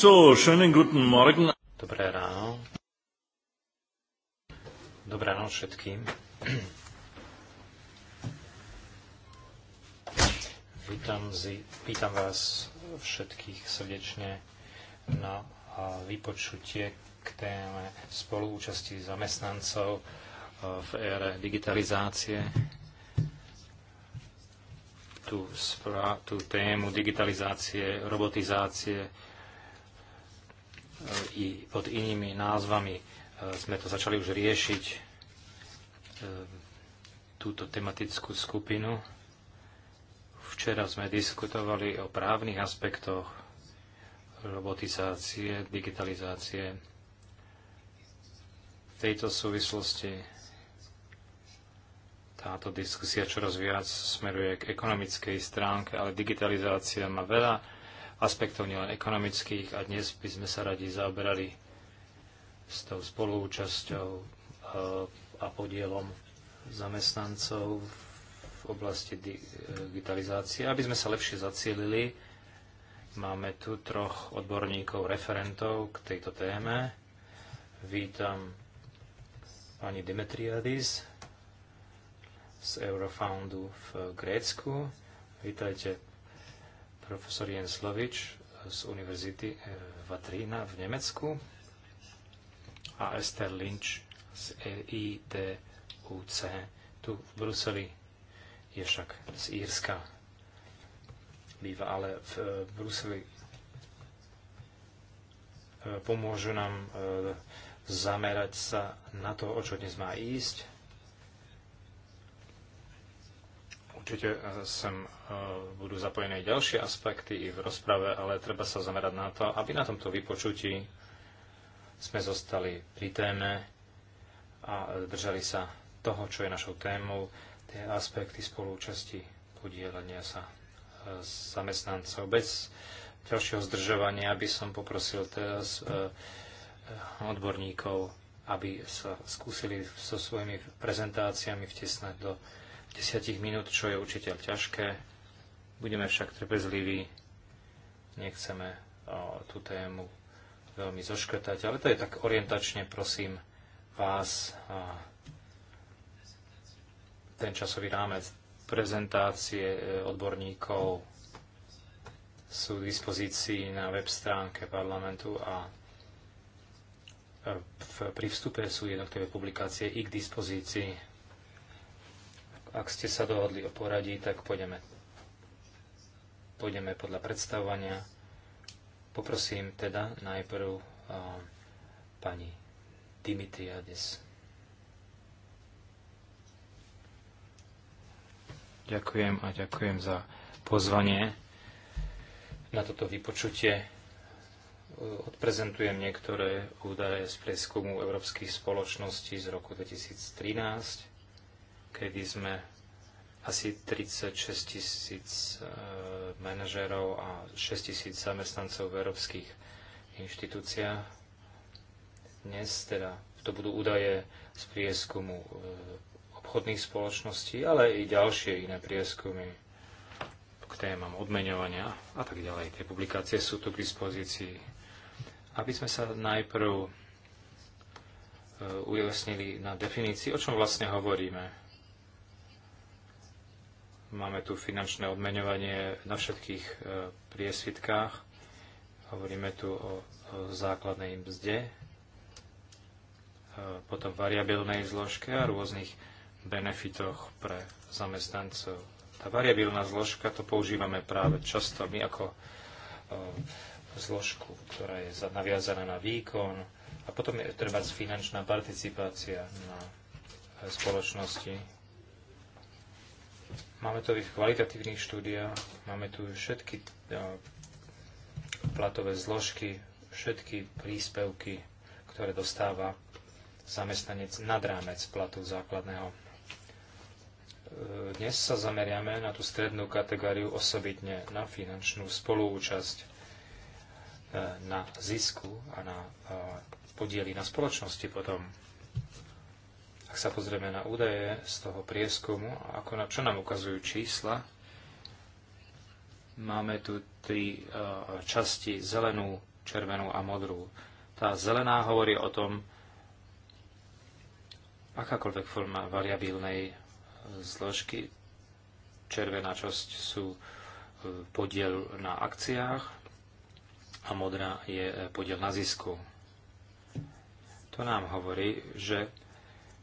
So, schönen guten Morgen. Dobré ráno. Dobré ráno všetkým. Vítam, zi, vítam vás všetkých srdečne na vypočutie k téme spoluúčasti zamestnancov e, v ére digitalizácie tú, tú tému digitalizácie, robotizácie i pod inými názvami. E, sme to začali už riešiť, e, túto tematickú skupinu. Včera sme diskutovali o právnych aspektoch robotizácie, digitalizácie. V tejto súvislosti táto diskusia čoraz viac smeruje k ekonomickej stránke, ale digitalizácia má veľa aspektov, nielen ekonomických. A dnes by sme sa radi zaoberali s tou spoluúčasťou e, a podielom zamestnancov v oblasti e, digitalizácie, aby sme sa lepšie zacielili. Máme tu troch odborníkov, referentov k tejto téme. Vítam pani Dimetriadis z Eurofoundu v Grécku. Vítajte profesor Jens Lovič z Univerzity Vatrína v Nemecku a Esther Lynch z EIDUC tu v Bruseli je však z Írska. Býva ale v e, Bruseli. E, pomôžu nám e, zamerať sa na to, o čo dnes má ísť. Určite e, sem e, budú zapojené ďalšie aspekty i v rozprave, ale treba sa zamerať na to, aby na tomto vypočutí sme zostali pri téme a držali sa toho, čo je našou témou, tie aspekty spolúčasti podielania sa e, zamestnancov. Bez ďalšieho zdržovania by som poprosil teraz odborníkov, aby sa skúsili so svojimi prezentáciami vtesnať do 10 minút, čo je určite ťažké. Budeme však trpezliví. Nechceme o, tú tému veľmi zoškrtať, ale to je tak orientačne, prosím vás, a, ten časový rámec prezentácie e, odborníkov sú v dispozícii na web stránke parlamentu a v, pri vstupe sú jednotlivé publikácie i k dispozícii ak ste sa dohodli o poradí, tak pôjdeme, pôjdeme podľa predstavovania. Poprosím teda najprv uh, pani Dimitriades. Ďakujem a ďakujem za pozvanie na toto vypočutie. E, odprezentujem niektoré údaje z prieskumu európskych spoločností z roku 2013 kedy sme asi 36 tisíc e, manažérov a 6 tisíc zamestnancov v európskych inštitúciách. Dnes teda to budú údaje z prieskumu e, obchodných spoločností, ale i ďalšie iné prieskumy k témam odmeňovania a tak ďalej. Tie publikácie sú tu k dispozícii. Aby sme sa najprv e, ujasnili na definícii, o čom vlastne hovoríme. Máme tu finančné odmeňovanie na všetkých e, priesvitkách. Hovoríme tu o, základnej mzde, e, potom variabilnej zložke a rôznych benefitoch pre zamestnancov. Tá variabilná zložka to používame práve často my ako e, zložku, ktorá je naviazaná na výkon. A potom je treba finančná participácia na spoločnosti, Máme tu v kvalitatívnych máme tu všetky e, platové zložky, všetky príspevky, ktoré dostáva zamestnanec nad rámec platu základného. E, dnes sa zameriame na tú strednú kategóriu osobitne na finančnú spoluúčasť e, na zisku a na podiely na spoločnosti potom. Ak sa pozrieme na údaje z toho prieskumu, ako na, čo nám ukazujú čísla, máme tu tri e, časti, zelenú, červenú a modrú. Tá zelená hovorí o tom, akákoľvek forma variabilnej e, zložky, červená časť sú e, podiel na akciách a modrá je podiel na zisku. To nám hovorí, že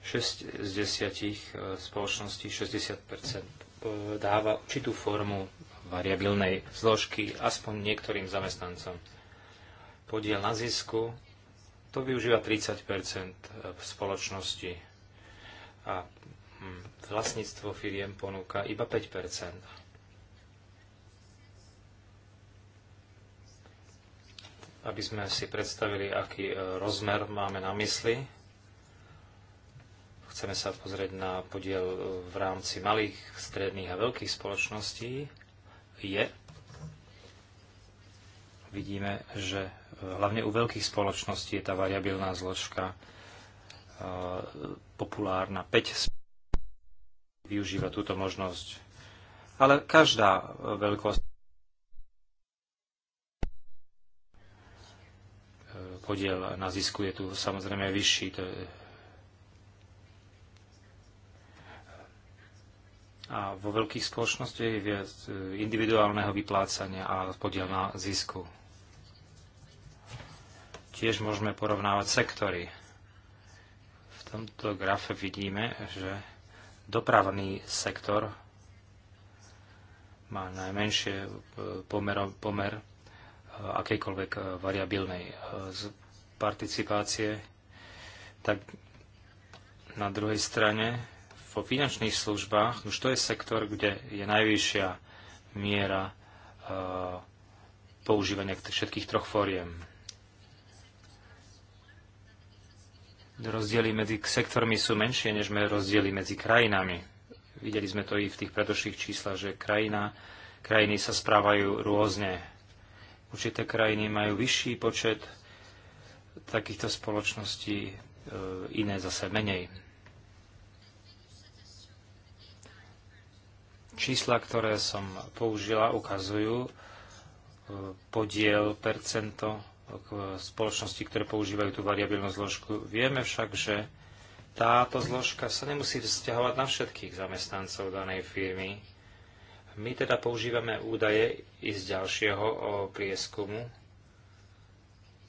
6 z 10 e, spoločností, 60 dáva určitú formu variabilnej zložky aspoň niektorým zamestnancom. Podiel na zisku to využíva 30 e, v spoločnosti a hm, vlastníctvo firiem ponúka iba 5 Aby sme si predstavili, aký e, rozmer máme na mysli, Chceme sa pozrieť na podiel e, v rámci malých, stredných a veľkých spoločností. Je. Vidíme, že e, hlavne u veľkých spoločností je tá variabilná zložka e, populárna. 5 využíva túto možnosť. Ale každá veľkosť podiel na zisku je tu samozrejme vyšší, to je a vo veľkých spoločnostiach je viac e, individuálneho vyplácania a podiel na zisku. Tiež môžeme porovnávať sektory. V tomto grafe vidíme, že dopravný sektor má najmenšie e, pomer, pomer e, akejkoľvek variabilnej participácie, tak na druhej strane vo finančných službách, už to je sektor, kde je najvyššia miera eh, používania všetkých troch fóriem. Rozdiely medzi sektormi sú menšie, než rozdiely medzi krajinami. Videli sme to i v tých predošlých číslach, že krajina, krajiny sa správajú rôzne. Určité krajiny majú vyšší počet takýchto spoločností, eh, iné zase menej. Čísla, ktoré som použila, ukazujú e, podiel, percento e, spoločnosti, ktoré používajú tú variabilnú zložku. Vieme však, že táto zložka sa nemusí vzťahovať na všetkých zamestnancov danej firmy. My teda používame údaje i z ďalšieho prieskumu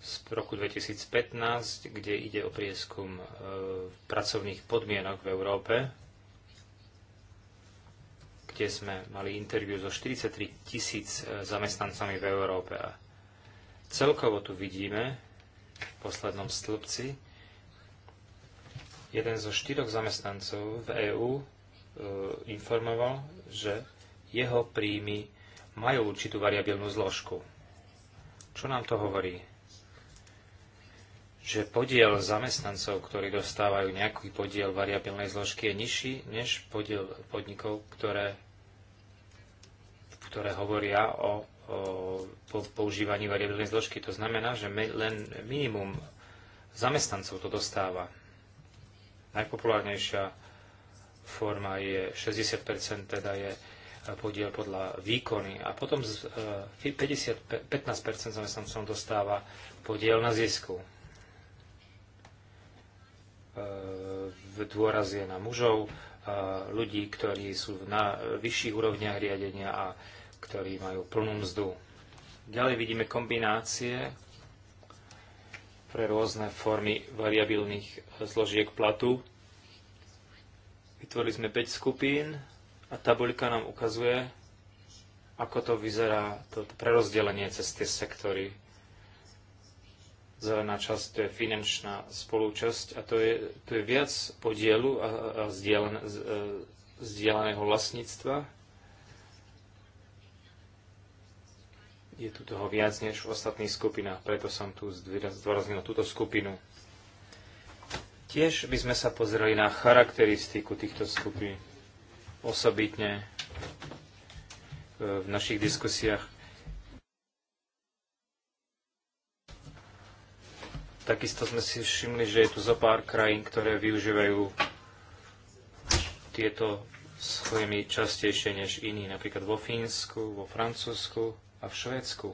z roku 2015, kde ide o prieskum e, pracovných podmienok v Európe kde sme mali interviu so 43 tisíc e, zamestnancami v Európe. A celkovo tu vidíme v poslednom stĺpci jeden zo štyroch zamestnancov v EÚ e, informoval, že jeho príjmy majú určitú variabilnú zložku. Čo nám to hovorí? Že podiel zamestnancov, ktorí dostávajú nejaký podiel variabilnej zložky, je nižší než podiel podnikov, ktoré ktoré hovoria o, o používaní variabilnej zložky. To znamená, že len minimum zamestnancov to dostáva. Najpopulárnejšia forma je 60%, teda je e, podiel podľa výkony a potom 50, 15% zamestnancov dostáva podiel na zisku. E, dôraz je na mužov, e, ľudí, ktorí sú na vyšších úrovniach riadenia a ktorí majú plnú mzdu. Ďalej vidíme kombinácie pre rôzne formy variabilných zložiek platu. Vytvorili sme 5 skupín a tabulka nám ukazuje, ako to vyzerá to prerozdelenie cez tie sektory. Zelená časť to je finančná spolúčasť a to je, to je viac podielu a, a zdieľaného e, vlastníctva Je tu toho viac než v ostatných skupinách, preto som tu zdôraznil túto skupinu. Tiež by sme sa pozreli na charakteristiku týchto skupín. Osobitne e, v našich diskusiách Takisto sme si všimli, že je tu zo pár krajín, ktoré využívajú tieto schémy častejšie než iní, napríklad vo Fínsku, vo Francúzsku, a v Švédsku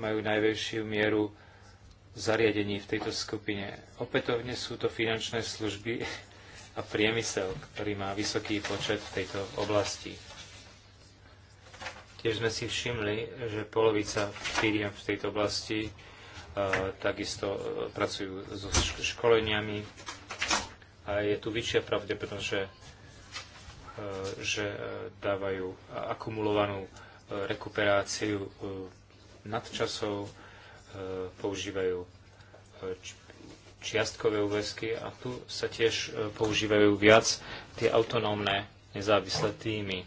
majú najväčšiu mieru zariadení v tejto skupine. Opätovne sú to finančné služby a priemysel, ktorý má vysoký počet v tejto oblasti. Tiež sme si všimli, že polovica firiem v tejto oblasti e, takisto e, pracujú so školeniami a je tu vyššia pravdepodobnosť, že, e, že e, dávajú akumulovanú rekuperáciu e, nadčasov, e, používajú e, čiastkové úvesky a tu sa tiež používajú viac tie autonómne nezávislé týmy.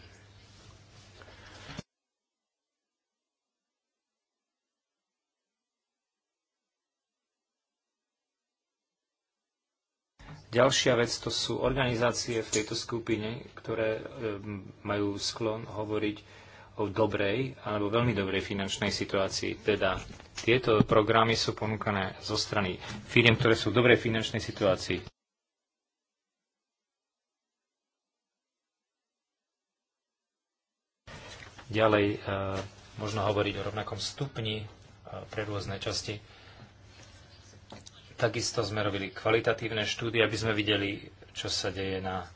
Ďalšia vec to sú organizácie v tejto skupine, ktoré majú sklon hovoriť o dobrej alebo veľmi dobrej finančnej situácii. Teda tieto programy sú ponúkané zo strany firiem, ktoré sú v dobrej finančnej situácii. Ďalej e, možno hovoriť o rovnakom stupni e, pre rôzne časti. Takisto sme robili kvalitatívne štúdie, aby sme videli, čo sa deje na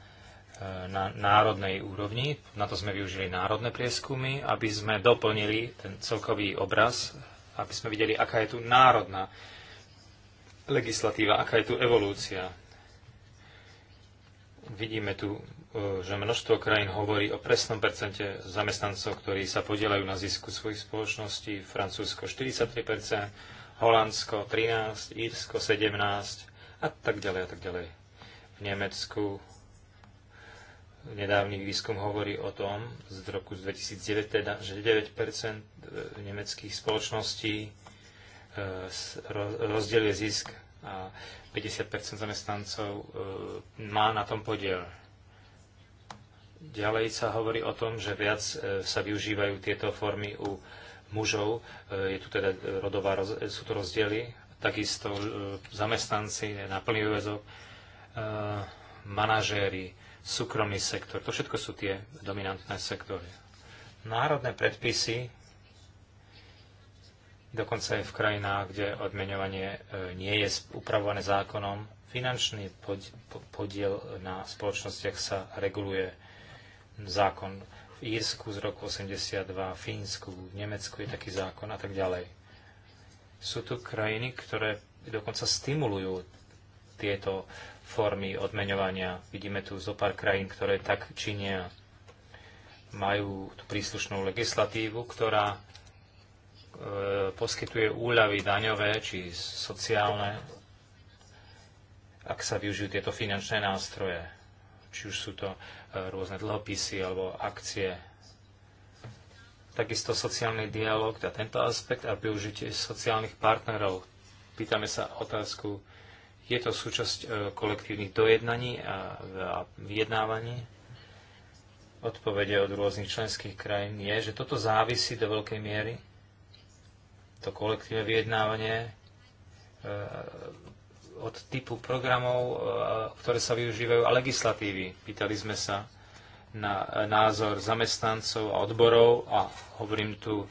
E, na národnej úrovni. Na to sme využili národné prieskumy, aby sme doplnili ten celkový obraz, aby sme videli, aká je tu národná legislatíva, aká je tu evolúcia. Vidíme tu, e, že množstvo krajín hovorí o presnom percente zamestnancov, ktorí sa podielajú na zisku svojich spoločností. Francúzsko 43%, Holandsko 13, Írsko 17 a tak ďalej a tak ďalej. V Nemecku nedávny výskum hovorí o tom z roku 2009, teda, že 9 e, nemeckých spoločností e, rozdeľuje zisk a 50 zamestnancov e, má na tom podiel. Ďalej sa hovorí o tom, že viac sa využívajú tieto formy u mužov, je tu teda rodová, sú to rozdiely, takisto zamestnanci na plný úvezok, manažéri, súkromný sektor. To všetko sú tie dominantné sektory. Národné predpisy dokonca aj v krajinách, kde odmeňovanie e, nie je upravované zákonom, finančný podiel na spoločnostiach sa reguluje zákon v Írsku z roku 82, v Fínsku, v Nemecku je taký zákon a tak ďalej. Sú tu krajiny, ktoré dokonca stimulujú tieto formy odmeňovania. Vidíme tu zo pár krajín, ktoré tak činia. Majú tú príslušnú legislatívu, ktorá e, poskytuje úľavy daňové či sociálne, ak sa využijú tieto finančné nástroje. Či už sú to e, rôzne dlhopisy alebo akcie. Takisto sociálny dialog a tento aspekt a využitie sociálnych partnerov. Pýtame sa otázku, je to súčasť e, kolektívnych dojednaní a vyjednávaní. Odpovede od rôznych členských krajín je, že toto závisí do veľkej miery, to kolektívne vyjednávanie, e, od typu programov, e, ktoré sa využívajú a legislatívy. Pýtali sme sa na názor zamestnancov a odborov a hovorím tu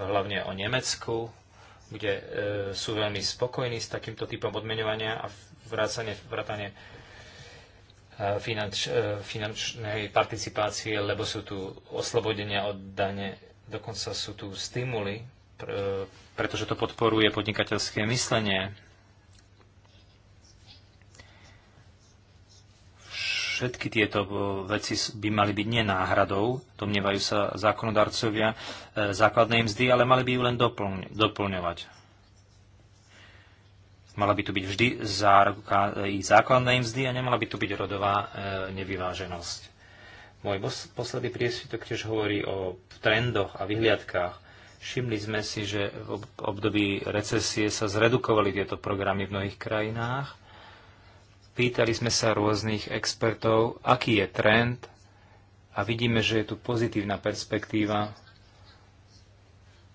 hlavne o Nemecku, kde e, sú veľmi spokojní s takýmto typom odmeňovania a vrácanie, vrátanie e, finanč, e, finančnej participácie, lebo sú tu oslobodenia od dane, dokonca sú tu stimuly, e, pretože to podporuje podnikateľské myslenie. všetky tieto eh, veci by mali byť nie náhradou, domnievajú sa zákonodarcovia eh, základnej mzdy, ale mali by ju len doplňovať. Mala by tu byť vždy záruka eh, i základnej mzdy a nemala by tu byť rodová nevyváženosť. Môj posledný priesvitok tiež hovorí o trendoch a vyhliadkách. Všimli sme si, že v období recesie sa zredukovali tieto programy v mnohých krajinách Pýtali sme sa rôznych expertov, aký je trend a vidíme, že je tu pozitívna perspektíva.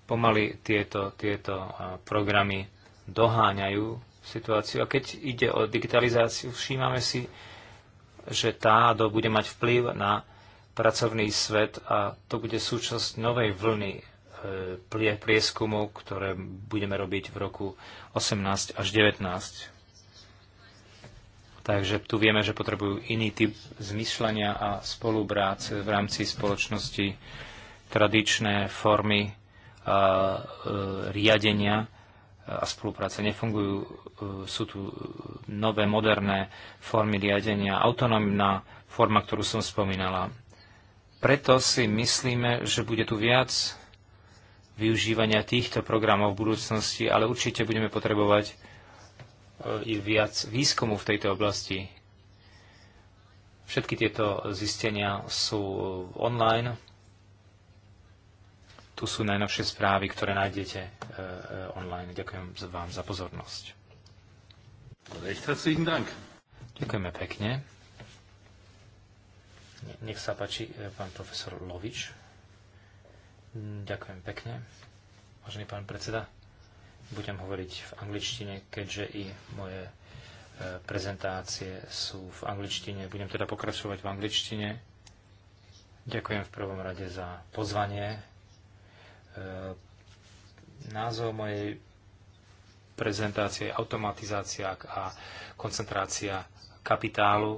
Pomaly tieto, tieto programy doháňajú situáciu. A keď ide o digitalizáciu, všímame si, že tá do bude mať vplyv na pracovný svet a to bude súčasť novej vlny e, prieskumov, ktoré budeme robiť v roku 18 až 19. Takže tu vieme, že potrebujú iný typ zmyšľania a spolupráce v rámci spoločnosti, tradičné formy a, a, e, riadenia a spolupráce nefungujú. E, sú tu nové, moderné formy riadenia, autonómna forma, ktorú som spomínala. Preto si myslíme, že bude tu viac využívania týchto programov v budúcnosti, ale určite budeme potrebovať E, i viac výskumu v tejto oblasti. Všetky tieto zistenia sú online. Tu sú najnovšie správy, ktoré nájdete e, e, online. Ďakujem vám za pozornosť. Ďakujeme pekne. Nech sa páči, pán profesor Lovič. Ďakujem pekne, vážený pán predseda. Budem hovoriť v angličtine, keďže i moje e, prezentácie sú v angličtine. Budem teda pokračovať v angličtine. Ďakujem v prvom rade za pozvanie. E, názov mojej prezentácie je automatizácia a koncentrácia kapitálu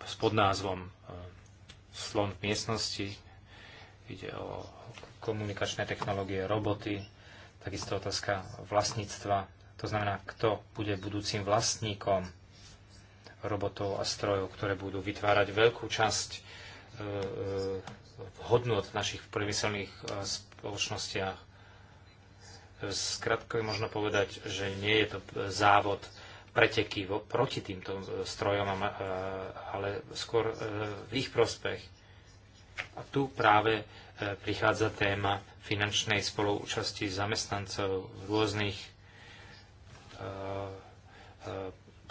s e, podnázvom Slon v miestnosti. Ide o komunikačné technológie, roboty, Takisto otázka vlastníctva, to znamená, kto bude budúcim vlastníkom robotov a strojov, ktoré budú vytvárať veľkú časť e, e hodnot v našich priemyselných e, spoločnostiach. E, Skratko možno povedať, že nie je to závod preteky proti týmto strojom, ale skôr v ich prospech. A tu práve E, prichádza téma finančnej spoluúčasti zamestnancov v rôznych e, e,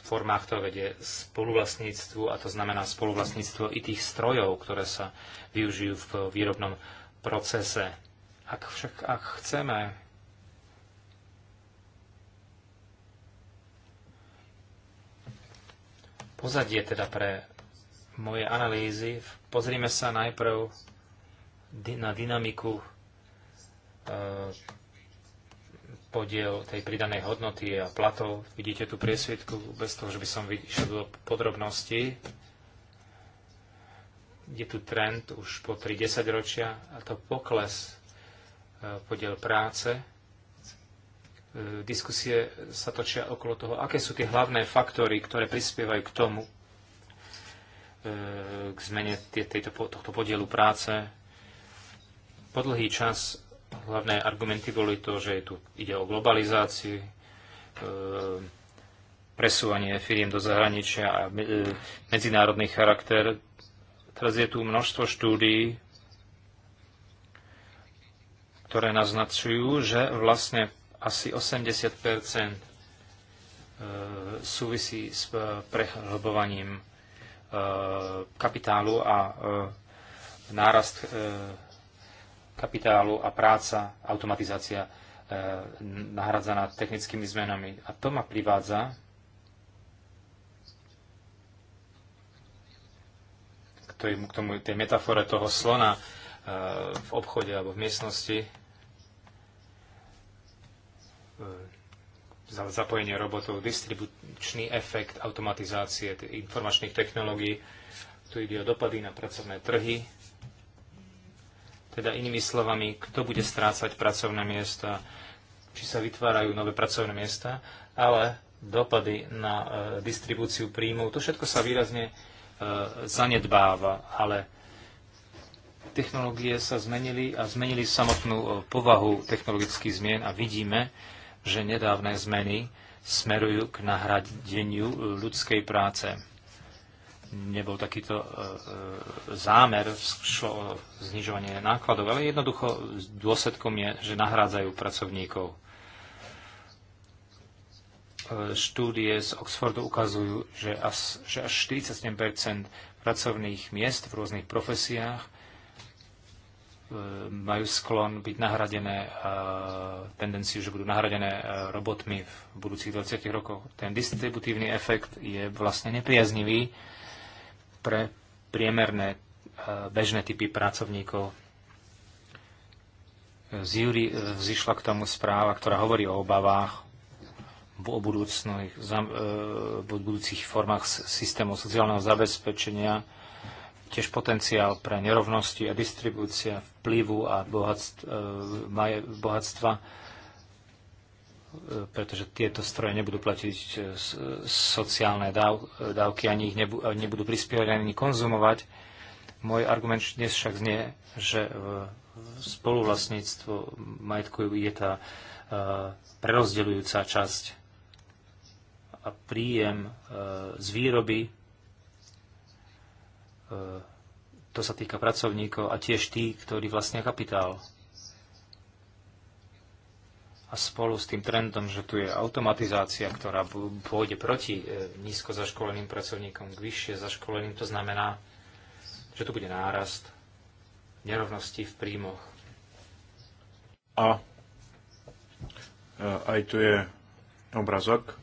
formách to vedie spoluvlastníctvu a to znamená spoluvlastníctvo i tých strojov, ktoré sa využijú v výrobnom procese. Ak však ak chceme pozadie teda pre moje analýzy, pozrime sa najprv na dynamiku e, podiel tej pridanej hodnoty a platov. Vidíte tú priesvietku, bez toho, že by som išiel do podrobností. Je tu trend už po 30 ročia a to pokles e, podiel práce. E, diskusie sa točia okolo toho, aké sú tie hlavné faktory, ktoré prispievajú k tomu, k zmene tejto, tohto podielu práce, po dlhý čas hlavné argumenty boli to, že tu ide o globalizáciu, e, presúvanie firiem do zahraničia a e, medzinárodný charakter. Teraz je tu množstvo štúdií, ktoré naznačujú, že vlastne asi 80 e, súvisí s prehlbovaním kapitálu a nárast kapitálu a práca, automatizácia e, nahradzaná technickými zmenami. A to ma privádza k tej, k tomu tej metafore toho slona e, v obchode alebo v miestnosti. E, zapojenie robotov, distribučný efekt automatizácie informačných technológií. Tu ide o dopady na pracovné trhy, teda inými slovami, kto bude strácať pracovné miesta, či sa vytvárajú nové pracovné miesta, ale dopady na e, distribúciu príjmov, to všetko sa výrazne e, zanedbáva, ale technológie sa zmenili a zmenili samotnú e, povahu technologických zmien a vidíme, že nedávne zmeny smerujú k nahradeniu e, ľudskej práce nebol takýto e, e, zámer, šlo o znižovanie nákladov, ale jednoducho dôsledkom je, že nahrádzajú pracovníkov. E, štúdie z Oxfordu ukazujú, že až, že až 47 pracovných miest v rôznych profesiách majú sklon byť nahradené, tendenciu, že budú nahradené robotmi v budúcich 20 rokoch. Ten distributívny efekt je vlastne nepriaznivý pre priemerné e, bežné typy pracovníkov. Z Júry e, vzýšla k tomu správa, ktorá hovorí o obavách o e, budúcich formách systému sociálneho zabezpečenia, tiež potenciál pre nerovnosti a distribúcia vplyvu a bohatstva pretože tieto stroje nebudú platiť e, e, sociálne e, dávky, ani ich nebudú prispievať, ani konzumovať. Môj argument dnes však znie, že spoluvlastníctvo majetku je tá prerozdeľujúca časť a príjem z výroby to sa týka pracovníkov a tiež tí, ktorí vlastnia kapitál a spolu s tým trendom, že tu je automatizácia, ktorá pôjde proti e, nízko zaškoleným pracovníkom k vyššie zaškoleným, to znamená, že tu bude nárast nerovnosti v príjmoch. A e, aj tu je obrazok.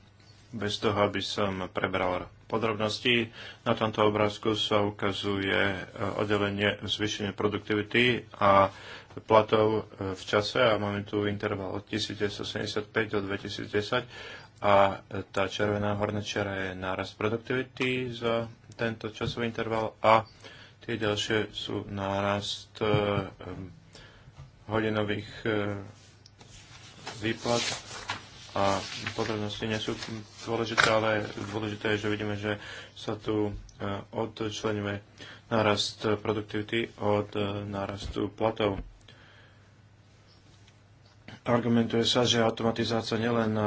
Bez toho, aby som prebral podrobnosti, na tomto obrázku sa ukazuje e, oddelenie zvýšenie produktivity a platov e, v čase a máme tu interval od 1975 do 2010 a e, tá červená horná čiara je nárast produktivity za tento časový interval a tie ďalšie sú nárast e, hodinových výplat a podrobnosti nie sú dôležité, ale dôležité je, že vidíme, že sa tu odčleníme nárast produktivity od nárastu platov. Argumentuje sa, že automatizácia nielen e,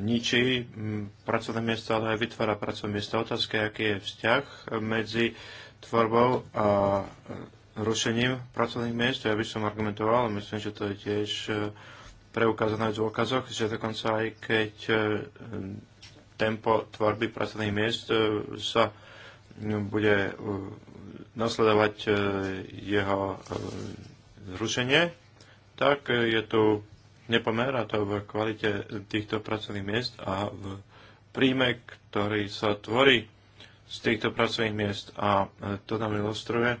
ničí pracovné miesta, ale aj vytvára pracovné miesta. Otázka je, aký je vzťah medzi tvorbou a e, rušením pracovných miest. Ja by som argumentoval, myslím, že to je tiež e, preukázané v dôkazoch, že dokonca aj keď tempo tvorby pracovných miest sa bude nasledovať jeho zrušenie, tak e, je tu nepomera to v kvalite týchto pracovných miest a v príjme, ktorý sa tvorí z týchto pracovných miest. A e, to nám ilustruje e,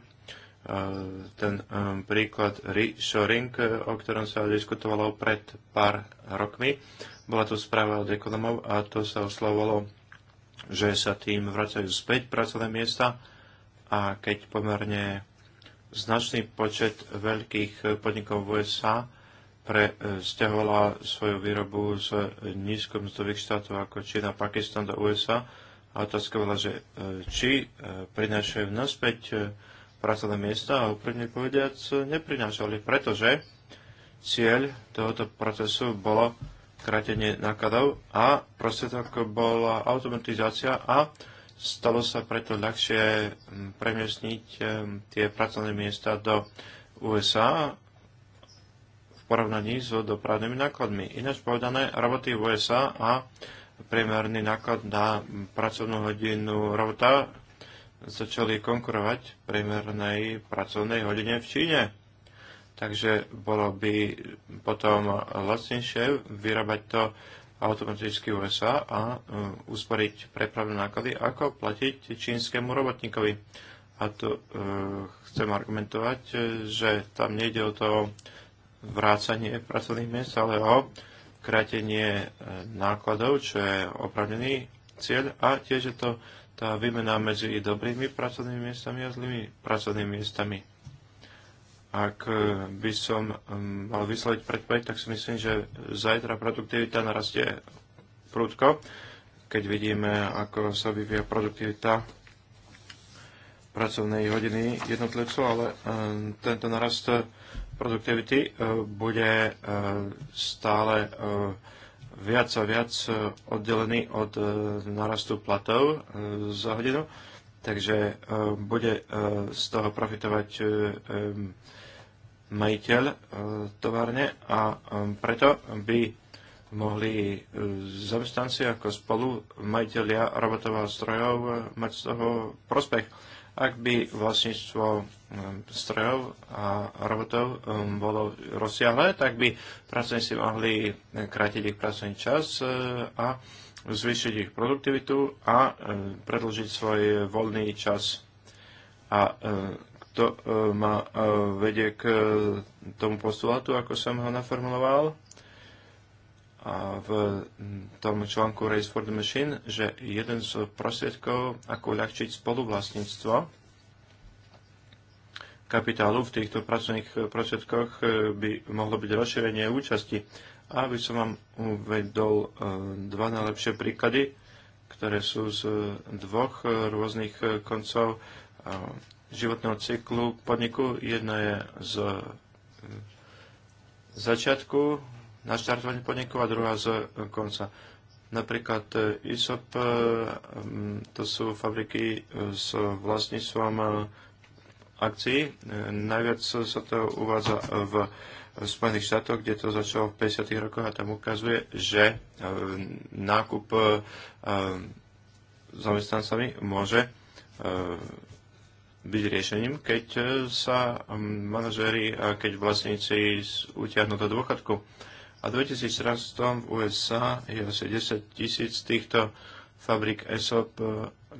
ten príklad reshoring, o ktorom sa diskutovalo pred pár rokmi. Bola to správa od ekonomov a to sa oslovovalo, že sa tým vracajú späť pracovné miesta a keď pomerne značný počet veľkých podnikov v USA presťahovala svoju výrobu z nízkomzdových štátov ako Čína, Pakistan do USA. A otázka bola, že e, či e, prinášajú naspäť e, pracovné miesta a úprimne povediac neprinášali, pretože cieľ tohoto procesu bolo kratenie nákladov a prostredok bola automatizácia a Stalo sa preto ľahšie hm, premiesniť hm, tie pracovné miesta do USA v porovnaní s dopravnými nákladmi. Ináč povedané, roboty v USA a priemerný náklad na pracovnú hodinu robota začali konkurovať priemernej pracovnej hodine v Číne. Takže bolo by potom lacnejšie vyrábať to automaticky USA a e, usporiť prepravné náklady, ako platiť čínskemu robotníkovi. A tu uh, chcem argumentovať, e, že tam nejde o to vrácanie pracovných miest, ale o krátenie nákladov, čo je opravnený cieľ a tiež je to tá výmena medzi dobrými pracovnými miestami a zlými pracovnými miestami. Ak e, by som e, mal vysloviť predpoveď, tak si myslím, že zajtra produktivita narastie prúdko, keď vidíme, ako sa vyvíja produktivita pracovnej hodiny jednotlivcov, ale e, tento narast produktivity bude stále viac a viac oddelený od narastu platov za hodinu, takže bude z toho profitovať majiteľ e, továrne a e, preto by mohli e, zamestnanci ako spolu majiteľia robotov a strojov mať z toho prospech. Ak by vlastníctvo strojov a robotov bolo rozsiahle, tak by pracovníci mohli krátiť ich pracovný čas a zvýšiť ich produktivitu a predlžiť svoj voľný čas. A to e, ma e, vedie k e, tomu postulátu, ako som ho naformuloval a v tom článku Race for the Machine, že jeden z prostriedkov, ako uľahčiť spoluvlastníctvo kapitálu v týchto pracovných prostriedkoch by mohlo byť rozšírenie účasti. A aby som vám uvedol dva najlepšie príklady, ktoré sú z dvoch rôznych koncov životného cyklu podniku. Jedno je z mm, začiatku naštartovania podniku a druhá z mm, konca. Napríklad e, ISOP, e, mm, to sú fabriky e, s vlastníctvom akcií. Najviac sa to uvádza v Spojených štátoch, kde to začalo v 50. rokoch a tam ukazuje, že nákup zamestnancami môže byť riešením, keď e, sa manažéri a e, keď vlastníci utiahnu do dôchodku. A 2014 v USA je asi 10 tisíc týchto fabrik ESOP, e,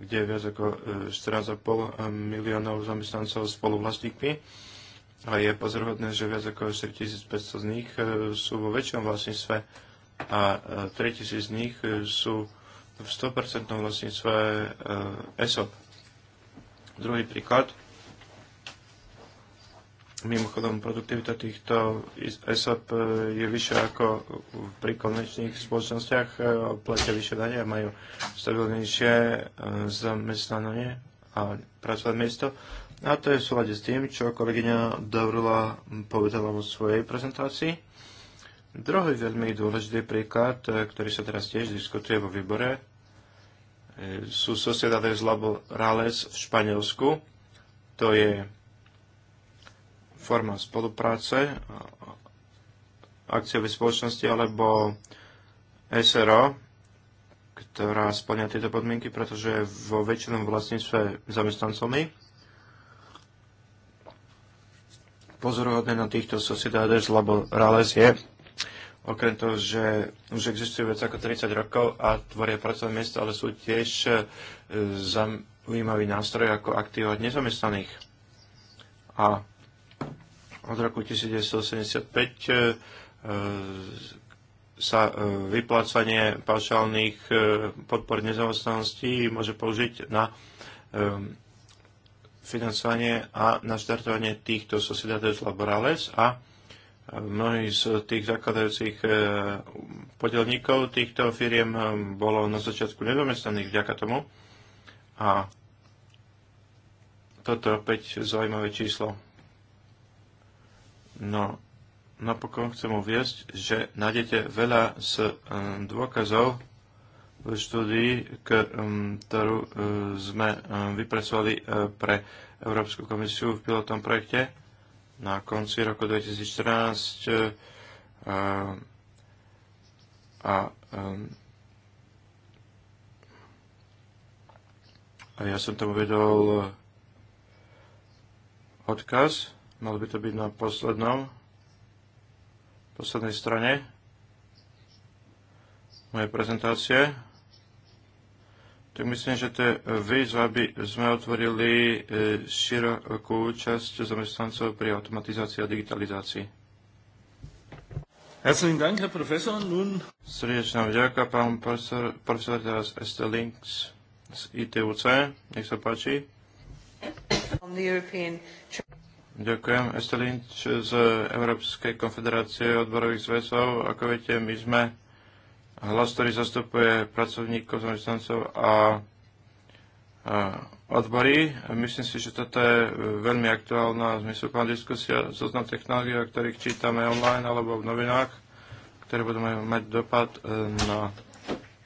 kde je viac ako 14,5 miliónov zamestnancov spoluvlastníkmi. A je pozorhodné, že viac ako 4500 z nich sú vo väčšom vlastníctve a 3000 z nich sú v 100% vlastníctve ESOP. Druhý príklad. Mimochodom, produktivita týchto ESOP je vyššia ako pri konečných spoločnostiach, platia vyššie dane a majú stabilnejšie eh, zamestnanie a pracovné miesto. A to je v súlade s tým, čo kolegyňa Davrula povedala vo svojej prezentácii. Druhý veľmi dôležitý príklad, eh, ktorý sa teraz tiež diskutuje vo výbore, sú Sociedades Laborales v Španielsku. To je forma spolupráce akciové spoločnosti alebo SRO, ktorá splňa tieto podmienky, pretože je vo väčšinom vlastníctve zamestnancomi. Pozoruhodné na týchto Sociedades Laborales je, Okrem toho, že už existujú viac ako 30 rokov a tvoria pracovné miesta, ale sú tiež e, zaujímavý nástroj ako aktivovať od nezamestnaných. A od roku 1975 e, e, sa vyplácanie paušálnych podpor nezamestnanosti môže použiť na financovanie a naštartovanie týchto Sociedades Laborales a mnohí z tých zakladajúcich eh, podelníkov týchto firiem eh, bolo na začiatku nedomestnaných vďaka tomu. A toto je opäť zaujímavé číslo. No, napokon chcem uviesť, že nájdete veľa z eh, dôkazov v štúdii, ktorú sme vypracovali pre Európsku komisiu v pilotnom projekte na konci roku 2014 e, a a ja som tam vedol odkaz, mal by to byť na poslednom, poslednej strane mojej prezentácie tak myslím, že to je e, výzva, aby sme otvorili e, širokú časť zamestnancov pri automatizácii a digitalizácii. Herzlichen Dank, Herr Professor. Nun... Srdečná vďaka, pán profesor, profesor teraz ST Links z ITUC. Nech sa páči. European... Ďakujem. Links z Európskej konfederácie odborových zväzov. Ako viete, my sme hlas, ktorý zastupuje pracovníkov, zamestnancov a, a odbory. Myslím si, že toto je e, veľmi aktuálna zmysluplná diskusia. Zoznam technológií, o ktorých čítame online alebo v novinách, ktoré budú mať dopad e, na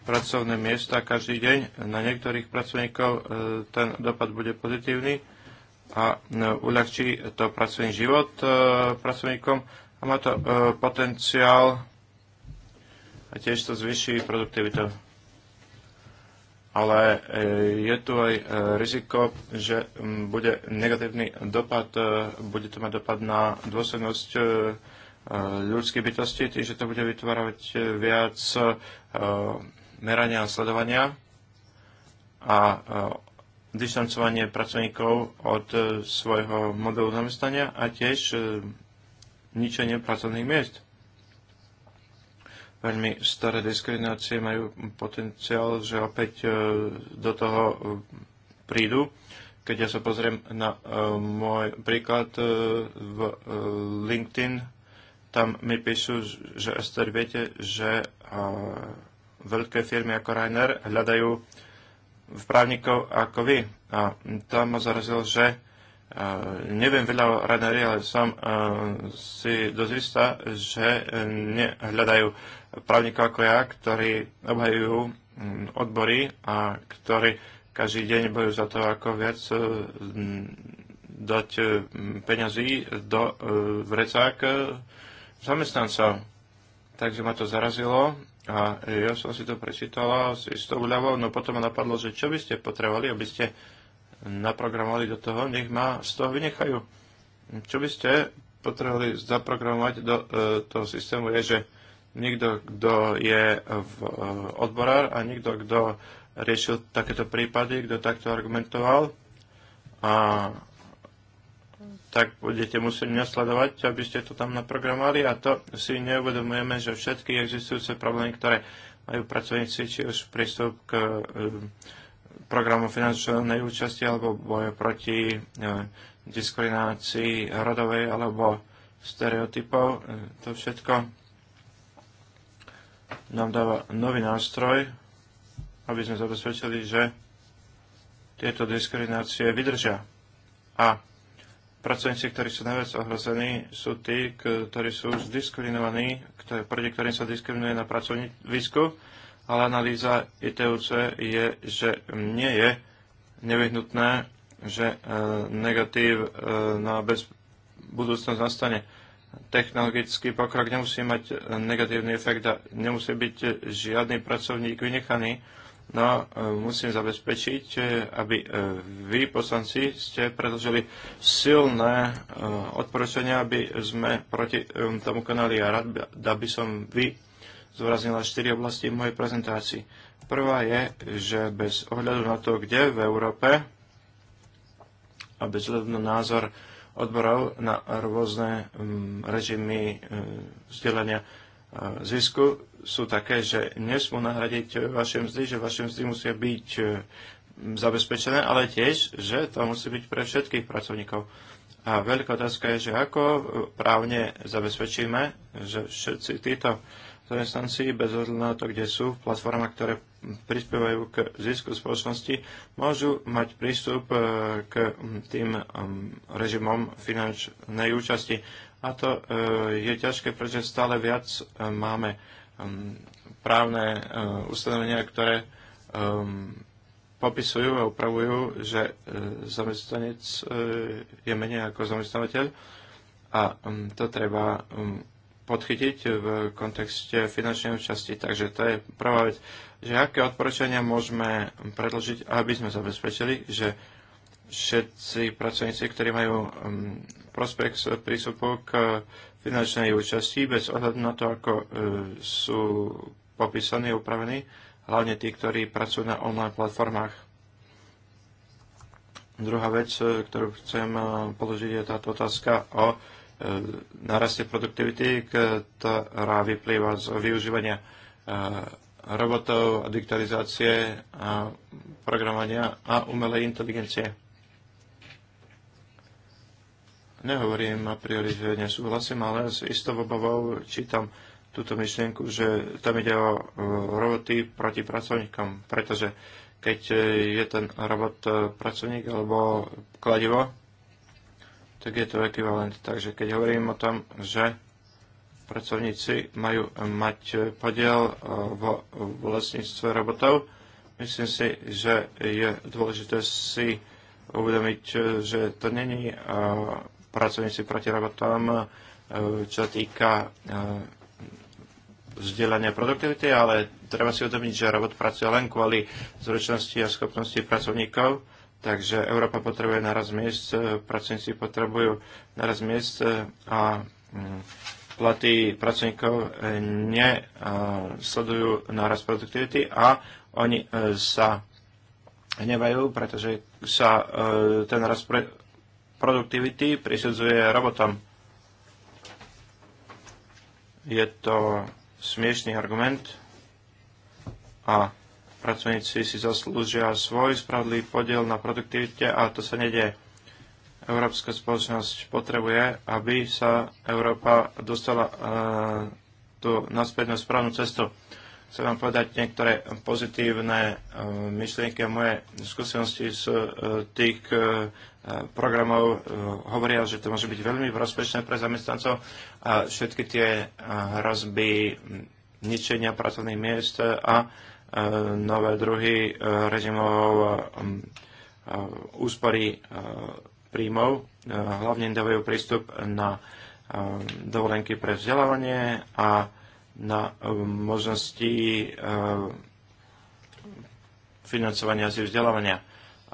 pracovné miesta každý deň. Na niektorých pracovníkov e, ten dopad bude pozitívny a uľahčí to pracovný život pracovníkom a má to potenciál a tiež to zvyší produktivitu. Ale e, je tu aj e, riziko, že bude negatívny dopad, e, bude to mať dopad na dôslednosť ľudských bytosti, tým, že to bude vytvárať viac merania a sledovania a distancovanie pracovníkov od svojho modelu zamestnania a tiež ničenie pracovných miest veľmi staré diskriminácie majú potenciál, že opäť e, do toho e, prídu. Keď ja sa pozriem na e, môj príklad v LinkedIn, tam mi píšu, že Ester, viete, že veľké firmy ako Rainer hľadajú v právnikov ako vy. A tam ma zarazil, že Uh, neviem veľa o radári, ale som si dozistá, že uh, nehľadajú právnikov ako ja, ktorí obhajujú mm, odbory a ktorí každý deň bojujú za to, ako viac e, mm, dať e, mm, peňazí do e, vrecák zamestnancov. Takže ma to zarazilo a ja som si to prečítala s istou ľavou, no potom ma napadlo, že čo by ste potrebovali, aby ste naprogramovali do toho, nech ma z toho vynechajú. Čo by ste potrebovali zaprogramovať do e, toho systému je, že Nikto, kto je v eh, odborár a nikto, kto riešil takéto prípady, kto takto argumentoval. A tak budete musieť nasledovať, aby ste to tam naprogramovali a to si neuvedomujeme, že všetky existujúce problémy, ktoré majú pracovníci, či už prístup k eh, programu finančnej účasti alebo boju proti eh, diskriminácii rodovej alebo stereotypov, to všetko nám dáva nový nástroj, aby sme zabezpečili, že tieto diskriminácie vydržia. A pracovníci, ktorí sú najviac ohrození, sú tí, ktorí sú zdiskriminovaní, ktoré, proti ktorým sa diskriminuje na pracovisku, ale analýza ITUC je, že nie je nevyhnutné, že e, negatív e, na bez budúcnosť nastane technologický pokrok nemusí mať e, negatívny efekt a nemusí byť e, žiadny pracovník vynechaný. No, e, musím zabezpečiť, aby vy, poslanci, ste predložili silné odporúčania, aby sme proti tomu konali a rád, aby som vy zvraznila štyri oblasti v mojej prezentácii. Prvá je, že bez ohľadu na to, kde v Európe a bez ohľadu na názor odborov na rôzne mm, režimy mm, vzdelania e, zisku sú také, že nesmú nahradiť vaše mzdy, že vaše mzdy musia byť e, mm, zabezpečené, ale tiež, že to musí byť pre všetkých pracovníkov. A veľká otázka je, že ako e, právne zabezpečíme, že všetci títo zamestnanci, bez ohľadu na to, kde sú, v platformách, ktoré prispievajú k zisku spoločnosti, môžu mať prístup e, k tým e, režimom finančnej účasti. A to e, je ťažké, pretože stále viac máme právne ustanovenia, ktoré popisujú a upravujú, že zamestnanec je menej ako zamestnávateľ a to treba podchytiť v kontexte finančnej účasti. Takže to je prvá vec, že aké odporúčania môžeme predložiť, aby sme zabezpečili, že všetci pracovníci, ktorí majú um, prospekt z prístupu k finančnej účasti, bez ohľadu na to, ako uh, sú popísaní, upravení, hlavne tí, ktorí pracujú na online platformách. Druhá vec, uh, ktorú chcem uh, položiť, je táto otázka o naraste produktivity, ktorá vyplýva z využívania eh, robotov, digitalizácie, a programovania a umelej inteligencie. Nehovorím a priori, že nesúhlasím, ale s istou obavou čítam túto myšlienku, že tam ide o roboty proti pracovníkom, pretože keď eh, je ten robot eh, pracovník alebo kladivo, tak je to ekvivalent. Takže keď hovorím o tom, že pracovníci majú mať podiel eh, v vlastníctve robotov, myslím si, že je dôležité si uvedomiť, eh, že to není eh, pracovníci proti robotom, čo týka vzdelania produktivity, ale treba si uvedomiť, že robot pracuje len kvôli zručnosti a schopnosti pracovníkov Takže Európa potrebuje naraz miest, e, pracovníci potrebujú naraz miest e, a mm, platy pracovníkov e, nesledujú naraz produktivity a oni sa hnevajú, pretože sa ten naraz produktivity prisudzuje robotom. Je to smiešný argument a pracovníci si zaslúžia svoj spravodlý podiel na produktivite a to sa nedie. Európska spoločnosť potrebuje, aby sa Európa dostala e, tu naspäť na správnu cestu. Chcem vám povedať niektoré pozitívne e, myšlienky a moje skúsenosti z e, tých e, programov e, hovoria, že to môže byť veľmi prospešné pre zamestnancov a všetky tie e, hrazby ničenia pracovných miest a E, nové druhy e, režimov e, úspory príjmov. Hlavne dávajú prístup na dovolenky pre vzdelávanie a na možnosti financovania si vzdelávania.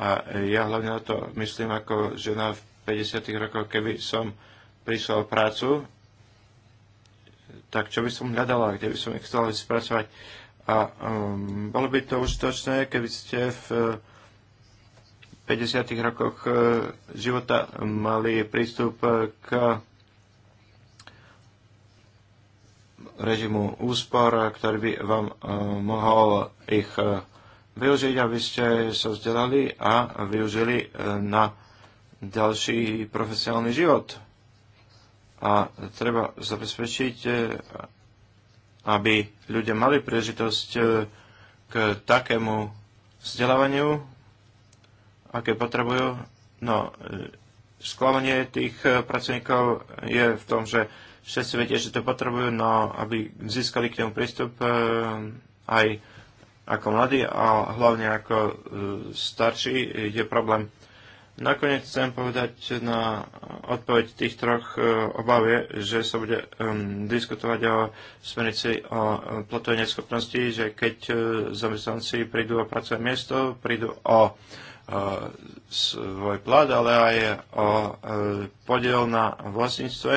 A ja hlavne na to myslím ako žena v 50. rokoch, keby som prišla prácu, tak čo by som hľadala, kde by som chcela spracovať a um, bolo by to užitočné, keby ste v 50. Eh, rokoch eh, života mali prístup eh, k režimu úspor, ktorý by vám mohol ich využiť, aby ste sa vzdelali a využili na ďalší profesionálny život. A treba zabezpečiť, aby ľudia mali príležitosť e, k takému vzdelávaniu, aké potrebujú. No, e, sklamanie tých e, pracovníkov je v tom, že všetci vedia, že to potrebujú, no aby získali k tomu prístup aj ako mladí a hlavne ako starší je problém Nakoniec chcem povedať na odpoveď tých troch e, obavie, že sa bude um, diskutovať o smernici o platovej neschopnosti, že keď uh, zamestnanci prídu o pracovné miesto, prídu o uh, svoj plat, ale aj o uh, podiel na vlastníctve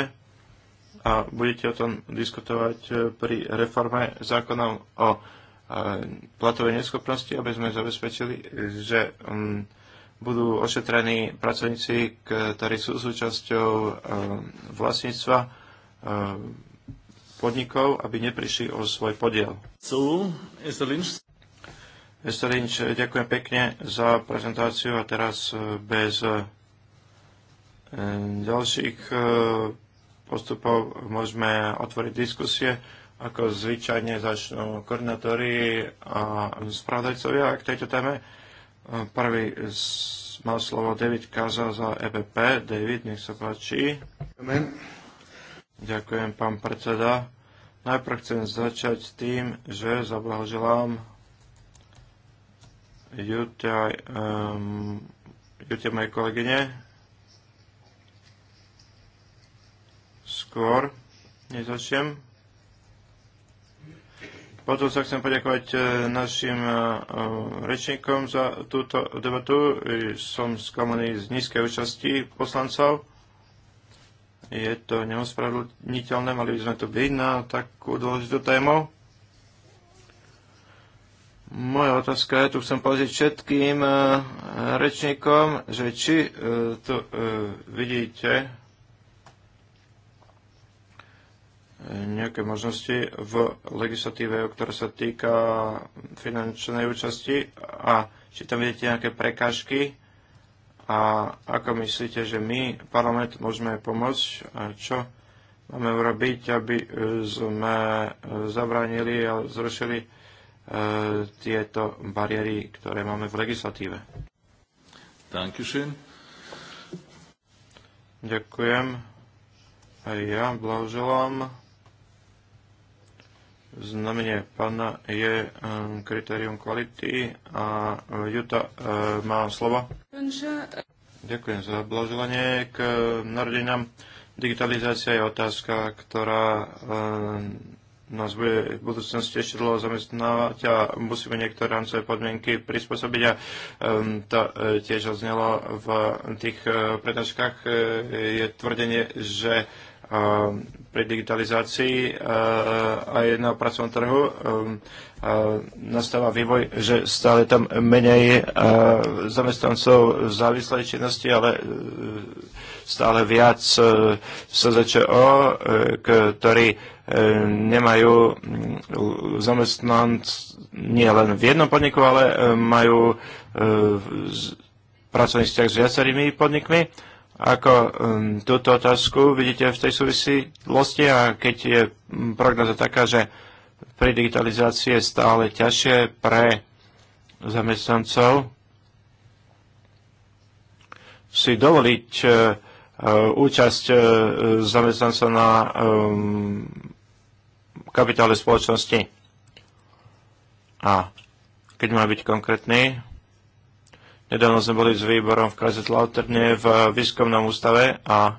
a budete o tom diskutovať pri reforme zákonov o uh, platovej neschopnosti, aby sme zabezpečili, že um, budú ošetrení pracovníci, ktorí sú súčasťou eh, vlastníctva eh, podnikov, aby neprišli o svoj podiel. Mr. Lynch, ďakujem pekne za prezentáciu a teraz eh, bez ďalších postupov môžeme otvoriť diskusie. Ako zvyčajne začnú koordinátori a spravodajcovia k tejto téme. Prvý má slovo David Kaza za EPP. David, nech sa páči. Amen. Ďakujem, pán predseda. Najprv chcem začať tým, že zablahoželám Jutia ehm, um, mojej kolegyne skôr, nezačnem. začnem potom sa chcem poďakovať e, našim e, e, rečníkom za túto debatu. Som sklamaný z nízkej účasti poslancov. Je to neospravedlniteľné, mali by sme tu byť na takú dôležitú tému. Moja otázka je, tu chcem povedať všetkým rečníkom, že či tu vidíte nejaké možnosti v legislatíve, ktorá sa týka finančnej účasti a či tam vidíte nejaké prekážky a ako myslíte, že my, parlament, môžeme pomôcť a čo máme urobiť, aby sme zabránili a zrušili e, tieto bariéry, ktoré máme v legislatíve. Dankeschön. Ďakujem. Aj ja blahoželám znamenie pána je um, kritérium kvality a Juta uh, má slovo. Ďakujem za blaželenie k ehm, narodinám. Digitalizácia je otázka, ktorá um, nás bude v budúcnosti ešte dlho zamestnávať a musíme niektoré rámcové podmienky prispôsobiť a um, to e, tiež oznelo v tých e, prednáškach e, je tvrdenie, že um, pri digitalizácii e, aj na pracovnom trhu e, nastáva vývoj, že stále tam menej e, zamestnancov v závislej činnosti, ale stále viac SZČO, ktorí nemajú mm, zamestnanc nie len v jednom podniku, ale majú pracovný vzťah s viacerými podnikmi ako um, túto otázku vidíte v tej súvislosti a keď je um, prognoza taká, že pri digitalizácii je stále ťažšie pre zamestnancov si dovoliť uh, uh účasť uh, zamestnanca na um, kapitále spoločnosti. A keď má byť konkrétny, Nedávno sme boli s výborom v Kaiserslauterne v eh, výskumnom ústave a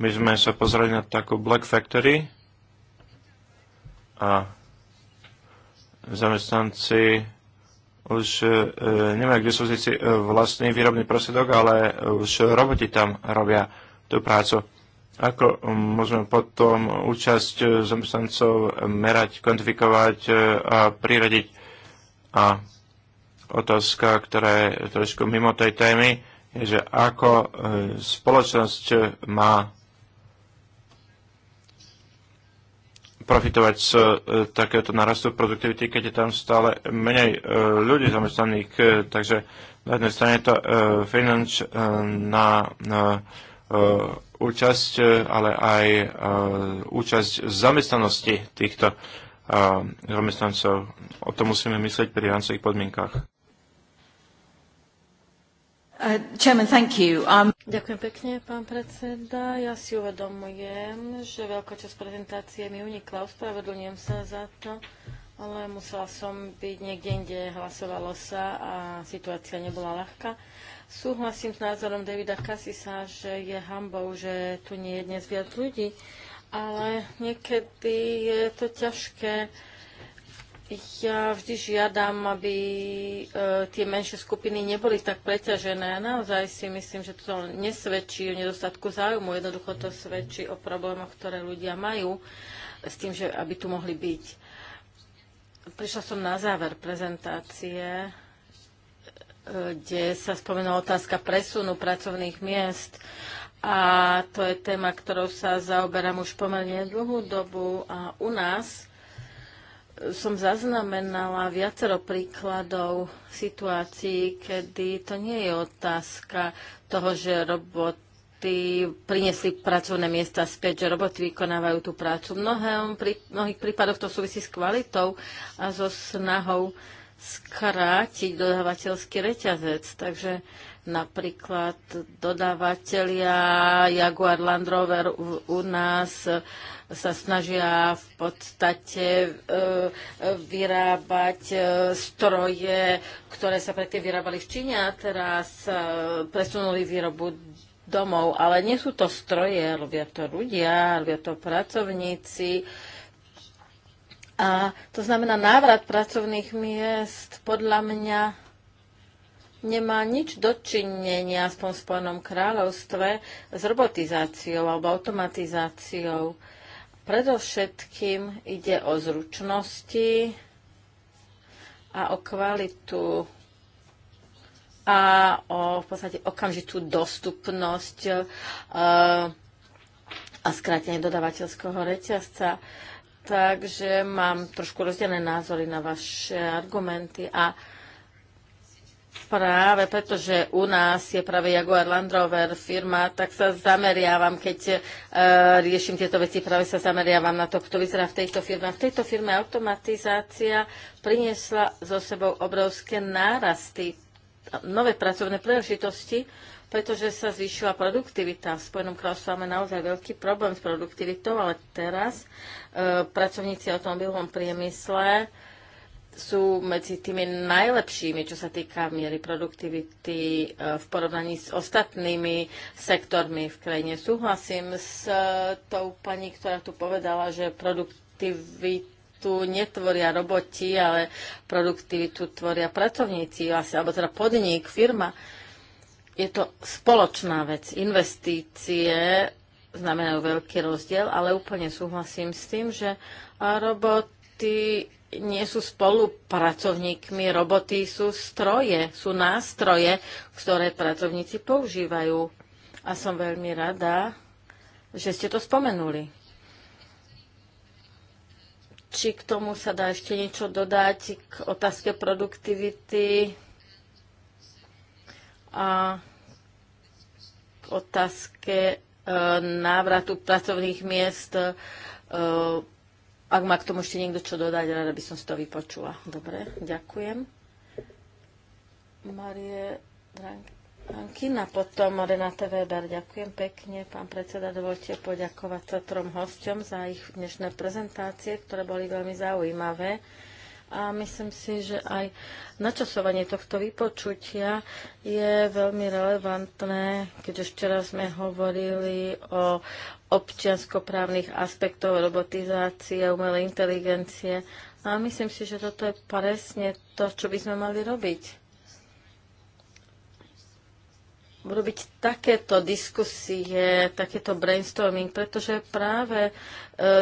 my sme sa pozreli na takú Black Factory a zamestnanci už eh, nemajú k dispozícii eh, vlastný výrobný prostriedok, ale už roboti tam robia tú prácu. Ako môžeme potom účasť zamestnancov merať, kvantifikovať a priradiť a otázka, ktorá je trošku mimo tej témy, je, že ako e, spoločnosť má profitovať z e, takéhoto narastu produktivity, keď je tam stále menej e, ľudí zamestnaných. Takže na jednej strane je to finančná účasť, ale aj účasť zamestnanosti týchto zamestnancov. O tom musíme myslieť pri rámcových podmienkách. Uh, um, Ďakujem pekne, pán predseda. Ja si uvedomujem, že veľká časť prezentácie mi unikla. Ospravedlňujem sa za to, ale musela som byť niekde inde, hlasovalo sa a situácia nebola ľahká. Súhlasím s názorom Davida Kasisa, že je hambou, že tu nie je dnes viac ľudí, ale niekedy je to ťažké ja vždy žiadam, aby e, tie menšie skupiny neboli tak preťažené. Naozaj si myslím, že to nesvedčí o nedostatku záujmu. Jednoducho to svedčí o problémoch, ktoré ľudia majú s tým, že aby tu mohli byť. Prišla som na záver prezentácie, e, kde sa spomenula otázka presunu pracovných miest. A to je téma, ktorou sa zaoberám už pomerne dlhú dobu. A u nás som zaznamenala viacero príkladov situácií, kedy to nie je otázka toho, že roboty priniesli pracovné miesta späť, že roboty vykonávajú tú prácu. V pri, mnohých prípadoch to súvisí s kvalitou a so snahou skrátiť dodávateľský reťazec. Takže Napríklad dodávateľia Jaguar Land Rover u, u nás sa snažia v podstate e, e, vyrábať e, stroje, ktoré sa predtým vyrábali v Číne a teraz presunuli výrobu domov. Ale nie sú to stroje, robia to ľudia, robia to pracovníci. A to znamená návrat pracovných miest podľa mňa nemá nič dočinenia, aspoň v Spojenom kráľovstve, s robotizáciou alebo automatizáciou. Predovšetkým ide o zručnosti a o kvalitu a o v podstate okamžitú dostupnosť e, a skrátenie dodávateľského reťazca. Takže mám trošku rozdelené názory na vaše argumenty a Práve preto, že u nás je práve Jaguar Land Rover firma, tak sa zameriavam, keď e, riešim tieto veci, práve sa zameriavam na to, kto vyzerá v tejto firme. V tejto firme automatizácia priniesla so sebou obrovské nárasty, nové pracovné príležitosti, pretože sa zvýšila produktivita. V Spojenom kráľovstve máme naozaj veľký problém s produktivitou, ale teraz e, pracovníci automobilovom priemysle sú medzi tými najlepšími, čo sa týka miery produktivity e, v porovnaní s ostatnými sektormi v krajine. Súhlasím s e, tou pani, ktorá tu povedala, že produktivitu netvoria roboti, ale produktivitu tvoria pracovníci, alebo teda podnik, firma. Je to spoločná vec. Investície znamenajú veľký rozdiel, ale úplne súhlasím s tým, že roboty nie sú spolupracovníkmi, roboty sú stroje, sú nástroje, ktoré pracovníci používajú. A som veľmi rada, že ste to spomenuli. Či k tomu sa dá ešte niečo dodať k otázke produktivity a k otázke e, návratu pracovných miest e, ak má k tomu ešte niekto čo dodať, rada by som si to vypočula. Dobre, ďakujem. Marie Rankina, potom Renate Weber. Ďakujem pekne. Pán predseda, dovolte poďakovať sa trom hosťom za ich dnešné prezentácie, ktoré boli veľmi zaujímavé a myslím si, že aj načasovanie tohto vypočutia je veľmi relevantné, keď včera sme hovorili o občianskoprávnych aspektov robotizácie, umelej inteligencie. A myslím si, že toto je presne to, čo by sme mali robiť. Robiť takéto diskusie, takéto brainstorming, pretože práve e,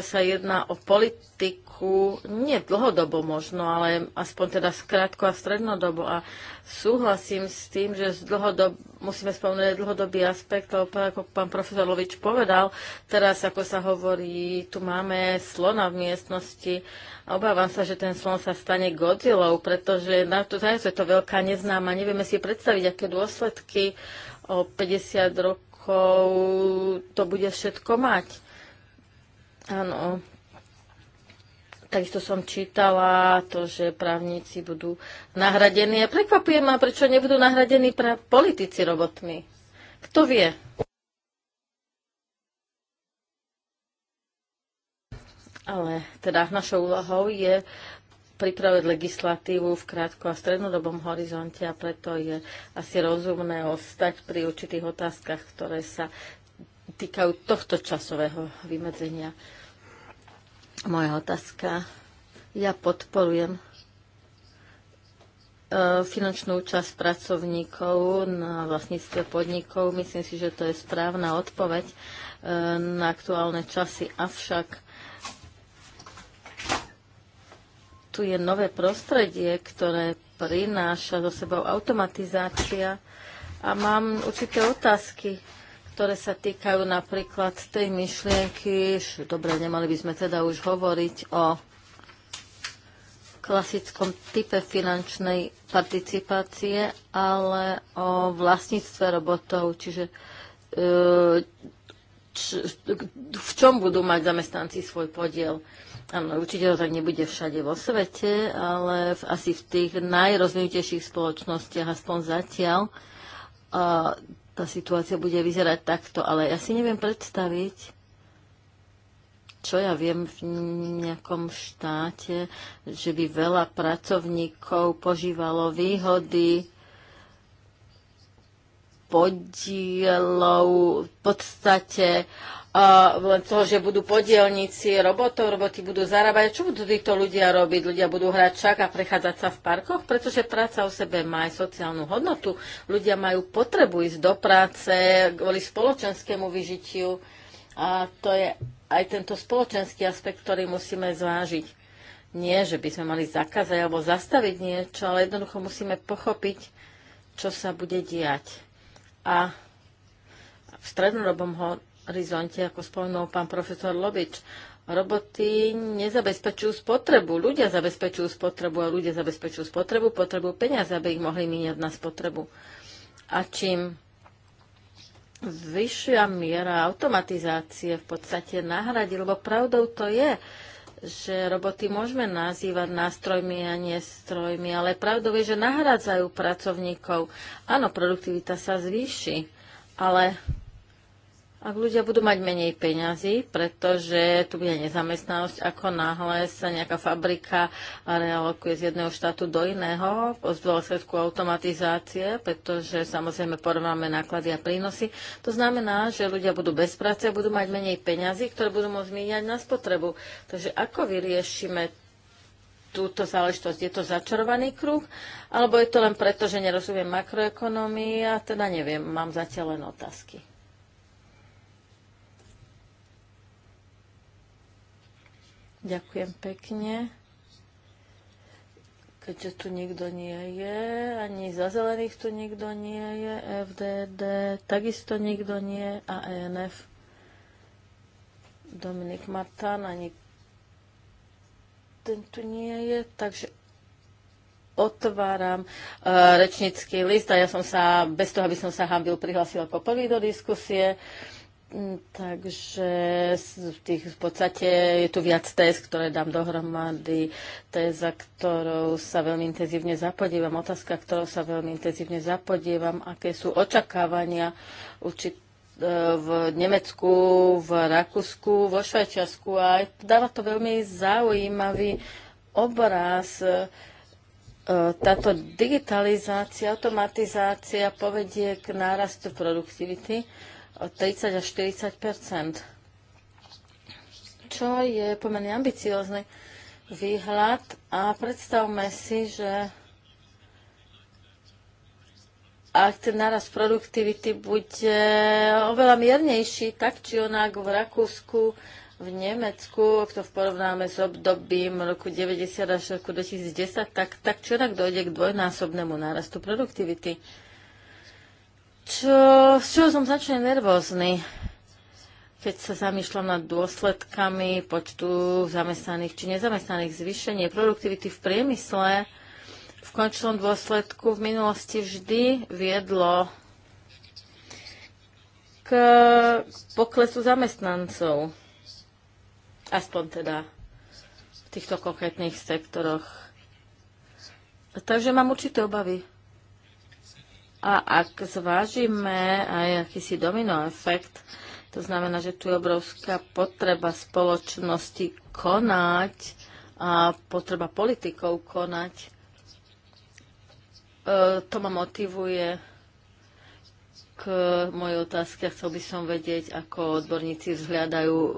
sa jedná o politiku, nie dlhodobo možno, ale aspoň teda skrátko a strednodobo. A súhlasím s tým, že z dlhodob, musíme spomenúť dlhodobý aspekt, lebo ako pán profesor Lovič povedal, teraz ako sa hovorí, tu máme slona v miestnosti a obávam sa, že ten slon sa stane Godzillou, pretože na to, je to veľká neznáma, nevieme si predstaviť, aké dôsledky o 50 rokov to bude všetko mať. Áno. Takisto som čítala to, že právnici budú nahradení. A prekvapuje ma, prečo nebudú nahradení pre politici robotmi. Kto vie? Ale teda našou úlohou je pripraviť legislatívu v krátko a strednodobom horizonte a preto je asi rozumné ostať pri určitých otázkach, ktoré sa týkajú tohto časového vymedzenia. Moja otázka. Ja podporujem e, finančnú účasť pracovníkov na vlastníctve podnikov. Myslím si, že to je správna odpoveď e, na aktuálne časy, avšak tu je nové prostredie, ktoré prináša so sebou automatizácia a mám určité otázky, ktoré sa týkajú napríklad tej myšlienky, že dobre, nemali by sme teda už hovoriť o klasickom type finančnej participácie, ale o vlastníctve robotov, čiže e, v čom budú mať zamestnanci svoj podiel. Áno, určite to tak nebude všade vo svete, ale v, asi v tých najrozvinutejších spoločnostiach, aspoň zatiaľ, a, tá situácia bude vyzerať takto. Ale ja si neviem predstaviť, čo ja viem v nejakom štáte, že by veľa pracovníkov požívalo výhody podielov v podstate len toho, že budú podielníci robotov, roboty budú zarábať. Čo budú títo ľudia robiť? Ľudia budú hrať čak a prechádzať sa v parkoch, pretože práca o sebe má aj sociálnu hodnotu. Ľudia majú potrebu ísť do práce kvôli spoločenskému vyžitiu a to je aj tento spoločenský aspekt, ktorý musíme zvážiť. Nie, že by sme mali zakázať alebo zastaviť niečo, ale jednoducho musíme pochopiť, čo sa bude diať. A v strednodobom horizonte, ako spomenul pán profesor Lobič. Roboty nezabezpečujú spotrebu, ľudia zabezpečujú spotrebu a ľudia zabezpečujú spotrebu, potrebu peniaze, aby ich mohli míňať na spotrebu. A čím vyššia miera automatizácie v podstate nahradí, lebo pravdou to je, že roboty môžeme nazývať nástrojmi a nie strojmi, ale pravdou je, že nahradzajú pracovníkov. Áno, produktivita sa zvýši, ale ak ľudia budú mať menej peňazí, pretože tu bude nezamestnanosť, ako náhle sa nejaká fabrika realokuje z jedného štátu do iného z dôsledku automatizácie, pretože samozrejme porovnáme náklady a prínosy. To znamená, že ľudia budú bez práce, budú mať menej peňazí, ktoré budú môcť míňať na spotrebu. Takže ako vyriešime túto záležitosť? Je to začarovaný kruh? Alebo je to len preto, že nerozumiem makroekonomii a teda neviem, mám zatiaľ len otázky. Ďakujem pekne. Keďže tu nikto nie je, ani za zelených tu nikto nie je, FDD takisto nikto nie a ENF. Dominik Martán ani ten tu nie je, takže otváram uh, e, rečnícky list a ja som sa, bez toho, aby som sa hambil, prihlasila ako prvý do diskusie. Uh, Mm, takže v, tých, v podstate je tu viac test, ktoré dám dohromady. Téza, ktorou sa veľmi intenzívne zapodívam, otázka, ktorou sa veľmi intenzívne zapodívam, aké sú očakávania určit, e, v Nemecku, v Rakúsku, vo Švajčiarsku a dáva to veľmi zaujímavý obraz e, táto digitalizácia, automatizácia povedie k nárastu produktivity 30 až 40 čo je pomerne ambiciózny výhľad a predstavme si, že ak ten naraz produktivity bude oveľa miernejší, tak či onak v Rakúsku, v Nemecku, ak to porovnáme s obdobím roku 90 až roku 2010, tak, tak či onak dojde k dvojnásobnému nárastu produktivity čo, z čoho som značne nervózny, keď sa zamýšľam nad dôsledkami počtu zamestnaných či nezamestnaných, zvýšenie produktivity v priemysle, v končnom dôsledku v minulosti vždy viedlo k poklesu zamestnancov. Aspoň teda v týchto konkrétnych sektoroch. Takže mám určité obavy a ak zvážime aj akýsi domino efekt, to znamená, že tu je obrovská potreba spoločnosti konať a potreba politikov konať, e, to ma motivuje k mojej otázke a chcel by som vedieť, ako odborníci vzhľadajú e,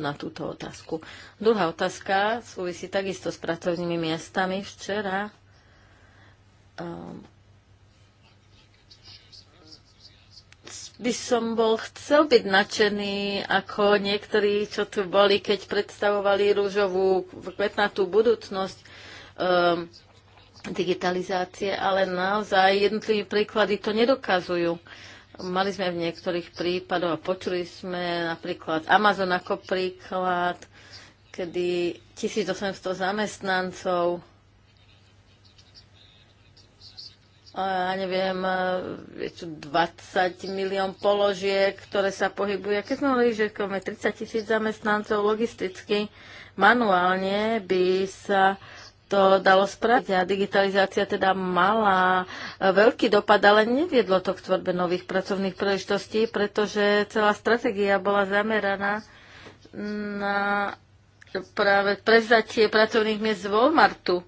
na túto otázku. Druhá otázka súvisí takisto s pracovnými miestami. Včera e, by som bol chcel byť nadšený ako niektorí, čo tu boli, keď predstavovali rúžovú kvetnatú budúcnosť um, digitalizácie, ale naozaj jednotlivé príklady to nedokazujú. Mali sme v niektorých prípadoch a počuli sme napríklad Amazon ako príklad, kedy 1800 zamestnancov ja neviem, e, je tu 20 milión položiek, ktoré sa pohybujú. Keď sme hovorili, že máme 30 tisíc zamestnancov logisticky, manuálne by sa to dalo spraviť a digitalizácia teda mala veľký dopad, ale neviedlo to k tvorbe nových pracovných príležitostí, pretože celá stratégia bola zameraná na práve prevzatie pracovných miest z Walmartu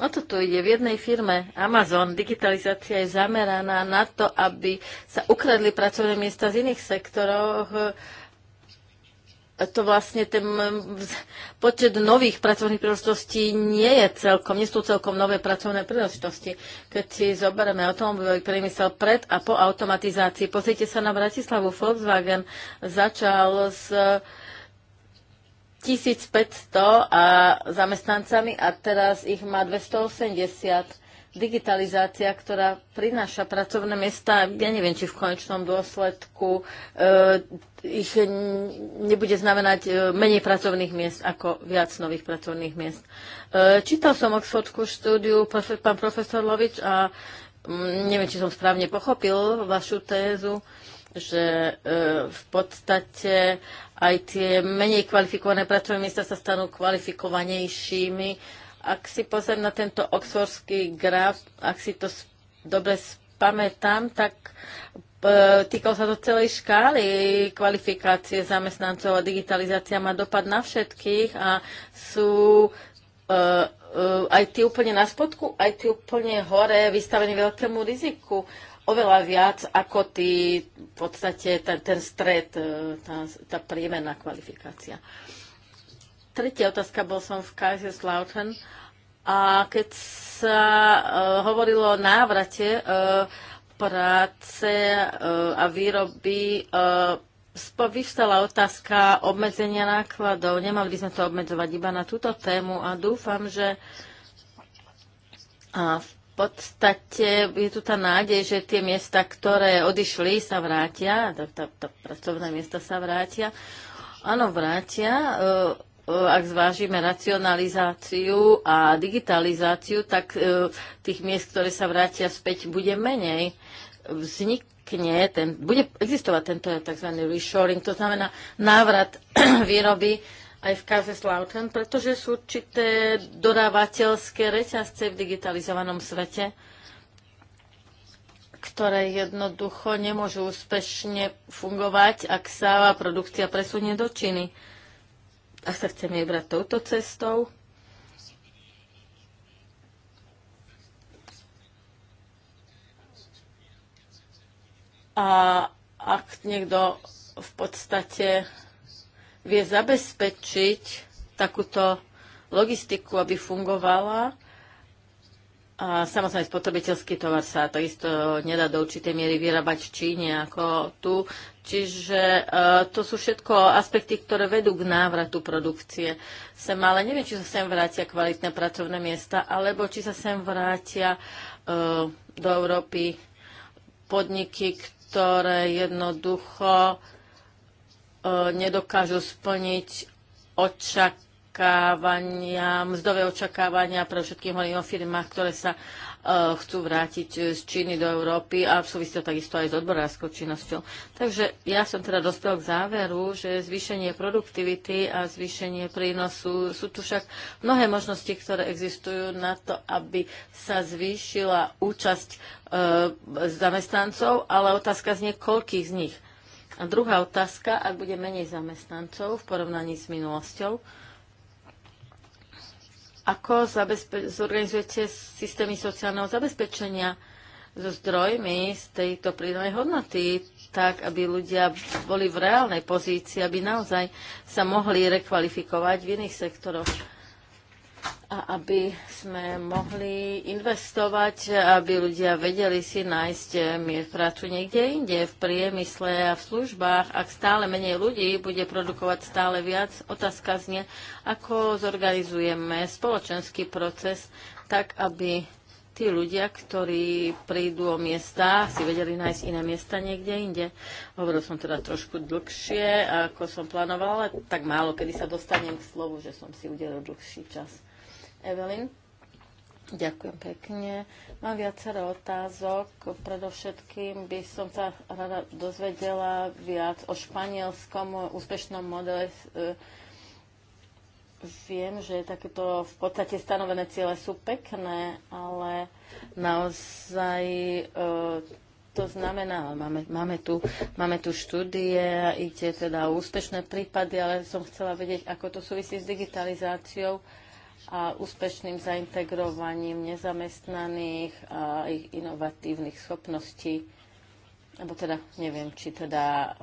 O to tu ide. V jednej firme Amazon digitalizácia je zameraná na to, aby sa ukradli pracovné miesta z iných sektorov. To vlastne ten počet nových pracovných príležitostí nie je celkom, nie sú celkom nové pracovné príležitosti. Keď si zoberieme automobilový priemysel pred a po automatizácii, pozrite sa na Bratislavu, Volkswagen začal s 1500 a zamestnancami a teraz ich má 280. Digitalizácia, ktorá prináša pracovné miesta, ja neviem, či v konečnom dôsledku e, ich nebude znamenať e, menej pracovných miest ako viac nových pracovných miest. E, čítal som Oxfordskú štúdiu, prof, pán profesor Lovič, a m, mm, neviem, či som správne pochopil vašu tézu. E, že e, v podstate aj tie menej kvalifikované pracovné miesta sa stanú kvalifikovanejšími. Ak si pozriem na tento oxfordský graf, ak si to dobre pamätám, tak e, týkal sa to celej škály kvalifikácie zamestnancov a digitalizácia má dopad na všetkých a sú e, aj tí úplne na spodku, aj tí úplne hore vystavení veľkému riziku oveľa viac ako tí, v podstate ten, ten stred, e, tá, tá priemerná kvalifikácia. Tretia otázka, bol som v Kaiserslautern a keď sa uh, hovorilo o návrate uh, práce uh, a výroby, uh, vyvstala otázka obmedzenia nákladov. Nemali by sme to obmedzovať iba na túto tému a dúfam, že a v podstate je tu tá nádej, že tie miesta, ktoré odišli, sa vrátia, tá pracovné miesta sa vrátia. Áno, vrátia. E, e, ak zvážime racionalizáciu a digitalizáciu, tak e, tých miest, ktoré sa vrátia späť, bude menej. Vznikne, ten, bude existovať tento tzv. reshoring, to znamená návrat výroby aj v Kaiserslautern, pretože sú určité dodávateľské reťazce v digitalizovanom svete, ktoré jednoducho nemôžu úspešne fungovať, ak sa produkcia presunie do Číny. A sa chceme vybrať touto cestou, a ak niekto v podstate vie zabezpečiť takúto logistiku, aby fungovala. A samozrejme, spotrebiteľský tovar sa takisto nedá do určitej miery vyrábať v Číne ako tu. Čiže e, to sú všetko aspekty, ktoré vedú k návratu produkcie. Sem ale neviem, či sa sem vrátia kvalitné pracovné miesta, alebo či sa sem vrátia e, do Európy podniky, ktoré jednoducho E, nedokážu splniť očakávania, mzdové očakávania pre všetkým malých o firmách, ktoré sa e, chcú vrátiť z Číny do Európy a súvisí to takisto aj s odborárskou činnosťou. Takže ja som teda dospel k záveru, že zvýšenie produktivity a zvýšenie prínosu sú tu však mnohé možnosti, ktoré existujú na to, aby sa zvýšila účasť e, zamestnancov, ale otázka znie, koľkých z nich. A druhá otázka, ak bude menej zamestnancov v porovnaní s minulosťou, ako zorganizujete systémy sociálneho zabezpečenia so zdrojmi z tejto prídanej hodnoty, tak aby ľudia boli v reálnej pozícii, aby naozaj sa mohli rekvalifikovať v iných sektoroch? a aby sme mohli investovať, aby ľudia vedeli si nájsť eh, prácu niekde inde, v priemysle a v službách. Ak stále menej ľudí bude produkovať stále viac, otázka znie, ako zorganizujeme spoločenský proces tak, aby tí ľudia, ktorí prídu o miesta, si vedeli nájsť iné miesta niekde inde. Hovoril som teda trošku dlhšie, ako som plánovala, ale tak málo, kedy sa dostanem k slovu, že som si udelil dlhší čas. Evelyn. Ďakujem pekne. Mám viacero otázok. Predovšetkým by som sa rada dozvedela viac o španielskom úspešnom modele. Viem, že takéto v podstate stanovené ciele sú pekné, ale naozaj e, to znamená, máme, máme, tu, máme tu štúdie, ide teda o úspešné prípady, ale som chcela vedieť, ako to súvisí s digitalizáciou a úspešným zaintegrovaním nezamestnaných a ich inovatívnych schopností. Lebo teda neviem, či teda,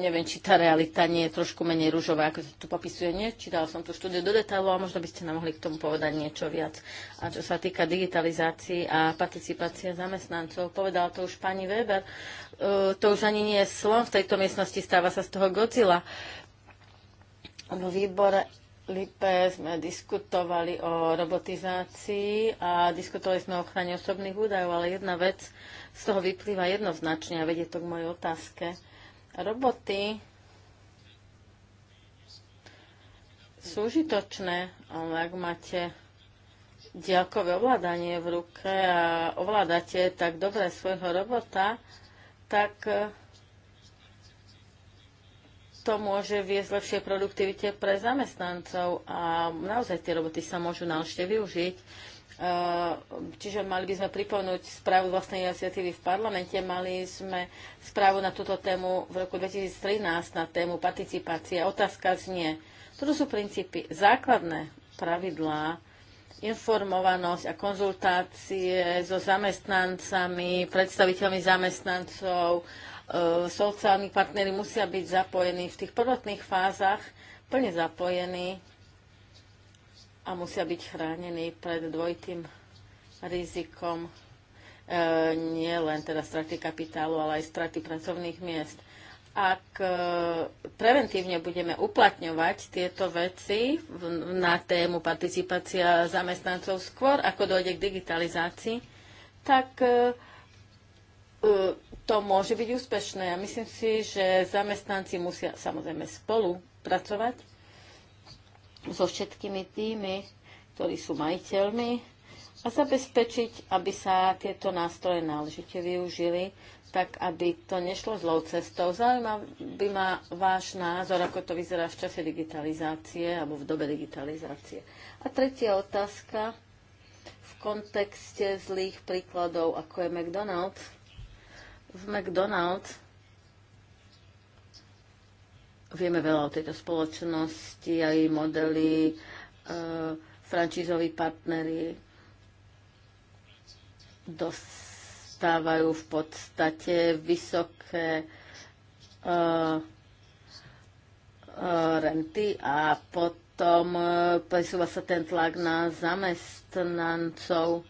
neviem, či tá realita nie je trošku menej rúžová, ako sa tu popisuje. dal som tú štúdiu do detailu a možno by ste nám mohli k tomu povedať niečo viac. A čo sa týka digitalizácii a participácie zamestnancov, povedala to už pani Weber, uh, to už ani nie je slon v tejto miestnosti, stáva sa z toho Godzilla. Výbor Lipe sme diskutovali o robotizácii a diskutovali sme o ochrane osobných údajov, ale jedna vec z toho vyplýva jednoznačne a vedie to k mojej otázke. Roboty sú užitočné, ale ak máte diaľkové ovládanie v ruke a ovládate tak dobre svojho robota, tak to môže viesť lepšie produktivite pre zamestnancov a naozaj tie roboty sa môžu naozaj využiť. Eh, čiže mali by sme pripomnúť správu vlastnej iniciatívy v parlamente, mali sme správu na túto tému v roku 2013 na tému participácie. Otázka znie, toto sú princípy, základné pravidlá, informovanosť a konzultácie so zamestnancami, predstaviteľmi zamestnancov, E, sociálni partnery musia byť zapojení v tých prvotných fázach, plne zapojení a musia byť chránení pred dvojitým rizikom e, nie len teda straty kapitálu, ale aj straty pracovných miest. Ak e, preventívne budeme uplatňovať tieto veci na tému participácia zamestnancov skôr, ako dojde k digitalizácii, tak e, to môže byť úspešné. Ja myslím si, že zamestnanci musia samozrejme spolu pracovať so všetkými tými, ktorí sú majiteľmi a zabezpečiť, aby sa tieto nástroje náležite využili, tak aby to nešlo zlou cestou. Zaujímavý by ma váš názor, ako to vyzerá v čase digitalizácie alebo v dobe digitalizácie. A tretia otázka v kontekste zlých príkladov, ako je McDonald's v McDonald's vieme veľa o tejto spoločnosti, aj modely, e, francízoví partnery dostávajú v podstate vysoké e, e, renty a potom e, presúva sa ten tlak na zamestnancov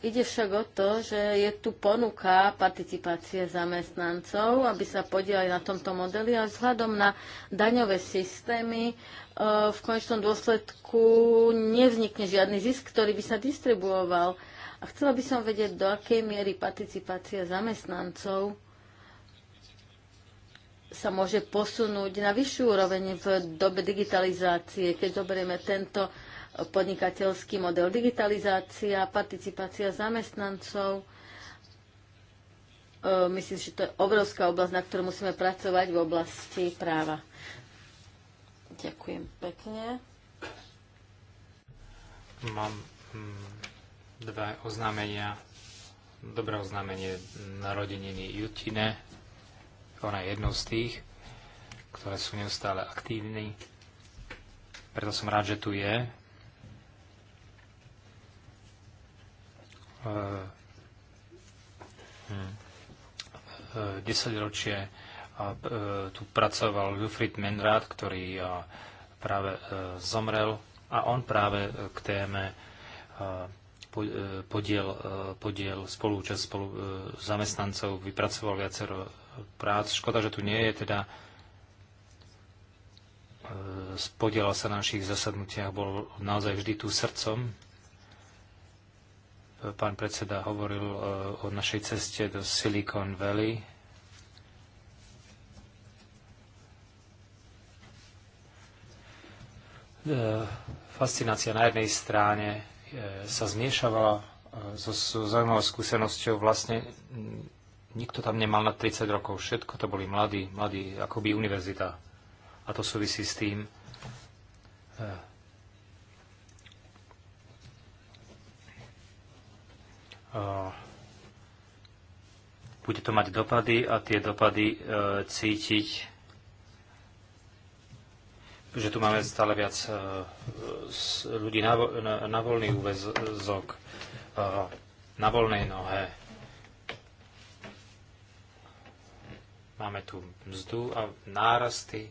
Ide však o to, že je tu ponuka participácie zamestnancov, aby sa podielali na tomto modeli a vzhľadom na daňové systémy e, v konečnom dôsledku nevznikne žiadny zisk, ktorý by sa distribuoval. A chcela by som vedieť, do akej miery participácia zamestnancov sa môže posunúť na vyššiu úroveň v dobe digitalizácie, keď zoberieme tento podnikateľský model digitalizácia, participácia zamestnancov. E, myslím, že to je obrovská oblasť, na ktorú musíme pracovať v oblasti práva. Ďakujem pekne. Mám hm, dve oznámenia. Dobré oznámenie narodeniny Jutine. Ona je jednou z tých, ktoré sú neustále aktívni. Preto som rád, že tu je. Eh, hm. eh, desaťročie eh, tu pracoval Wilfried Menrad, ktorý práve zomrel a on práve k téme podiel, podiel spolúčasť spolu, zamestnancov vypracoval viacero prác. Škoda, že tu nie je, teda podielal sa na našich zasadnutiach, bol naozaj vždy tu srdcom Pán predseda hovoril e, o našej ceste do Silicon Valley. E, fascinácia na jednej strane e, sa zmiešavala so, so zaujímavou skúsenosťou. Vlastne nikto tam nemal na 30 rokov. Všetko to boli mladí, mladí, akoby univerzita. A to súvisí s tým, bude to mať dopady a tie dopady e, cítiť, že tu máme stále viac e, ľudí na, na, na voľný úvezok, e, na voľnej nohe. Máme tu mzdu a nárasty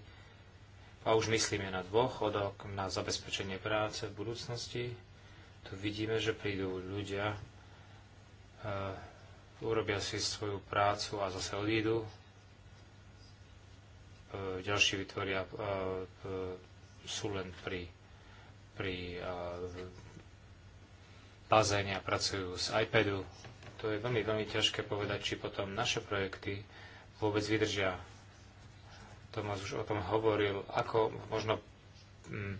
a už myslíme na dôchodok, na zabezpečenie práce v budúcnosti. Tu vidíme, že prídu ľudia, Eh, urobia si svoju prácu a zase odídu. Eh, ďalší vytvoria eh, sú len pri, pri bazéne a pracujú z iPadu. To je veľmi, veľmi ťažké povedať, či potom naše projekty vôbec vydržia. Tomáš už o tom hovoril, ako možno hm,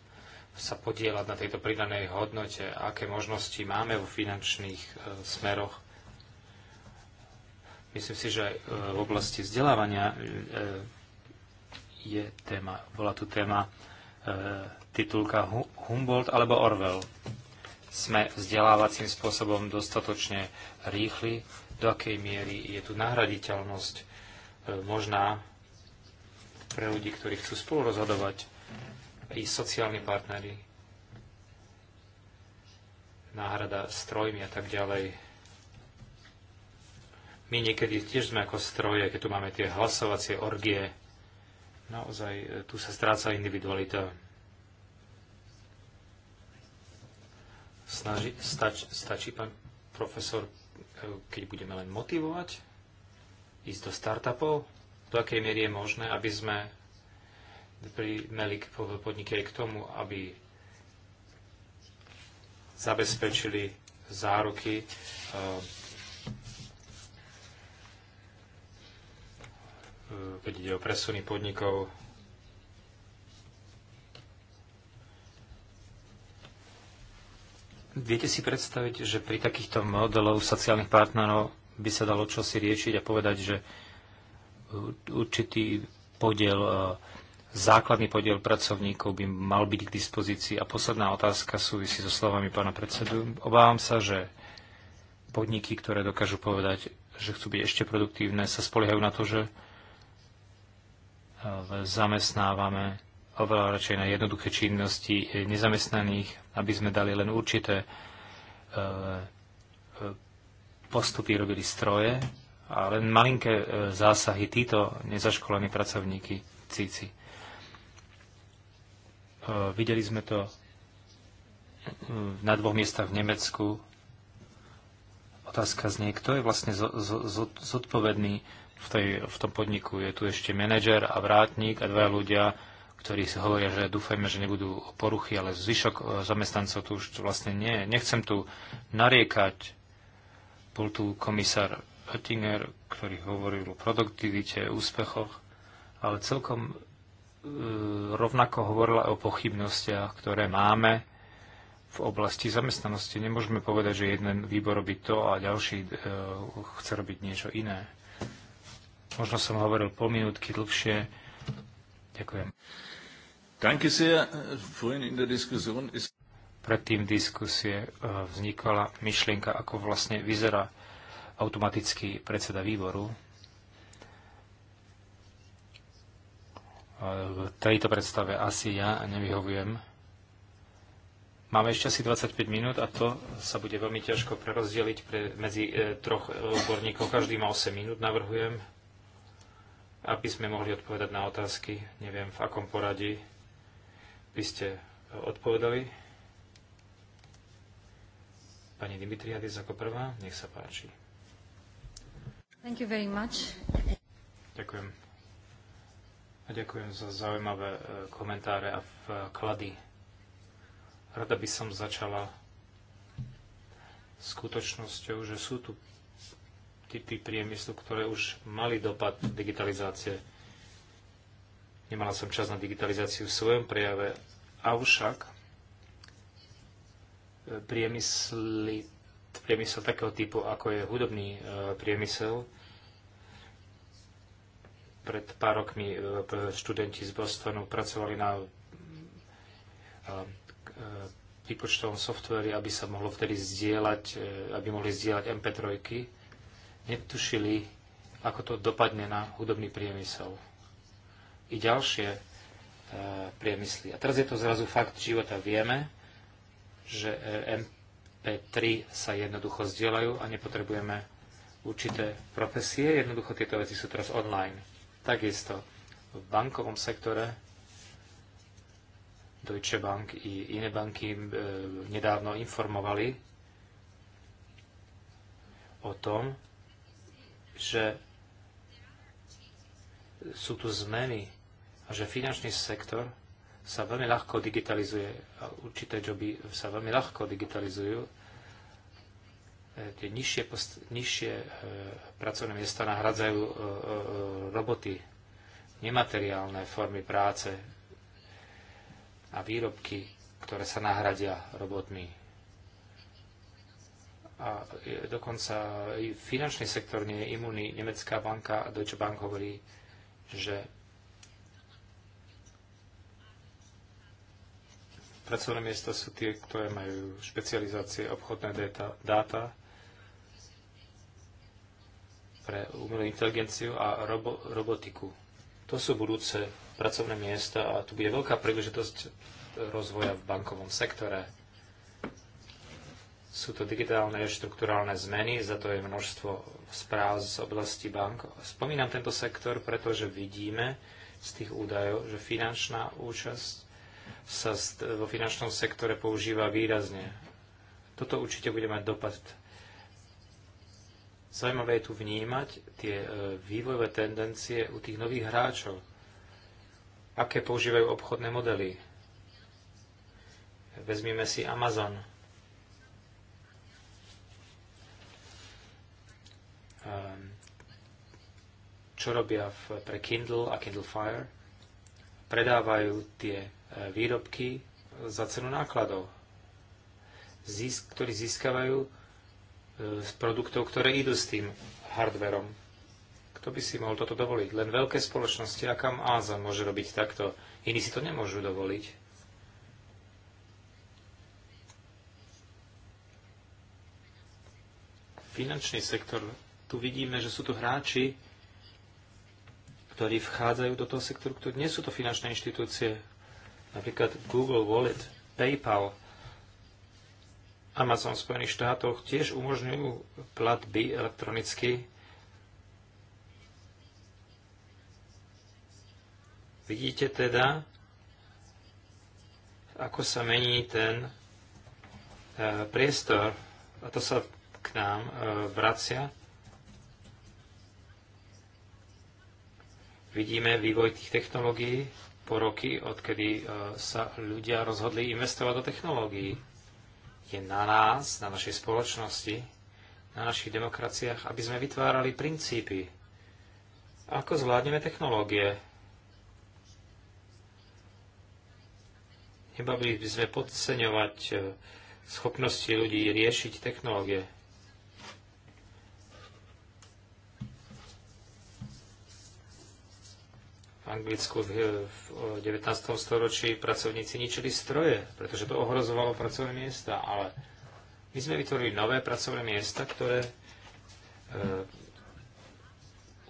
sa podielať na tejto pridanej hodnote, aké možnosti máme vo finančných smeroch Myslím si, že e, v oblasti vzdelávania e, je téma, bola tu téma e, titulka Humboldt alebo Orwell. Sme vzdelávacím spôsobom dostatočne rýchli, do akej miery je tu nahraditeľnosť možná pre ľudí, ktorí chcú spolu rozhodovať, i sociálni partnery, náhrada strojmi a tak ďalej my niekedy tiež sme ako stroje, keď tu máme tie hlasovacie orgie. Naozaj, e, tu sa stráca individualita. Snaži, stač, stačí, pán profesor, e, keď budeme len motivovať, ísť do startupov? Do akej miery je možné, aby sme primeli podniky aj k tomu, aby zabezpečili záruky e, Eh, keď ide o presuny podnikov. Viete si predstaviť, že pri takýchto modelov sociálnych partnerov by sa dalo čosi riešiť a povedať, že určitý podiel, eh, základný podiel pracovníkov by mal byť k dispozícii. A posledná otázka súvisí so slovami pána predsedu. Obávam sa, že podniky, ktoré dokážu povedať, že chcú byť ešte produktívne, sa spoliehajú na to, že zamestnávame oveľa radšej na jednoduché činnosti nezamestnaných, aby sme dali len určité e, e, postupy, robili stroje a len malinké e, zásahy títo nezaškolení pracovníky cíci. Videli sme to na dvoch miestach v Nemecku. Otázka znie, kto je vlastne zodpovedný v, tej, v tom podniku. Je tu ešte manažer a vrátnik a dva ľudia, ktorí si hovoria, že dúfajme, že nebudú poruchy, ale zvyšok e, zamestnancov tu už vlastne nie. Nechcem tu nariekať. Bol tu komisár Oettinger, ktorý hovoril o produktivite, úspechoch, ale celkom e, rovnako hovorila o pochybnostiach, ktoré máme v oblasti zamestnanosti. Nemôžeme povedať, že jeden výbor robí to a ďalší e, chce robiť niečo iné. Možno som hovoril pol minútky dlhšie. Ďakujem. Danke sehr. in der ist predtým diskusie eh, vznikala myšlienka, ako vlastne vyzerá automatický predseda výboru. Eh, v tejto predstave asi ja nevyhovujem. Máme ešte asi 25 minút a to sa bude veľmi ťažko prerozdeliť pre, medzi eh, troch odborníkov. Každý má 8 minút, navrhujem aby sme mohli odpovedať na otázky. Neviem, v akom poradí by ste e, odpovedali. Pani Dimitriadis ako prvá, nech sa páči. Thank you very much. Ďakujem. A ďakujem za zaujímavé e, komentáre a vklady. Rada by som začala skutočnosťou, že sú tu typy priemyslu, ktoré už mali dopad digitalizácie. Nemala som čas na digitalizáciu v svojom prejave, avšak e, priemysly, priemysel takého typu, ako je hudobný e, priemysel, pred pár rokmi e, študenti z Bostonu pracovali na výpočtovom softveri, aby sa mohlo vtedy zdieľať, aby mohli zdieľať MP3. -ky netušili, ako to dopadne na hudobný priemysel. I ďalšie e, priemysly. A teraz je to zrazu fakt života. Vieme, že MP3 sa jednoducho zdieľajú a nepotrebujeme určité profesie. Jednoducho tieto veci sú teraz online. Takisto v bankovom sektore Deutsche Bank i iné banky e, nedávno informovali o tom, že sú tu zmeny a že finančný sektor sa veľmi ľahko digitalizuje a určité joby sa veľmi ľahko digitalizujú. E, tie nižšie, post- nižšie e, pracovné miesta nahradzajú e, e, roboty, nemateriálne formy práce a výrobky, ktoré sa nahradia robotmi a dokonca finančný sektor nie je imunný. Nemecká banka a Deutsche Bank hovorí, že pracovné miesta sú tie, ktoré majú špecializácie obchodné data, dáta pre umelú inteligenciu a robo, robotiku. To sú budúce pracovné miesta a tu bude veľká príležitosť rozvoja v bankovom sektore sú to digitálne štruktúrálne zmeny, za to je množstvo správ z oblasti bank. Spomínam tento sektor, pretože vidíme z tých údajov, že finančná účasť sa vo finančnom sektore používa výrazne. Toto určite bude mať dopad Zaujímavé je tu vnímať tie e, vývojové tendencie u tých nových hráčov. Aké používajú obchodné modely? Vezmime si Amazon. čo robia v, pre Kindle a Kindle Fire. Predávajú tie e, výrobky za cenu nákladov, zisk, ktorý získavajú e, z produktov, ktoré idú s tým hardverom. Kto by si mohol toto dovoliť? Len veľké spoločnosti, aká Áza môže robiť takto. Iní si to nemôžu dovoliť. Finančný sektor. Tu vidíme, že sú tu hráči, ktorí vchádzajú do toho sektoru, ktorí nie sú to finančné inštitúcie, napríklad Google Wallet, PayPal, Amazon v Spojených štátoch tiež umožňujú platby elektronicky. Vidíte teda, ako sa mení ten e, priestor a to sa k nám e, vracia. Vidíme vývoj tých technológií po roky, odkedy e, sa ľudia rozhodli investovať do technológií. Je na nás, na našej spoločnosti, na našich demokraciách, aby sme vytvárali princípy. Ako zvládneme technológie? Nebavili by sme podceňovať e, schopnosti ľudí riešiť technológie. Anglicku v 19. storočí pracovníci ničili stroje, pretože to ohrozovalo pracovné miesta, ale my sme vytvorili nové pracovné miesta, ktoré uh,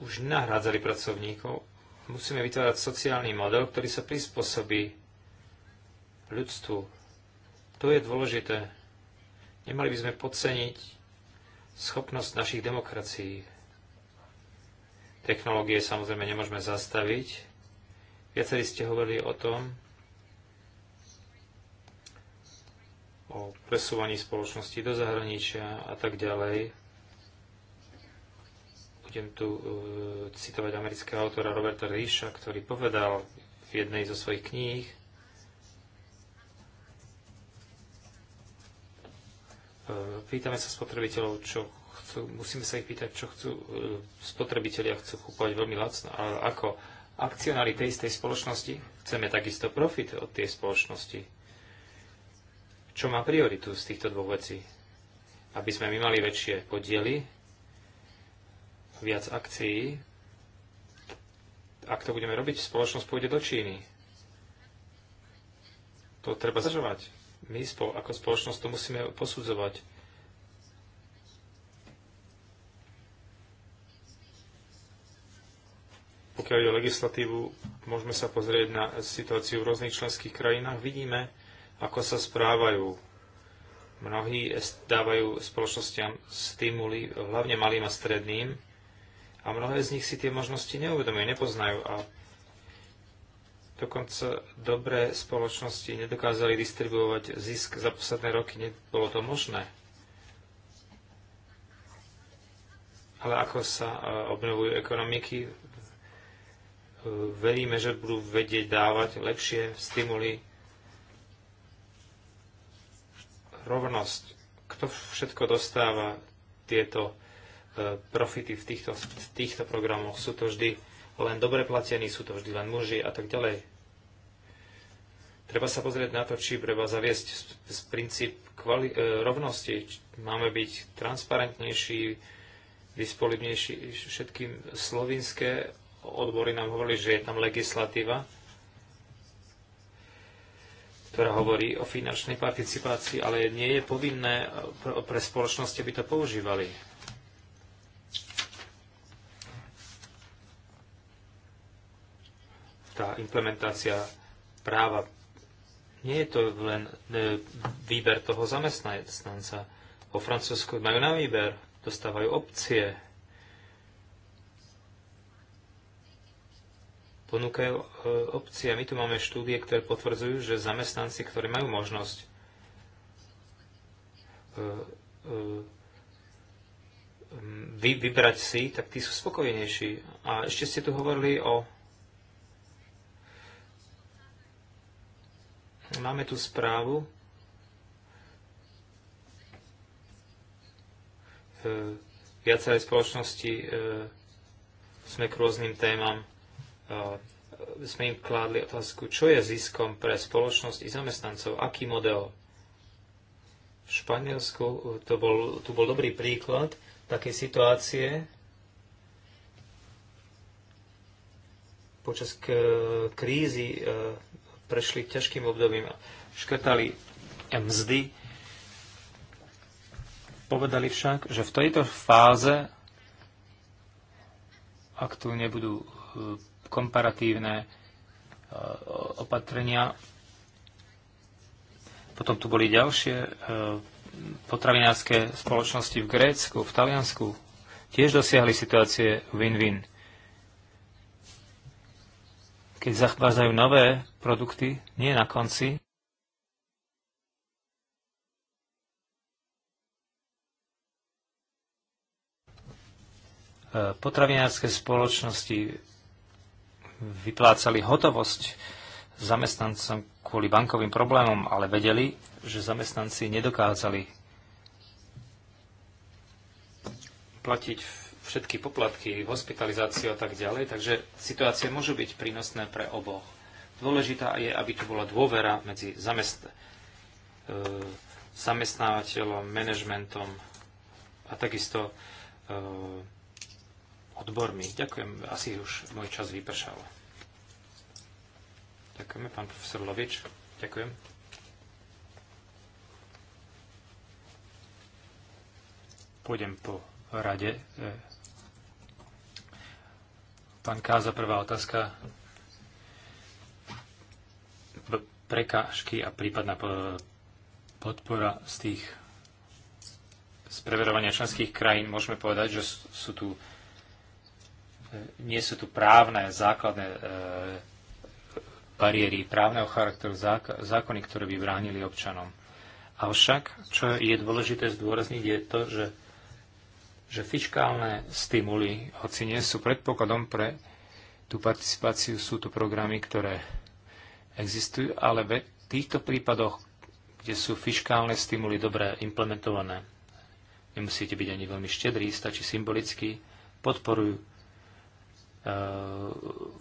už nahrádzali pracovníkov. Musíme vytvárať sociálny model, ktorý sa prispôsobí ľudstvu. To je dôležité. Nemali by sme podceniť schopnosť našich demokracií. Technológie samozrejme nemôžeme zastaviť, Viacerí ste hovorili o tom, o presúvaní spoločnosti do zahraničia a tak ďalej. Budem tu uh, citovať amerického autora Roberta Ríša, ktorý povedal v jednej zo svojich kníh, e, pýtame sa spotrebiteľov, čo chcú, musíme sa ich pýtať, čo chcú, e, spotrebitelia chcú kúpať veľmi lacno, ale ako akcionári tej istej spoločnosti. Chceme takisto profit od tej spoločnosti. Čo má prioritu z týchto dvoch vecí? Aby sme my mali väčšie podiely, viac akcií. Ak to budeme robiť, spoločnosť pôjde do Číny. To treba zažovať. My ako spoločnosť to musíme posudzovať Pokiaľ ide o legislatívu, môžeme sa pozrieť na situáciu v rôznych členských krajinách. Vidíme, ako sa správajú. Mnohí dávajú spoločnosťam stimuly, hlavne malým a stredným, a mnohé z nich si tie možnosti neuvedomujú, nepoznajú a dokonca dobré spoločnosti nedokázali distribuovať zisk za posledné roky, nebolo to možné. Ale ako sa e, obnovujú ekonomiky, veríme, že budú vedieť dávať lepšie stimuly. Rovnosť. Kto všetko dostáva tieto e, profity v týchto, v týchto programoch? Sú to vždy len dobre platení, sú to vždy len muži a tak ďalej. Treba sa pozrieť na to, či treba zaviesť z princíp kvali- e, rovnosti. Máme byť transparentnejší, disponibilnejší všetkým slovinské odbory nám hovorili, že je tam legislatíva, ktorá hovorí o finančnej participácii, ale nie je povinné pre spoločnosti, aby to používali. Tá implementácia práva nie je to len e, výber toho zamestnanca. Po Francúzsku majú na výber, dostávajú opcie, ponúkajú e, opcie. my tu máme štúdie, ktoré potvrdzujú, že zamestnanci, ktorí majú možnosť e, e, vybrať si, tak tí sú spokojnejší. A ešte ste tu hovorili o... Máme tu správu. Viaceré spoločnosti sme k rôznym témam sme im kládli otázku, čo je ziskom pre spoločnosť i zamestnancov, aký model. V Španielsku e, to bol, tu bol dobrý príklad takej situácie, počas krízy e, prešli ťažkým obdobím. a Škrtali mzdy. Povedali však, že v tejto fáze, ak tu nebudú e, komparatívne e, opatrenia. Potom tu boli ďalšie e, potravinárske spoločnosti v Grécku, v Taliansku. Tiež dosiahli situácie win-win. Keď zachvádzajú nové produkty, nie na konci, e, potravinárske spoločnosti vyplácali hotovosť zamestnancom kvôli bankovým problémom, ale vedeli, že zamestnanci nedokázali platiť všetky poplatky, hospitalizáciu a tak ďalej, takže situácie môžu byť prínosné pre oboch. Dôležitá je, aby tu bola dôvera medzi zamest- e, zamestnávateľom, manažmentom a takisto e, odbormi. Ďakujem, asi už môj čas vypršal. Ďakujeme, pán profesor Lovič. Ďakujem. Pôjdem po rade. E, pán Káza, prvá otázka. Prekážky a prípadná podpora z tých z preverovania členských krajín môžeme povedať, že sú tu nie sú tu právne základné e, bariéry právneho charakteru, zákony, ktoré by bránili občanom. Avšak, čo je dôležité zdôrazniť, je to, že, že fiskálne stimuly, hoci nie sú predpokladom pre tú participáciu, sú to programy, ktoré existujú, ale v týchto prípadoch, kde sú fiskálne stimuly dobre implementované, nemusíte byť ani veľmi štedrí, stačí symbolicky, podporujú Eh,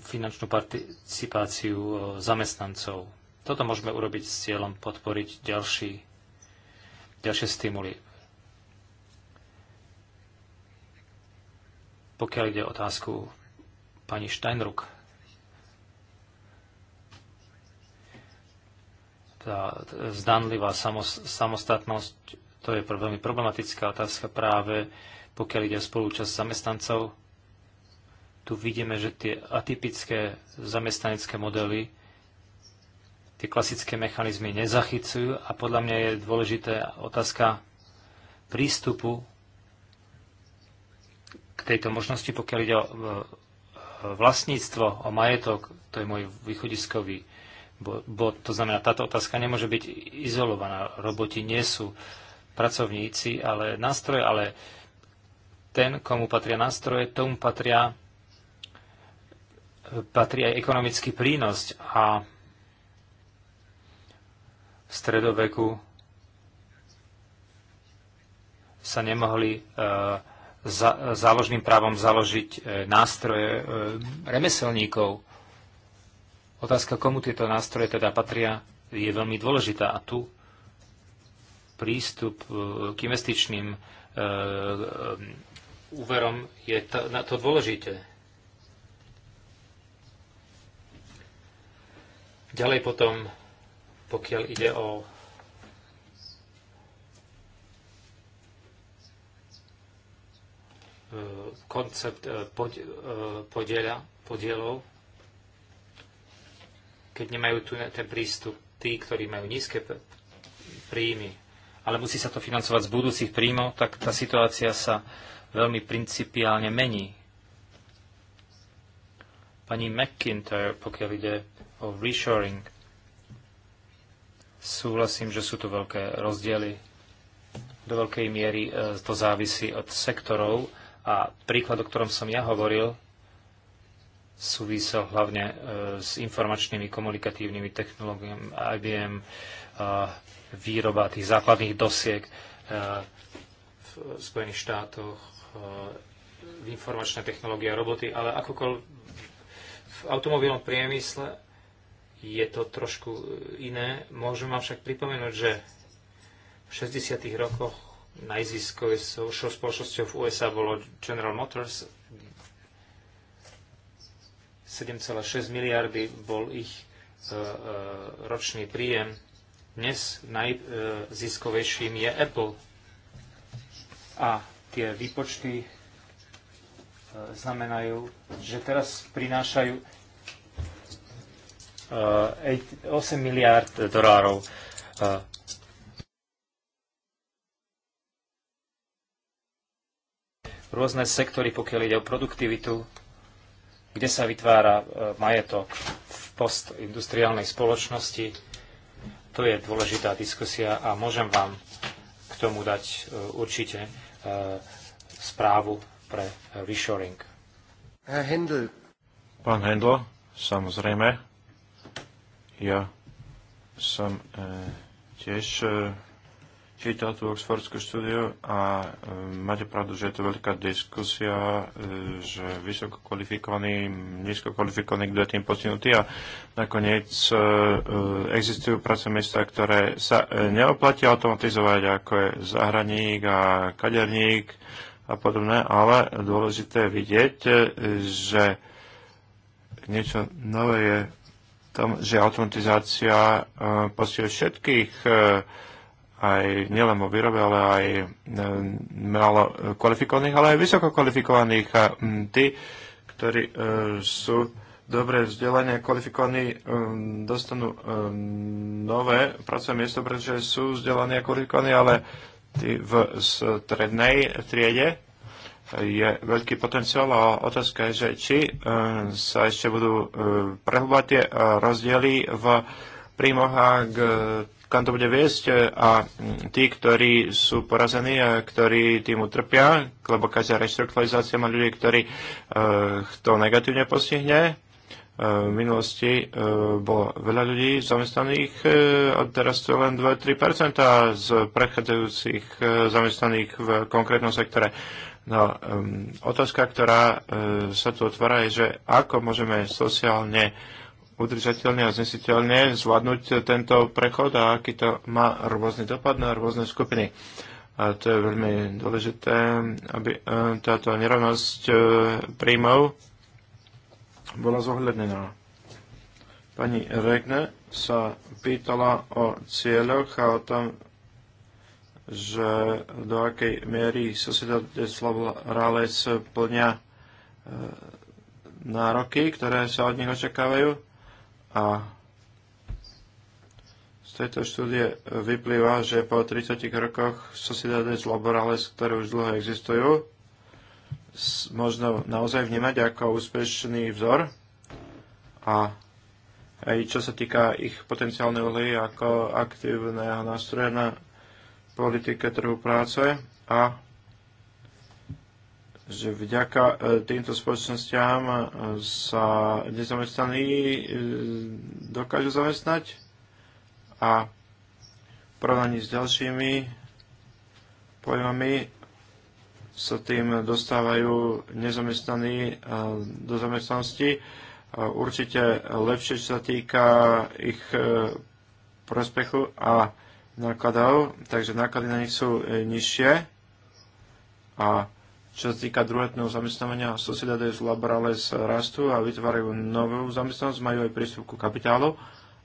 finančnú participáciu eh, zamestnancov. Toto môžeme urobiť s cieľom podporiť ďalší, ďalšie stimuly. Pokiaľ ide o otázku pani Steinruck, tá zdanlivá samostatnosť, to je veľmi problematická otázka práve, pokiaľ ide o spolúčasť zamestnancov, tu vidíme, že tie atypické zamestnanecké modely, tie klasické mechanizmy nezachycujú a podľa mňa je dôležitá otázka prístupu k tejto možnosti, pokiaľ ide o e, e, vlastníctvo, o majetok, to je môj východiskový bod. To znamená, táto otázka nemôže byť izolovaná. Roboti nie sú pracovníci, ale nástroje, ale ten, komu patria nástroje, tomu patria patrí aj ekonomický prínos a v stredoveku sa nemohli e, za, záložným právom založiť e, nástroje e, remeselníkov. Otázka, komu tieto nástroje teda patria, je veľmi dôležitá a tu prístup k investičným úverom je to, na to dôležité Ďalej potom, pokiaľ ide o e, koncept e, e, podiela, podielov, keď nemajú tu ten prístup tí, ktorí majú nízke príjmy, ale musí sa to financovať z budúcich príjmov, tak tá situácia sa veľmi principiálne mení. Pani McIntyre, pokiaľ ide o reshoring. Súhlasím, že sú tu veľké rozdiely. Do veľkej miery e, to závisí od sektorov a príklad, o ktorom som ja hovoril, súvisel hlavne e, s informačnými komunikatívnymi technológiami IBM, e, výroba tých základných dosiek v Spojených štátoch, informačné technológie a roboty, ale akokoľvek v automobilnom priemysle je to trošku e, iné. Môžem vám však pripomenúť, že v 60. rokoch najziskovejšou spoločnosťou v USA bolo General Motors. 7,6 miliardy bol ich e, e, ročný príjem. Dnes najziskovejším je Apple. A tie výpočty znamenajú, že teraz prinášajú 8 eh, miliárd dolárov. Eh, rôzne sektory, pokiaľ ide o produktivitu, kde sa vytvára eh, majetok v postindustriálnej spoločnosti, to je dôležitá diskusia a môžem vám k tomu dať určite správu pre reshoring. Pán Hendl, samozrejme, ja som e, tiež e, čítal tú Oxfordskú štúdiu a e, máte pravdu, že je to veľká diskusia, e, že vysoko kvalifikovaný, nízko kvalifikovaný, kto je tým postihnutý a nakoniec e, e, existujú pracovné miesta, ktoré sa e, neoplatí automatizovať, ako je zahraník a kaderník a podobné, ale dôležité je vidieť, e, že niečo nové je tom, že automatizácia eh, postihuje všetkých eh, aj nielen vo výrobe, ale aj eh, málo kvalifikovaných, ale aj vysoko kvalifikovaných. A hm, tí, ktorí sú dobre vzdelaní a kvalifikovaní, dostanú nové pracovné miesto, pretože sú vzdelaní a kvalifikovaní, ale tí v strednej triede je veľký potenciál a otázka je, že či e, sa ešte budú e, prehlbovať tie e, rozdiely v príjmoch a kam to bude viesť a tí, ktorí sú porazení a ktorí tým utrpia, lebo každá reštrukturalizácia má ľudí, ktorí to negatívne postihne, v minulosti bolo veľa ľudí zamestnaných a teraz to je len 2-3% z prechádzajúcich zamestnaných v konkrétnom sektore. No, um, otázka, ktorá uh, sa tu otvára, je, že ako môžeme sociálne udržateľne a znesiteľne zvládnuť tento prechod a aký to má rôzny dopad na rôzne skupiny. A to je veľmi dôležité, aby uh, táto nerovnosť uh, príjmov bola zohľadnená. Pani Regne sa pýtala o cieľoch a o tom, že do akej miery Sociedad Deslav Rales plňa e, nároky, ktoré sa od nich očakávajú. A z tejto štúdie vyplýva, že po 30 rokoch Sociedades Laborales, ktoré už dlho existujú, možno naozaj vnímať ako úspešný vzor a aj čo sa týka ich potenciálnej úlohy ako aktívneho nástroja na politike trhu práce a že vďaka e, týmto spoločnostiam e, sa nezamestnaní e, dokážu zamestnať a v porovnaní s ďalšími pojmami sa tým dostávajú nezamestnaní do zamestnanosti. Určite lepšie, čo sa týka ich prospechu a nákladov, takže náklady na nich sú e, nižšie. A čo sa týka druhotného zamestnávania, Sociedades Laborales rastú a vytvárajú novú zamestnanosť, majú aj prístup ku kapitálu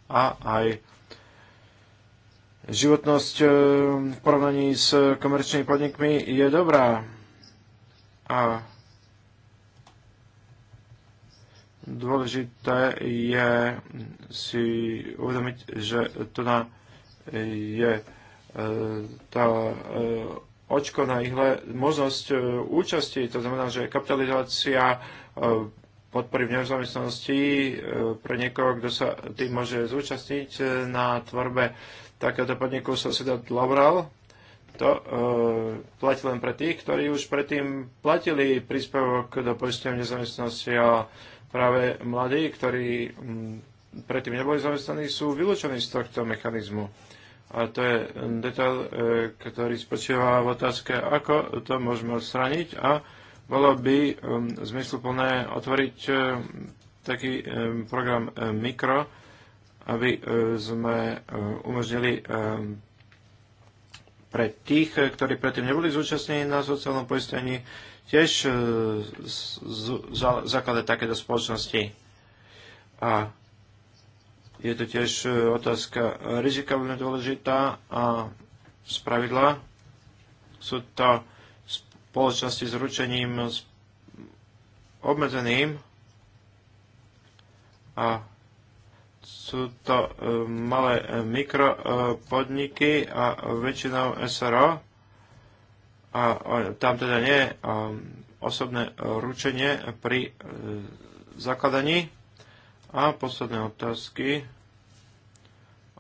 a aj životnosť e, v porovnaní s komerčnými podnikmi je dobrá. A dôležité je si uvedomiť, že tu na teda je e, tá e, očko na ihle možnosť e, účasti, to znamená, že kapitalizácia podpory v nezamestnanosti pre niekoho, kto sa tým môže zúčastniť na tvorbe takéto podniku dať Laboral. To e, platí len pre tých, ktorí už predtým platili príspevok do poistenia nezamestnanosti a práve mladí, ktorí m, predtým neboli zamestnaní, sú vylúčení z tohto mechanizmu. A to je detail, e, ktorý spočíva v otázke, ako to môžeme odstraniť a bolo by e, zmysluplné otvoriť e, taký program mikro, aby sme umožnili pre tých, ktorí predtým neboli zúčastnení na sociálnom poistení, tiež zakladať takéto spoločnosti. A je to tiež e, otázka rizika veľmi dôležitá a spravidla sú to spoločnosti s ručením obmedzeným a sú to e, malé e, mikropodniky a väčšinou SRO a tam teda nie je osobné ručenie pri zakladaní. A posledné otázky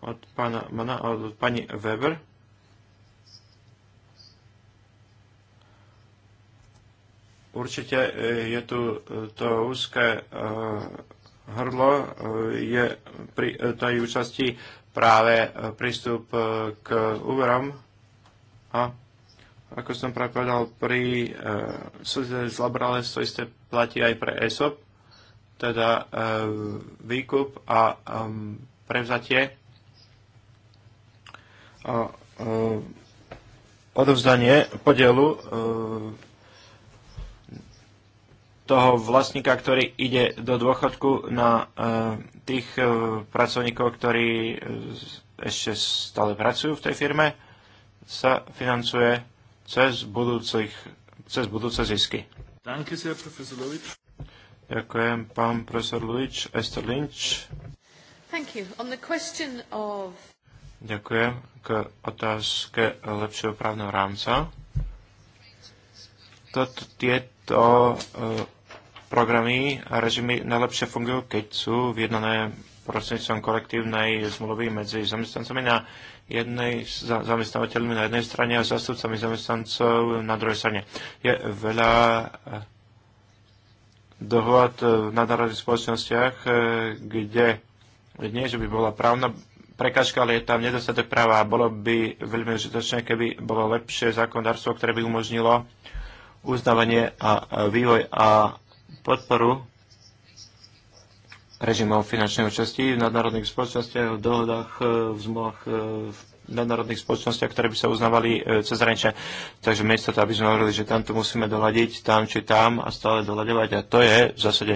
od, pána, mana, od pani Weber. Určite e, je tu e, to úzke e, hrdlo, je pri tej účasti práve prístup k úverom a ako som práve povedal, pri e, z Labrales to isté platí aj pre ESOP, teda e, výkup a e, prevzatie a e, odovzdanie podielu e, toho vlastníka, ktorý ide do dôchodku na e, tých pracovníkov, ktorí ešte stále pracujú v tej firme, sa financuje cez, budúcich, cez budúce zisky. Danke sehr, profesor Lovič. Ďakujem, pán profesor Luič, Esther Lynch. Thank you. On the question of Ďakujem. K otázke lepšieho právneho rámca. Toto, tieto e, programy a režimy najlepšie fungujú, keď sú vyjednané prostredníctvom kolektívnej zmluvy medzi zamestnancami na jednej zamestnávateľmi na jednej strane a zastupcami zamestnancov na druhej strane. Je veľa e, dohod v nadnárodných spoločnostiach, e, kde nie, že by bola právna prekažka, ale je tam nedostatok práva. a Bolo by veľmi užitočné, keby bolo lepšie zákonodárstvo, ktoré by umožnilo uznávanie a vývoj a podporu režimov finančnej účasti v nadnárodných spoločnostiach, v dohodách, e, v zmluvách, e, v nadnárodných spoločnostiach, ktoré by sa uznávali e, cez hranice. Takže miesto to, aby sme hovorili, že tam to musíme doľadiť, tam či tam a stále doľadovať. A to je v zásade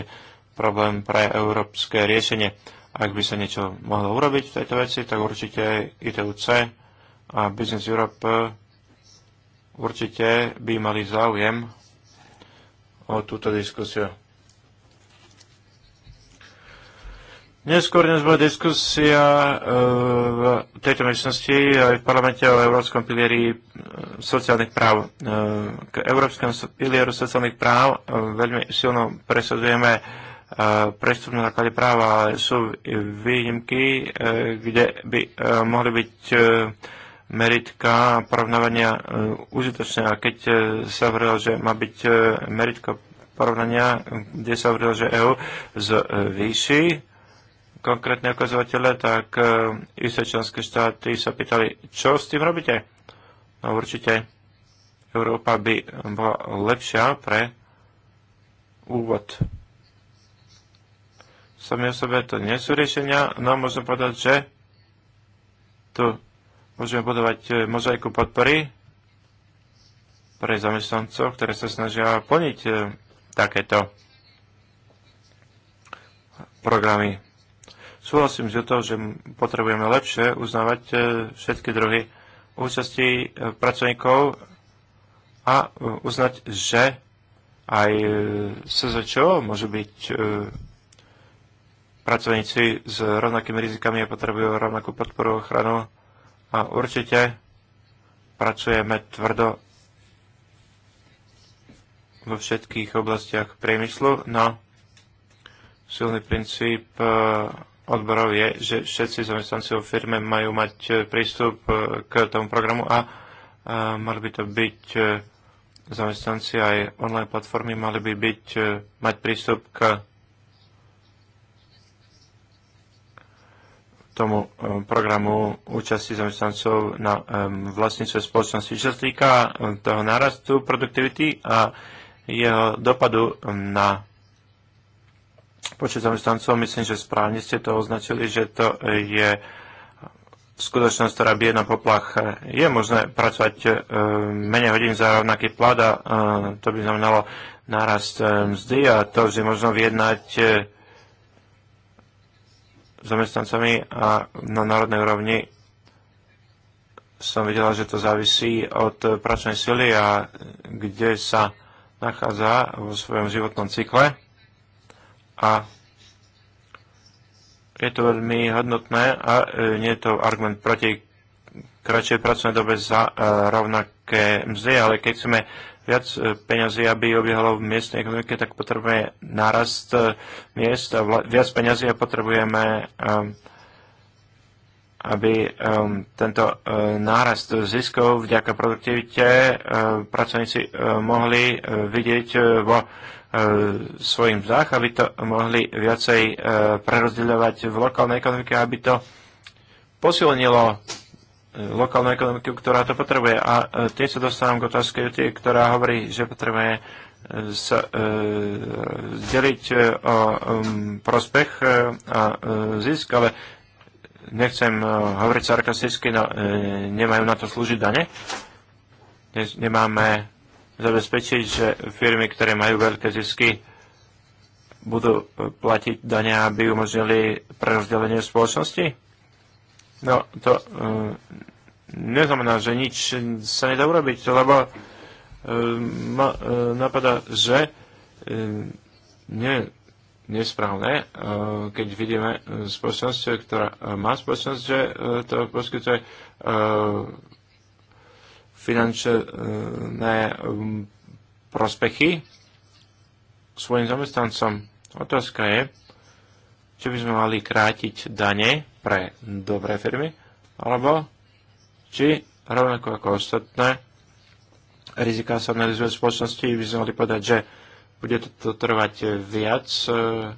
problém pre európske riešenie. Ak by sa niečo mohlo urobiť v tejto veci, tak určite ITUC a Business Europe eh, určite by mali záujem o túto diskusiu. Neskôr dnes bola diskusia eh, v tejto miestnosti aj v parlamente o Európskom pilieri eh, sociálnych práv. K Európskom pilieru sociálnych práv veľmi silno presadzujeme prestup na základe práva, ale sú výnimky, e, kde by e, mohli byť e, meritka porovnávania užitočné. A keď sa hovorilo, že má byť meritka porovnania, kde sa hovorilo, že EU z konkrétne ukazovatele, tak isté členské štáty sa pýtali, čo s tým robíte? No určite Európa by bola lepšia pre úvod sami o sebe to nie sú riešenia, no možno povedať, že tu môžeme budovať e, mozaiku podpory pre zamestnancov, ktoré sa snažia plniť e, takéto programy. Súhlasím s to, že potrebujeme lepšie uznávať e, všetky druhy účasti pracovníkov a uznať, že aj SZČO môže byť pracovníci s rovnakými rizikami potrebujú rovnakú podporu ochranu. A určite pracujeme tvrdo vo všetkých oblastiach priemyslu, no silný princíp e, odborov je, že všetci zamestnanci vo firme majú mať e, prístup e, k tomu programu a mali by to byť zamestnanci aj online platformy, mali by byť, mať prístup k tomu um, programu účasti zamestnancov na um, vlastníctve spoločnosti. Čo sa týka um, toho nárastu produktivity a jeho dopadu na počet zamestnancov, myslím, že správne ste to označili, že to je skutočnosť, ktorá bije na poplach. Eh, je možné pracovať eh, menej hodín za rovnaký plat a eh, to by znamenalo nárast mzdy a to vždy možno vyjednať zamestnancami a na národnej úrovni som videla, že to závisí od pracovnej sily a kde sa nachádza vo svojom životnom cykle. A je to veľmi hodnotné a e, nie je to argument proti kratšej pracovnej dobe za e, rovnaké mzdy, ale keď chceme viac e, peňazí, aby obiehalo v miestnej ekonomike, tak potrebujeme nárast e, miest a viac peňazí a potrebujeme, um, aby um, tento e, nárast ziskov vďaka produktivite pracovníci mohli vidieť vo svojim vzách, aby to mohli viacej prerozdeľovať v lokálnej ekonomike, aby to posilnilo lokálnu ekonomiku, ktorá to potrebuje. A e, tie sa dostávam k otázke tie, ktorá hovorí, že potrebuje e, sa, e, deliť e, o um, e, prospech a e, zisk, ale nechcem hovoriť sarkasticky, no, e, nemajú na to slúžiť dane. Ne, nemáme zabezpečiť, že firmy, ktoré majú veľké zisky, budú platiť dane, aby umožnili prerozdelenie spoločnosti? No, to e, neznamená, že nič sa nedá urobiť, lebo e, ma e, napadá, že e, nie nesprávne, keď vidíme spoločnosť, ktorá má spoločnosť, že to poskytuje finančné prospechy svojim zamestnancom. Otázka je, či by sme mali krátiť dane pre dobré firmy, alebo či rovnako ako ostatné rizika sa analizuje v spoločnosti, by sme mohli povedať, že bude to trvať viac, e,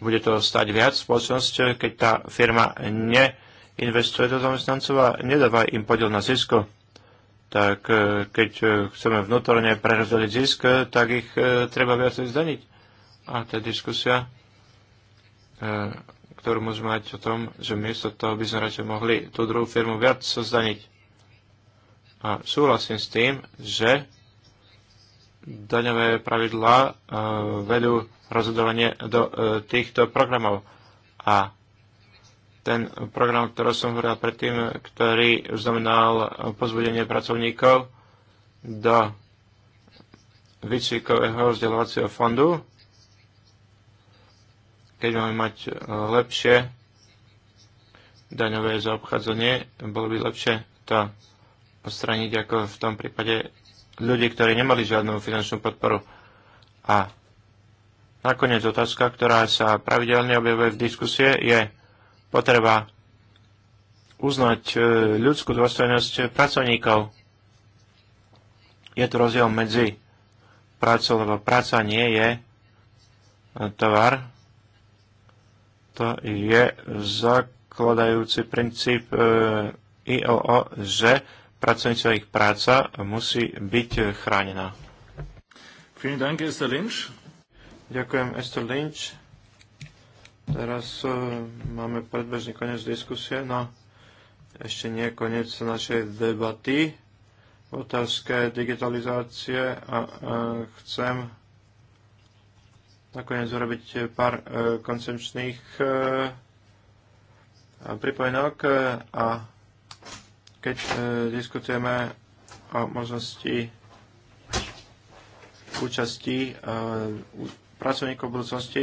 bude to stať viac spoločnosti, e, keď tá firma neinvestuje do zamestnancov a nedáva im podiel na zisku. Tak e, keď chceme vnútorne prerozdeliť zisk, tak ich treba viac zdaniť. A tá diskusia ktorú môžeme mať o tom, že miesto toho by sme radšej mohli tú druhú firmu viac zdaniť. A súhlasím s tým, že daňové pravidlá e, vedú rozhodovanie do e, týchto programov. A ten program, ktorý som hovoril predtým, ktorý znamenal pozbudenie pracovníkov do výcvikového vzdelávacieho fondu, keď máme mať e, lepšie daňové zaobchádzanie, bolo by lepšie to odstraniť ako v tom prípade ľudí, ktorí nemali žiadnu finančnú podporu. A nakoniec otázka, ktorá sa pravidelne objavuje v diskusie, je potreba uznať e, ľudskú dôstojnosť pracovníkov. Je tu rozdiel medzi prácou, lebo práca nie je tovar, to je zakladajúci princíp e, ILO, že pracovníctva ich práca musí byť chránená. Ďakujem, Esther Lynch. Teraz e, máme predbežný koniec diskusie, no ešte nie koniec našej debaty v otázke digitalizácie a, a e, chcem nakoniec urobiť pár e, koncepčných e, pripojenok e, a keď diskutujeme o možnosti účasti pracovníkov v budúcnosti,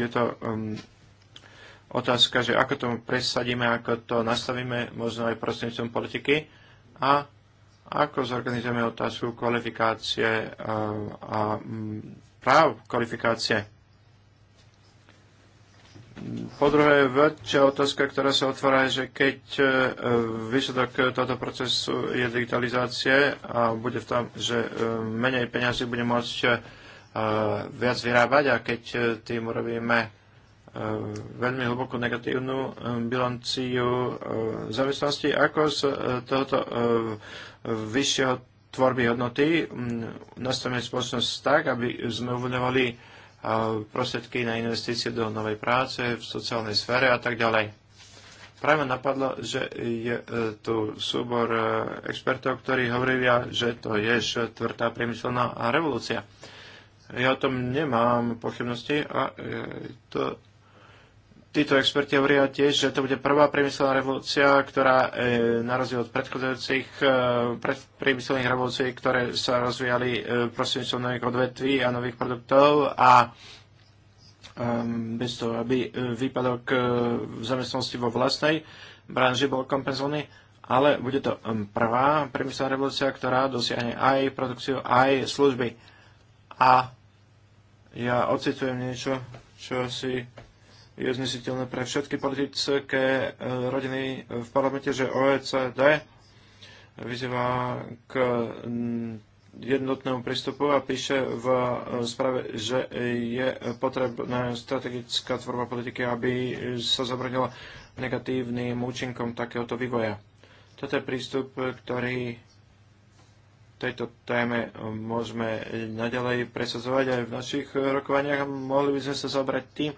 je to otázka, že ako to presadíme, ako to nastavíme, možno aj prostredníctvom politiky a ako zorganizujeme otázku kvalifikácie a, a práv kvalifikácie. Po druhé, väčšia otázka, ktorá sa otvára, je, že keď e, výsledok tohto procesu je digitalizácie a bude v tom, že e, menej peňazí bude môcť e, viac vyrábať a keď tým urobíme veľmi hlbokú negatívnu bilanciu závislosti ako z tohoto vyššieho tvorby hodnoty nastavíme spoločnosť tak, aby sme uvedovali prostriedky na investície do novej práce, v sociálnej sfére a tak ďalej. Práve napadlo, že je e, tu súbor e, expertov, ktorí hovoria, že to je štvrtá priemyselná revolúcia. Ja o tom nemám pochybnosti a e, to títo experti hovoria tiež, že to bude prvá priemyselná revolúcia, ktorá e, na rozdiel od predchádzajúcich e, pred, priemyselných revolúcií, ktoré sa rozvíjali e, prostredníctvom nových odvetví a nových produktov a e, bez toho, aby e, výpadok e, v zamestnanosti vo vlastnej branži bol kompenzovaný, ale bude to ehm, prvá priemyselná revolúcia, ktorá dosiahne aj produkciu, aj služby. A ja ocitujem niečo, čo si je znesiteľné pre všetky politické e, rodiny v parlamente, že OECD vyzýva k jednotnému prístupu a píše v e, správe, že je potrebná strategická tvorba politiky, aby sa zabranila negatívnym účinkom takéhoto vývoja. Toto je prístup, ktorý tejto téme môžeme naďalej presazovať aj v našich rokovaniach. Mohli by sme sa zabrať tým,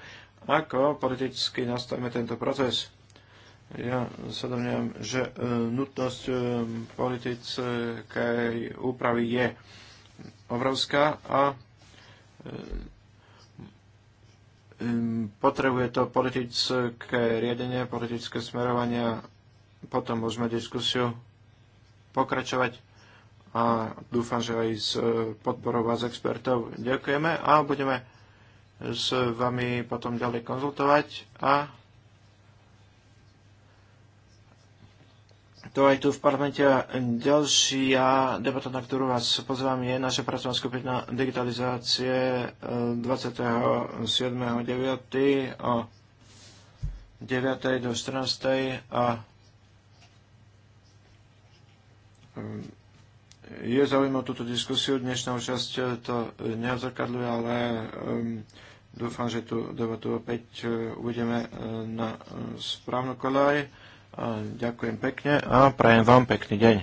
ako politicky nastavíme tento proces? Ja sa domňujem, že e, nutnosť e, politickej úpravy je obrovská a e, potrebuje to politické riadenie, politické smerovania. Potom môžeme diskusiu pokračovať a dúfam, že aj s podporou vás expertov ďakujeme a budeme s vami potom ďalej konzultovať a to aj tu v parlamente. Ďalšia debata, na ktorú vás pozvám, je naša pracovná skupina digitalizácie 27.9. Eh, o 9. do 14. a eh, je zaujímavá túto diskusiu, dnešná časť eh, to neodzrkadľuje, ale um, Dúfam, že tú debatu opäť e, uvedeme e, na e, správnu kolaj. Ďakujem pekne a prajem vám pekný deň.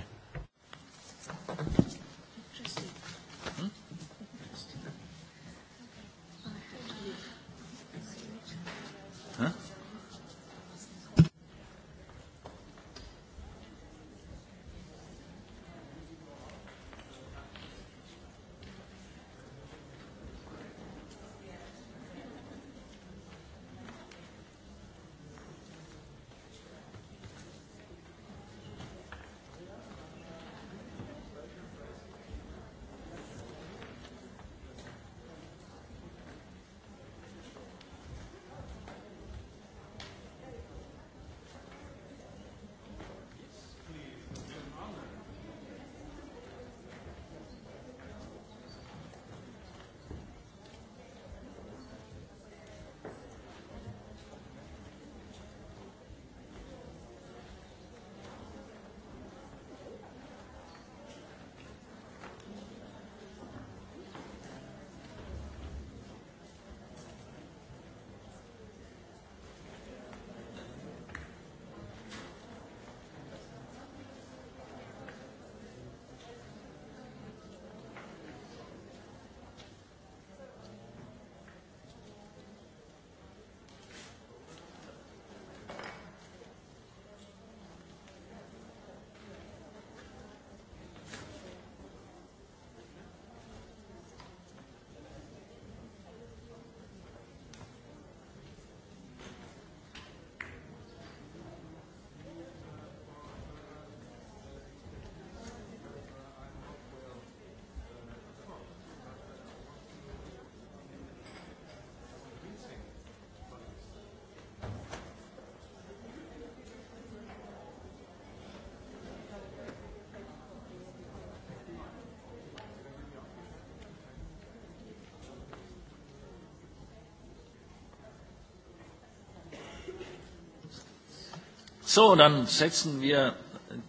So, dann setzen wir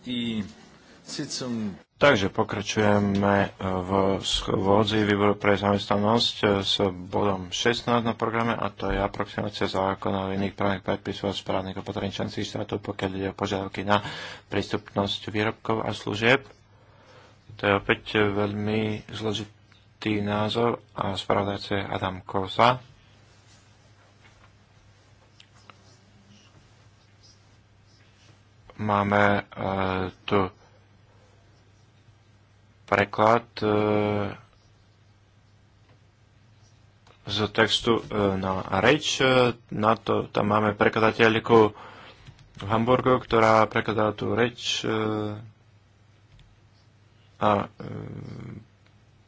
die Sitzung Takže pokračujeme e, v schôdzi výboru pre zamestnanosť e, s bodom 16 na programe a to je aproximácia zákona o iných právnych predpisov a správnych opatrení členských štátov, pokiaľ ide o požiadavky na prístupnosť výrobkov a služieb. To je opäť veľmi zložitý názor a spravodajce Adam Kosa. máme e, tu preklad e, z textu e, na reč. Na to tam máme prekladateľku v Hamburgu, ktorá prekladá tú reč a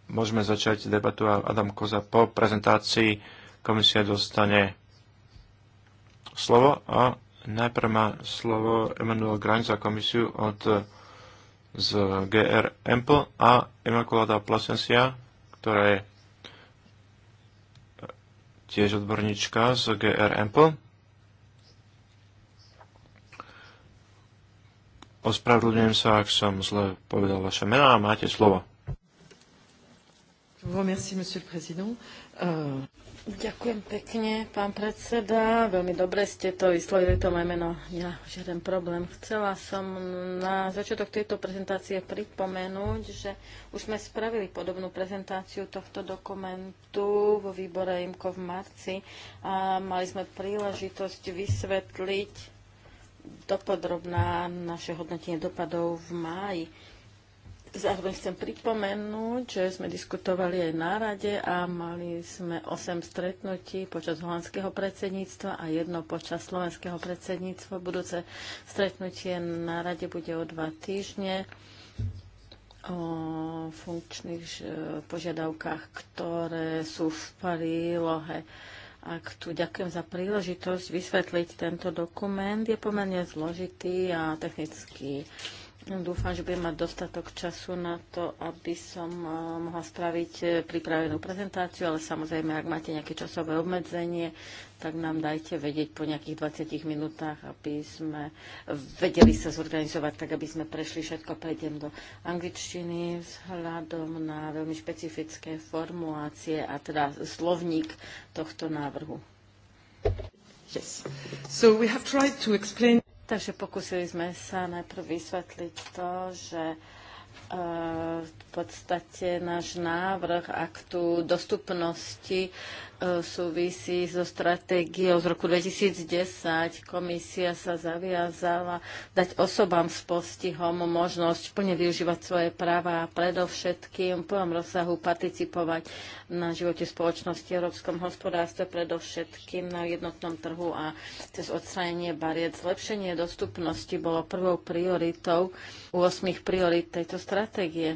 môžeme začať debatu a Adam Koza po prezentácii komisia dostane slovo a Najprv má slovo Emanuel Graň za komisiu od z GR Empl a Immaculada Plasencia, ktorá je tiež odborníčka z GR Empl. Ospravedlňujem sa, ak som zle povedal vaše mená a máte slovo. Merci, monsieur le président. Euh, Ďakujem pekne, pán predseda. Veľmi dobre ste to vyslovili, to moje meno. Ja žiaden problém. Chcela som na začiatok tejto prezentácie pripomenúť, že už sme spravili podobnú prezentáciu tohto dokumentu vo výbore IMKO v marci a mali sme príležitosť vysvetliť dopodrobná naše hodnotenie dopadov v máji. Zároveň chcem pripomenúť, že sme diskutovali aj na rade a mali sme 8 stretnutí počas holandského predsedníctva a jedno počas slovenského predsedníctva. Budúce stretnutie na rade bude o dva týždne o funkčných e, požiadavkách, ktoré sú v prílohe. Ak tu ďakujem za príležitosť vysvetliť tento dokument, je pomerne zložitý a technicky Dúfam, že budem mať dostatok času na to, aby som eh, mohla spraviť eh, pripravenú prezentáciu, ale samozrejme, ak máte nejaké časové obmedzenie, tak nám dajte vedieť po nejakých 20 minútach, aby sme vedeli sa zorganizovať tak, aby sme prešli všetko. Prejdem do angličtiny vzhľadom na veľmi špecifické formulácie a teda slovník tohto návrhu. Yes. So we have tried to explain Takže pokúsili sme sa najprv vysvetliť to, že eh, v podstate náš návrh aktu dostupnosti súvisí so stratégiou z roku 2010. Komisia sa zaviazala dať osobám s postihom možnosť plne využívať svoje práva a predovšetkým v plnom rozsahu participovať na živote spoločnosti, v európskom hospodárstve, predovšetkým na jednotnom trhu a cez odstránenie bariet. Zlepšenie dostupnosti bolo prvou prioritou u osmých priorit tejto stratégie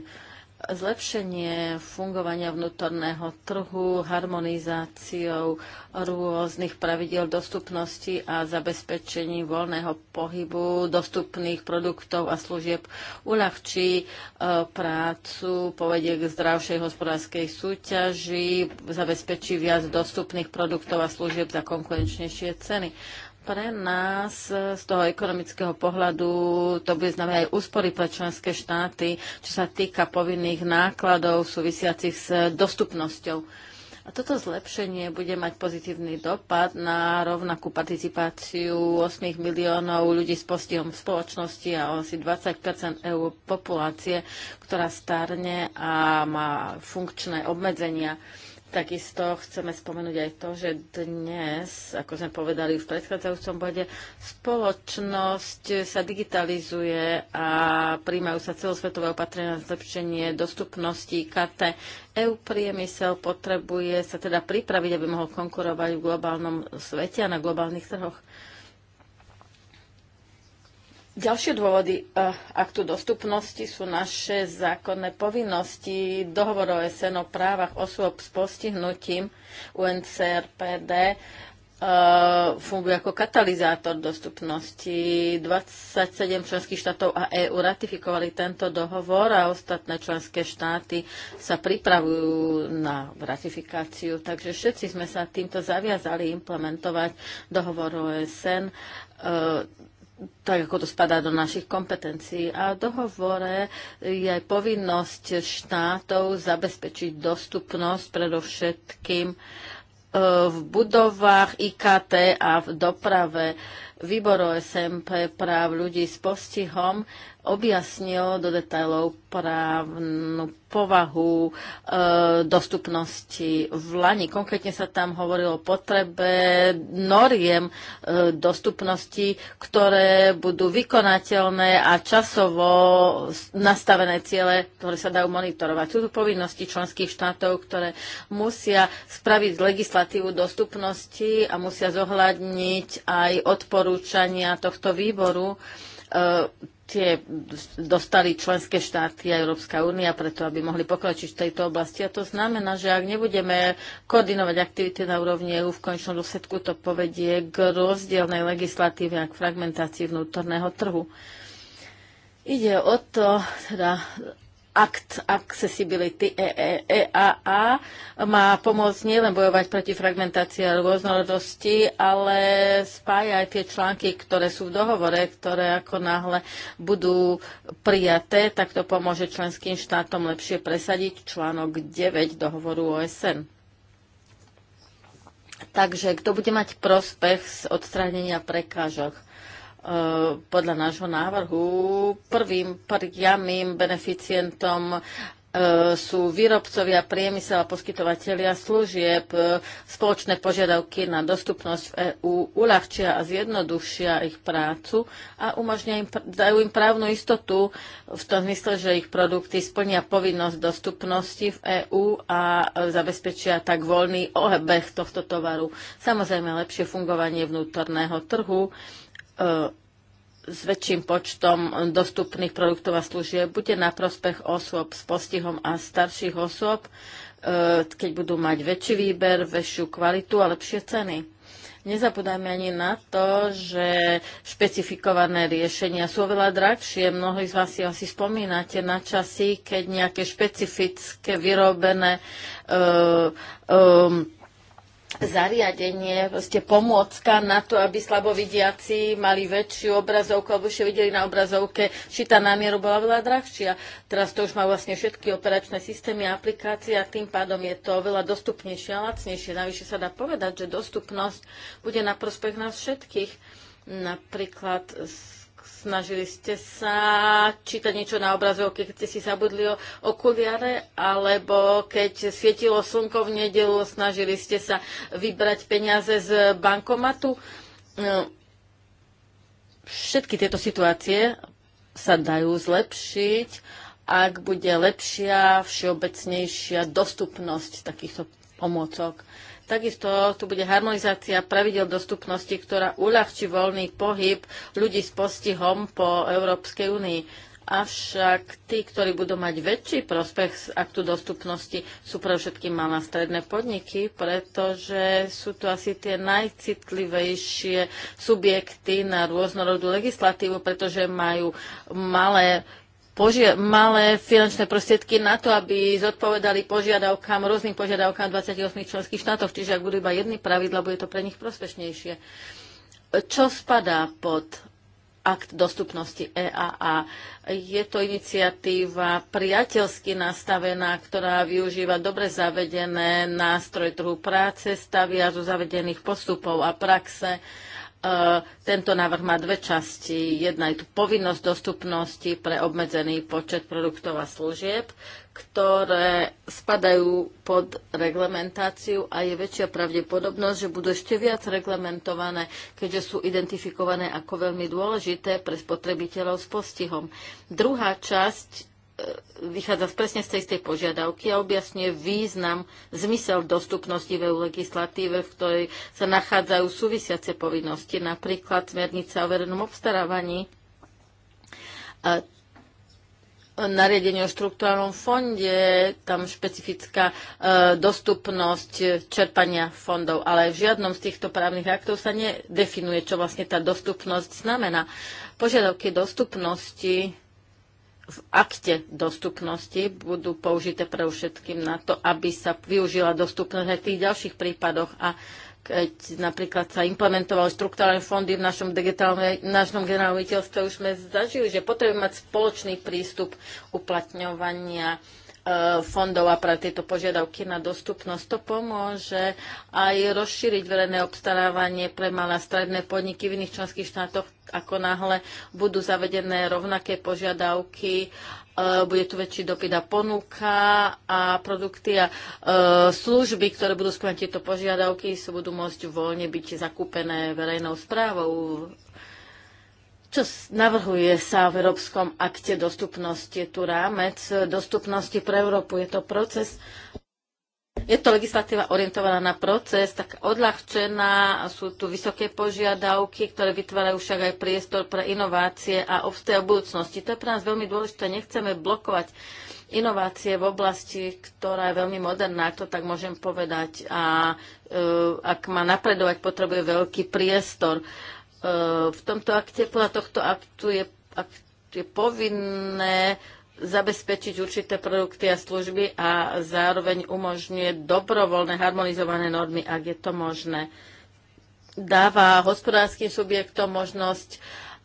zlepšenie fungovania vnútorného trhu, harmonizáciou rôznych pravidel dostupnosti a zabezpečení voľného pohybu dostupných produktov a služieb uľahčí e, prácu, povedie k zdravšej hospodárskej súťaži, zabezpečí viac dostupných produktov a služieb za konkurenčnejšie ceny. Pre nás e, z toho ekonomického pohľadu to bude znamená aj úspory pre členské štáty, čo sa týka povinných nákladov súvisiacich s dostupnosťou. A toto zlepšenie bude mať pozitívny dopad na rovnakú participáciu 8 miliónov ľudí s postihom v spoločnosti a asi 20 EU populácie, ktorá starne a má funkčné obmedzenia. Takisto chceme spomenúť aj to, že dnes, ako sme povedali v predchádzajúcom bode, spoločnosť sa digitalizuje a príjmajú sa celosvetové opatrenia na zlepšenie dostupnosti KT. EU priemysel potrebuje sa teda pripraviť, aby mohol konkurovať v globálnom svete a na globálnych trhoch. Ďalšie dôvody eh, aktu dostupnosti sú naše zákonné povinnosti, dohovor o SN o právach osôb s postihnutím UNCRPD eh, funguje ako katalizátor dostupnosti. 27 členských štátov a EÚ ratifikovali tento dohovor a ostatné členské štáty sa pripravujú na ratifikáciu. Takže všetci sme sa týmto zaviazali implementovať dohovor OSN eh, tak ako to spadá do našich kompetencií. A v dohovore je aj povinnosť štátov zabezpečiť dostupnosť predovšetkým e, v budovách IKT a v doprave. výboru SMP práv ľudí s postihom objasnil do detailov právnu povahu e, dostupnosti v Lani. Konkrétne sa tam hovorilo o potrebe noriem e, dostupnosti, ktoré budú vykonateľné a časovo nastavené ciele, ktoré sa dajú monitorovať. Sú tu povinnosti členských štátov, ktoré musia spraviť legislatívu dostupnosti a musia zohľadniť aj odporúčania tohto výboru e, tie dostali členské štáty a Európska únia preto, aby mohli pokračiť v tejto oblasti. A to znamená, že ak nebudeme koordinovať aktivity na úrovni EU, v končnom dôsledku to povedie k rozdielnej legislatíve a k fragmentácii vnútorného trhu. Ide o to, teda Act Accessibility EAA e e má pomôcť nielen bojovať proti fragmentácii a rôznorodosti, ale spája aj tie články, ktoré sú v dohovore, ktoré ako náhle budú prijaté, tak to pomôže členským štátom lepšie presadiť článok 9 dohovoru OSN. Takže kto bude mať prospech z odstránenia prekážok? E, podľa nášho návrhu prvým priamým beneficientom e, sú výrobcovia, priemysel a poskytovateľia služieb. E, spoločné požiadavky na dostupnosť v EÚ uľahčia a zjednodušia ich prácu a umožňujú im, dajú im právnu istotu v tom zmysle, že ich produkty splnia povinnosť dostupnosti v EÚ a zabezpečia tak voľný obeh tohto tovaru. Samozrejme lepšie fungovanie vnútorného trhu E, s väčším počtom dostupných produktov a služieb bude na prospech osôb s postihom a starších osôb, e, keď budú mať väčší výber, väčšiu kvalitu a lepšie ceny. Nezabudajme ani na to, že špecifikované riešenia sú oveľa drahšie. Mnohí z vás si asi spomínate na časy, keď nejaké špecifické vyrobené uh, um, zariadenie, vlastne pomôcka na to, aby slabovidiaci mali väčšiu obrazovku, alebo ešte videli na obrazovke, či tá námieru bola veľa drahšia. Teraz to už má vlastne všetky operačné systémy a aplikácie a tým pádom je to veľa dostupnejšie a lacnejšie. Navyše sa dá povedať, že dostupnosť bude na prospech nás všetkých. Napríklad Snažili ste sa čítať niečo na obrazovke, keď ste si zabudli o okuliare, alebo keď svietilo slnko v nedelu, snažili ste sa vybrať peniaze z bankomatu. No, všetky tieto situácie sa dajú zlepšiť, ak bude lepšia, všeobecnejšia dostupnosť takýchto pomôcok. Takisto tu bude harmonizácia pravidel dostupnosti, ktorá uľahčí voľný pohyb ľudí s postihom po Európskej únii. Avšak tí, ktorí budú mať väčší prospech z aktu dostupnosti, sú pre všetkým malé stredné podniky, pretože sú to asi tie najcitlivejšie subjekty na rôznorodú legislatívu, pretože majú malé malé finančné prostriedky na to, aby zodpovedali požiadavkám, rôznym požiadavkám 28 členských štátov, čiže ak budú iba jedny pravidla, bude to pre nich prospešnejšie. Čo spadá pod akt dostupnosti EAA. Je to iniciatíva priateľsky nastavená, ktorá využíva dobre zavedené nástroje trhu práce, stavia zo zavedených postupov a praxe E, tento návrh má dve časti. Jedna je tu povinnosť dostupnosti pre obmedzený počet produktov a služieb, ktoré spadajú pod reglementáciu a je väčšia pravdepodobnosť, že budú ešte viac reglementované, keďže sú identifikované ako veľmi dôležité pre spotrebiteľov s postihom. Druhá časť vychádza presne z tej istej požiadavky a objasňuje význam, zmysel dostupnosti v e legislatíve, v ktorej sa nachádzajú súvisiace povinnosti, napríklad smernica o verejnom obstarávaní, nariadenie o štruktúrnom fonde, tam špecifická e, dostupnosť e, čerpania fondov, ale v žiadnom z týchto právnych aktov sa nedefinuje, čo vlastne tá dostupnosť znamená. Požiadavky dostupnosti v akte dostupnosti budú použité pre všetkým na to, aby sa využila dostupnosť aj v tých ďalších prípadoch a keď napríklad sa implementovali štruktúrne fondy v našom, našom generálnom už sme zažili, že potrebujeme mať spoločný prístup uplatňovania Eh, fondov a pre tieto požiadavky na dostupnosť. To pomôže aj rozšíriť verejné obstarávanie pre malé a stredné podniky v iných členských štátoch, ako náhle budú zavedené rovnaké požiadavky eh, bude tu väčší dopyt a ponuka a produkty a eh, služby, ktoré budú skúmať tieto požiadavky, sa budú môcť voľne byť zakúpené verejnou správou čo navrhuje sa v Európskom akte dostupnosti? Je tu rámec eh, dostupnosti pre Európu. Je to proces, je to legislatíva orientovaná na proces, tak odľahčená, a sú tu vysoké požiadavky, ktoré vytvárajú však aj priestor pre inovácie a obstoja budúcnosti. To je pre nás veľmi dôležité. Nechceme blokovať inovácie v oblasti, ktorá je veľmi moderná, to tak môžem povedať. A uh, ak má napredovať, potrebuje veľký priestor. Uh, v tomto akte, podľa tohto aktu je, aktu je povinné zabezpečiť určité produkty a služby a zároveň umožňuje dobrovoľné harmonizované normy, ak je to možné. Dáva hospodárskym subjektom možnosť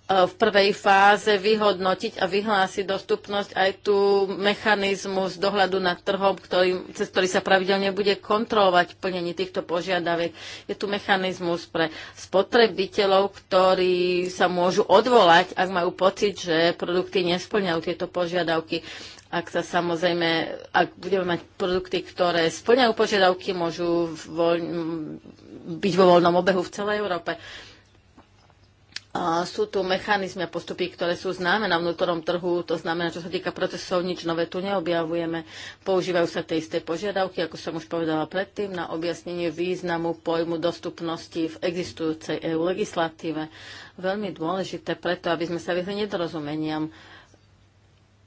E, v prvej fáze vyhodnotiť a vyhlásiť dostupnosť aj tu z dohľadu nad trhom, ktorý, cez ktorý sa pravidelne bude kontrolovať plnenie týchto požiadaviek. Je tu mechanizmus pre spotrebiteľov, ktorí sa môžu odvolať, ak majú pocit, že produkty nesplňajú tieto požiadavky. Ak sa samozrejme, ak budeme mať produkty, ktoré splňajú požiadavky, môžu voľ, byť vo voľnom obehu v celej Európe sú tu mechanizmy a postupy, ktoré sú známe na vnútornom trhu, to znamená, čo sa týka procesov, nič nové tu neobjavujeme. Používajú sa tie isté požiadavky, ako som už povedala predtým, na objasnenie významu pojmu dostupnosti v existujúcej EU legislatíve. Veľmi dôležité preto, aby sme sa vyhli nedorozumeniam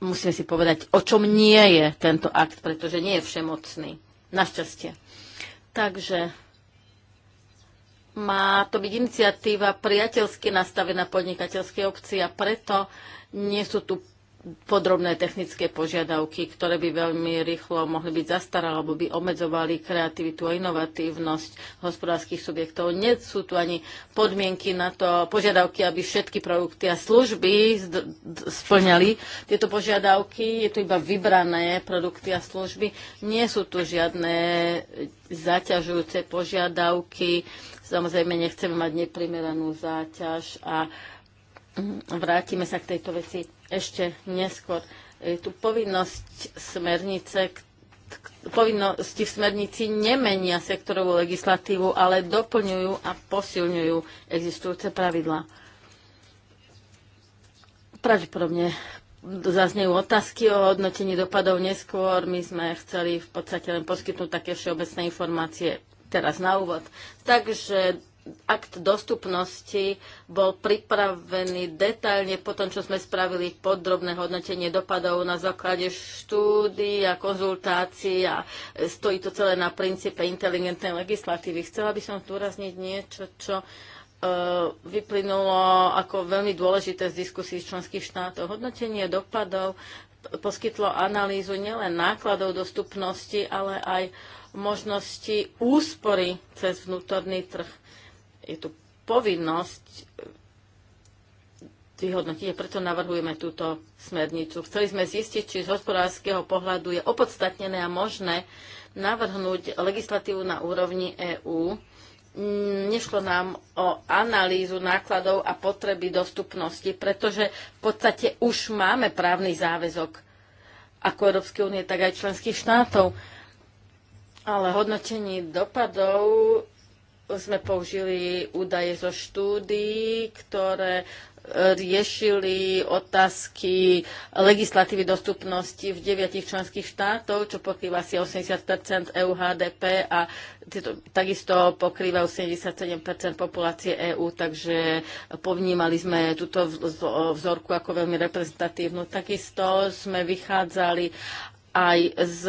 musíme si povedať, o čom nie je tento akt, pretože nie je všemocný. Našťastie. Takže má to byť iniciatíva priateľsky nastavená podnikateľskej obci a preto nie sú tu podrobné technické požiadavky, ktoré by veľmi rýchlo mohli byť zastaralé alebo by obmedzovali kreativitu a inovatívnosť hospodárskych subjektov. Nie sú tu ani podmienky na to, požiadavky, aby všetky produkty a služby splňali tieto požiadavky. Je tu iba vybrané produkty a služby. Nie sú tu žiadne zaťažujúce požiadavky. Samozrejme, nechceme mať neprimeranú záťaž a vrátime sa k tejto veci ešte neskôr. tu povinnosť smernice, povinnosti v smernici nemenia sektorovú legislatívu, ale doplňujú a posilňujú existujúce pravidlá. Pravdepodobne zaznejú otázky o hodnotení dopadov neskôr. My sme chceli v podstate len poskytnúť také všeobecné informácie teraz na úvod. Takže akt dostupnosti bol pripravený detailne po tom, čo sme spravili podrobné hodnotenie dopadov na základe štúdií a konzultácií a stojí to celé na princípe inteligentnej legislatívy. Chcela by som zdôrazniť niečo, čo e, vyplynulo ako veľmi dôležité z diskusí členských štátov. Hodnotenie dopadov poskytlo analýzu nielen nákladov dostupnosti, ale aj možnosti úspory cez vnútorný trh je tu povinnosť vyhodnotiť. A preto navrhujeme túto smernicu. Chceli sme zistiť, či z hospodárskeho pohľadu je opodstatnené a možné navrhnúť legislatívu na úrovni EÚ. Nešlo nám o analýzu nákladov a potreby dostupnosti, pretože v podstate už máme právny záväzok ako Európskej únie, tak aj členských štátov. Ale hodnotenie dopadov sme použili údaje zo štúdií, ktoré e, riešili otázky legislatívy dostupnosti v deviatich členských štátov, čo pokrýva asi 80 EU HDP a tieto, takisto pokrýva 77 populácie EÚ, takže povnímali sme túto vzorku ako veľmi reprezentatívnu. Takisto sme vychádzali aj z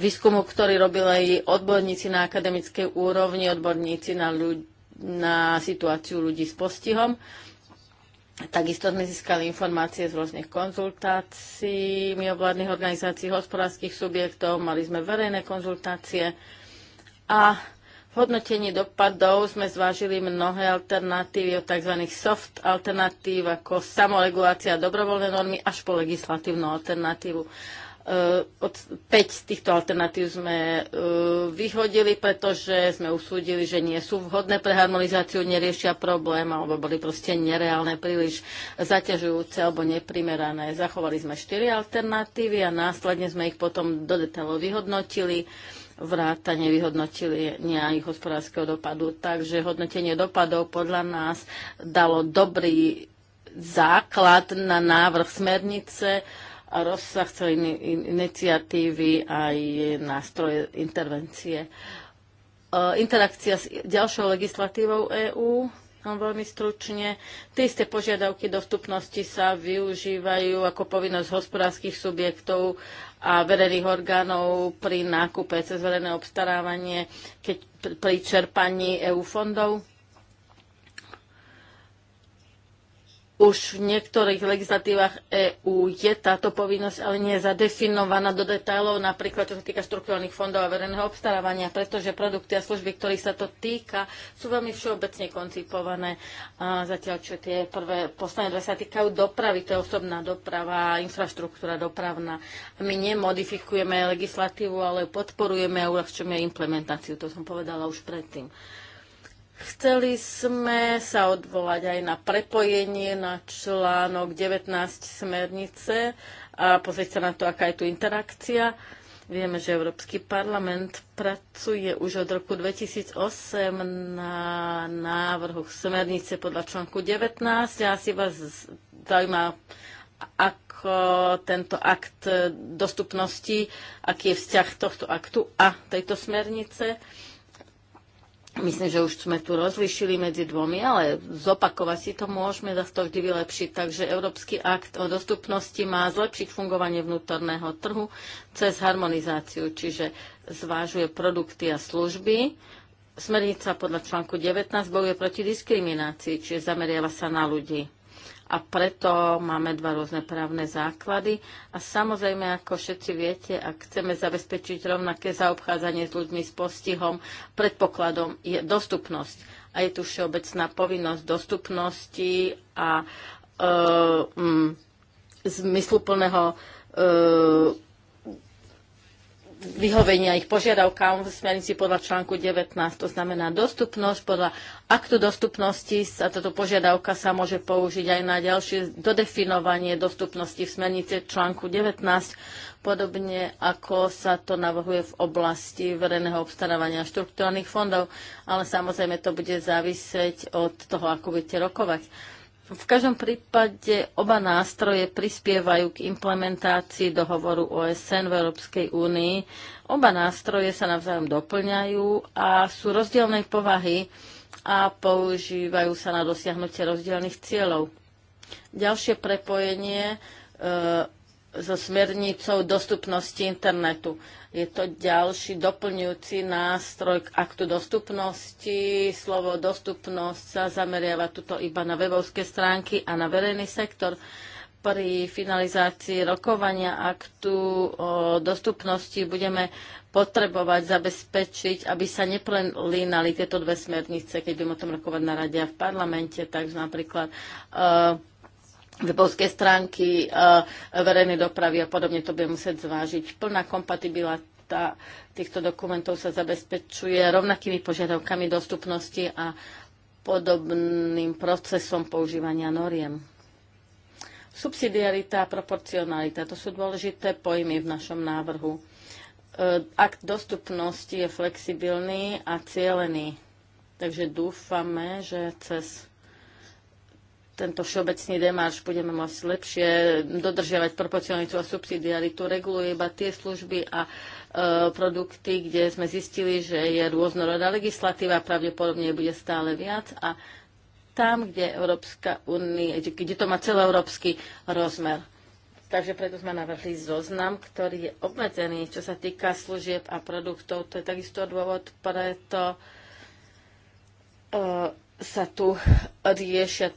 výskumu, ktorý robili odborníci na akademickej úrovni, odborníci na, ľudí, na situáciu ľudí s postihom. Takisto sme získali informácie z rôznych konzultácií mimovládnych organizácií, hospodárskych subjektov, mali sme verejné konzultácie a v hodnotení dopadov sme zvážili mnohé alternatívy od tzv. soft alternatív ako samoregulácia dobrovoľné normy až po legislatívnu alternatívu. Eh, od 5 týchto alternatív sme eh, vyhodili, pretože sme usúdili, že nie sú vhodné pre harmonizáciu, neriešia problém alebo boli proste nereálne, príliš zaťažujúce alebo neprimerané. Zachovali sme 4 alternatívy a následne sme ich potom do detailov vyhodnotili vrátane vyhodnotili nejakých hospodárskeho dopadu. Takže hodnotenie dopadov podľa nás dalo dobrý základ na návrh smernice, a rozsah celej iniciatívy aj nástroje intervencie. E, interakcia s ďalšou legislatívou EÚ, veľmi stručne. Tie isté požiadavky dostupnosti sa využívajú ako povinnosť hospodárskych subjektov a verejných orgánov pri nákupe cez verejné obstarávanie, keď pri čerpaní EU fondov Už v niektorých legislatívach EÚ je táto povinnosť, ale nie je zadefinovaná do detailov, napríklad čo sa týka štruktúrnych fondov a verejného obstarávania, pretože produkty a služby, ktorých sa to týka, sú veľmi všeobecne koncipované. A zatiaľ, čo tie prvé, posledné dve sa týkajú dopravy, to je osobná doprava, infraštruktúra dopravná. My nemodifikujeme legislatívu, ale podporujeme a uľahčujeme implementáciu. To som povedala už predtým. Chceli sme sa odvolať aj na prepojenie na článok 19 smernice a pozrieť sa na to, aká je tu interakcia. Vieme, že Európsky parlament pracuje už od roku 2008 na návrhu smernice podľa článku 19 Ja si vás zaujíma, ako tento akt dostupnosti, aký je vzťah tohto aktu a tejto smernice. Myslím, že už sme tu rozlišili medzi dvomi, ale zopakovať si to môžeme, zase to vždy vylepšiť. Takže Európsky akt o dostupnosti má zlepšiť fungovanie vnútorného trhu cez harmonizáciu, čiže zvážuje produkty a služby. Smernica podľa článku 19 bojuje proti diskriminácii, čiže zameriava sa na ľudí a preto máme dva rôzne právne základy. A samozrejme, ako všetci viete, ak chceme zabezpečiť rovnaké zaobchádzanie s ľuďmi s postihom, predpokladom je dostupnosť. A je tu všeobecná povinnosť dostupnosti a e, mm, zmysluplného e, vyhovenia ich požiadavkám v smernici podľa článku 19. To znamená dostupnosť. Podľa aktu dostupnosti sa toto požiadavka sa môže použiť aj na ďalšie dodefinovanie dostupnosti v smernici článku 19, podobne ako sa to navrhuje v oblasti verejného obstarávania štruktúrnych fondov, ale samozrejme to bude závisieť od toho, ako budete rokovať v každom prípade oba nástroje prispievajú k implementácii dohovoru OSN v Európskej únii. Oba nástroje sa navzájom doplňajú a sú rozdielnej povahy a používajú sa na dosiahnutie rozdielnych cieľov. Ďalšie prepojenie e, so smernicou dostupnosti internetu. Je to ďalší doplňujúci nástroj k aktu dostupnosti. Slovo dostupnosť sa zameriava tuto iba na webovské stránky a na verejný sektor. Pri finalizácii rokovania aktu o dostupnosti budeme potrebovať zabezpečiť, aby sa neprelínali tieto dve smernice, keď budeme o tom rokovať na rade a v parlamente. Takže napríklad uh, webovské stránky verejnej dopravy a podobne to bude musieť zvážiť. Plná kompatibilita týchto dokumentov sa zabezpečuje rovnakými požiadavkami dostupnosti a podobným procesom používania noriem. Subsidiarita a proporcionalita to sú dôležité pojmy v našom návrhu. E, akt dostupnosti je flexibilný a cieľený, takže dúfame, že cez tento všeobecný demarš budeme môcť lepšie dodržiavať proporcionalitu a subsidiaritu, reguluje iba tie služby a e, produkty, kde sme zistili, že je rôznorodá legislatíva, pravdepodobne bude stále viac a tam, kde Európska únie, kde to má celoeurópsky rozmer. Takže preto sme navrhli zoznam, ktorý je obmedzený, čo sa týka služieb a produktov. To je takisto dôvod, preto e, sa tu riešia e,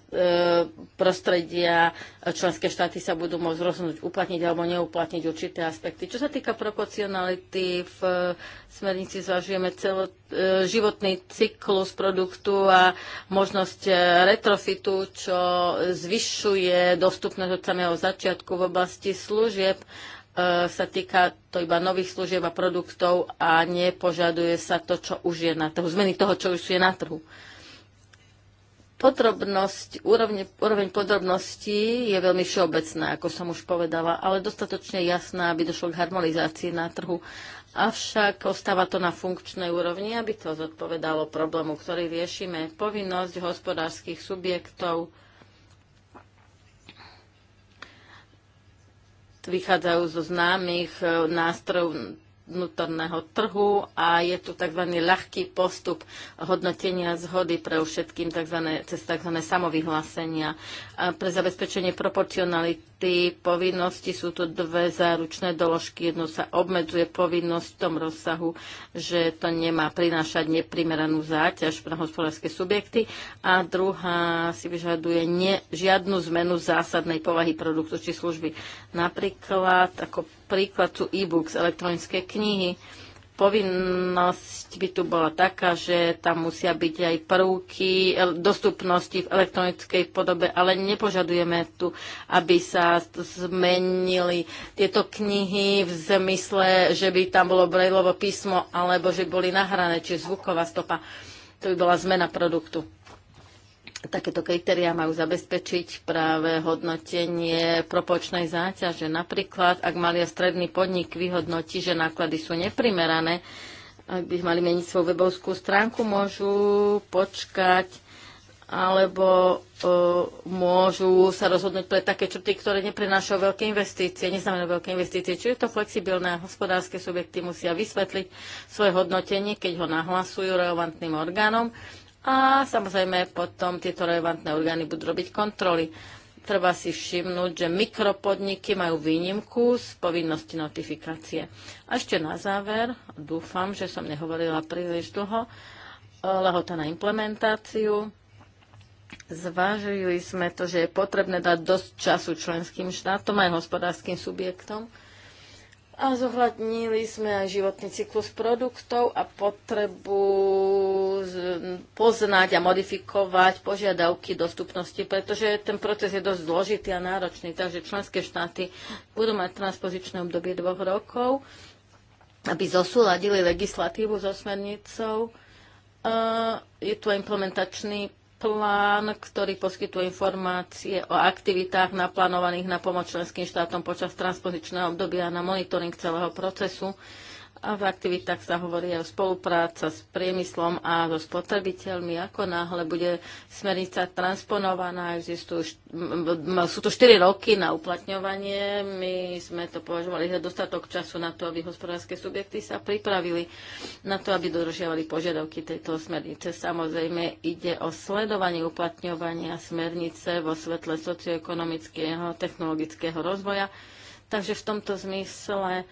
prostredia, e, členské štáty sa budú môcť rozhodnúť uplatniť alebo neuplatniť určité aspekty. Čo sa týka proporcionality, v e, smernici zvažujeme celo, e, životný cyklus produktu a možnosť e, retrofitu, čo zvyšuje dostupnosť od samého začiatku v oblasti služieb sa týka to iba nových služieb a produktov a nepožaduje sa to, čo už je na trhu, zmeny toho, čo už je na trhu. Uh, Podrobnosť, úroveň, úroveň podrobností je veľmi všeobecná, ako som už povedala, ale dostatočne jasná, aby došlo k harmonizácii na trhu. Avšak ostáva to na funkčnej úrovni, aby to zodpovedalo problému, ktorý riešime. Povinnosť hospodárskych subjektov vychádzajú zo známych eh, nástrojov vnútorného trhu a je tu tzv. ľahký postup hodnotenia zhody pre všetkým tzv. cez tzv. samovyhlásenia. pre zabezpečenie proporcionality ty povinnosti sú tu dve záručné doložky. Jedno sa obmedzuje povinnosť v tom rozsahu, že to nemá prinášať neprimeranú záťaž pre hospodárske subjekty a druhá si vyžaduje ne, žiadnu zmenu zásadnej povahy produktu či služby. Napríklad, ako príklad sú e-books, elektronické knihy, povinnosť by tu bola taká, že tam musia byť aj prvky dostupnosti v elektronickej podobe, ale nepožadujeme tu, aby sa zmenili tieto knihy v zmysle, že by tam bolo brejlovo písmo alebo že boli nahrané, či zvuková stopa. To by bola zmena produktu. Takéto kritériá majú zabezpečiť práve hodnotenie propočnej záťaže. Napríklad, ak mali a stredný podnik vyhodnotí, že náklady sú neprimerané, ak by mali meniť svoju webovskú stránku, môžu počkať alebo e, môžu sa rozhodnúť pre také črty, ktoré neprinášajú veľké investície, neznamená veľké investície. Čiže to flexibilné hospodárske subjekty musia vysvetliť svoje hodnotenie, keď ho nahlasujú relevantným orgánom a samozrejme potom tieto relevantné orgány budú robiť kontroly. Treba si všimnúť, že mikropodniky majú výnimku z povinnosti notifikácie. A ešte na záver, dúfam, že som nehovorila príliš dlho, lehota na implementáciu. Zvážili sme to, že je potrebné dať dosť času členským štátom aj hospodárskym subjektom, a zohľadnili sme aj životný cyklus produktov a potrebu poznať a modifikovať požiadavky dostupnosti, pretože ten proces je dosť zložitý a náročný, takže členské štáty budú mať transpozičné obdobie dvoch rokov, aby zosúladili legislatívu so smernicou. Je tu implementačný plán, ktorý poskytuje informácie o aktivitách naplánovaných na pomoc členským štátom počas transpozičného obdobia na monitoring celého procesu a v aktivitách sa hovorí aj o spolupráca s priemyslom a so spotrebiteľmi. Ako náhle bude smernica transponovaná, existujú, sú to 4 roky na uplatňovanie. My sme to považovali za dostatok času na to, aby hospodárske subjekty sa pripravili na to, aby dodržiavali požiadavky tejto smernice. Samozrejme ide o sledovanie uplatňovania smernice vo svetle socioekonomického technologického rozvoja. Takže v tomto zmysle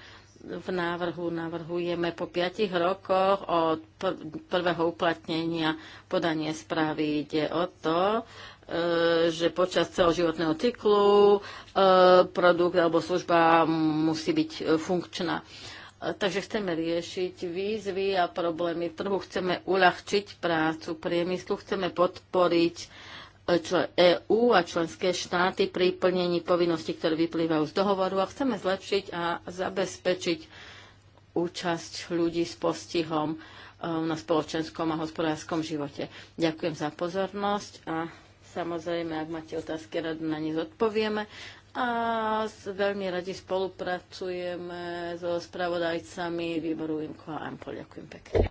v návrhu navrhujeme po piatich rokoch od prvého uplatnenia podanie správy. Ide o to, e, že počas celoživotného cyklu e, produkt alebo služba musí byť e, funkčná. Takže chceme riešiť výzvy a problémy trhu, chceme uľahčiť prácu priemyslu, chceme podporiť EÚ a členské štáty pri plnení povinností, ktoré vyplývajú z dohovoru a chceme zlepšiť a zabezpečiť účasť ľudí s postihom e, na spoločenskom a hospodárskom živote. Ďakujem za pozornosť a samozrejme, ak máte otázky, rado na ne zodpovieme a veľmi radi spolupracujeme so spravodajcami výboru IMCO a AMPOL. Ďakujem pekne.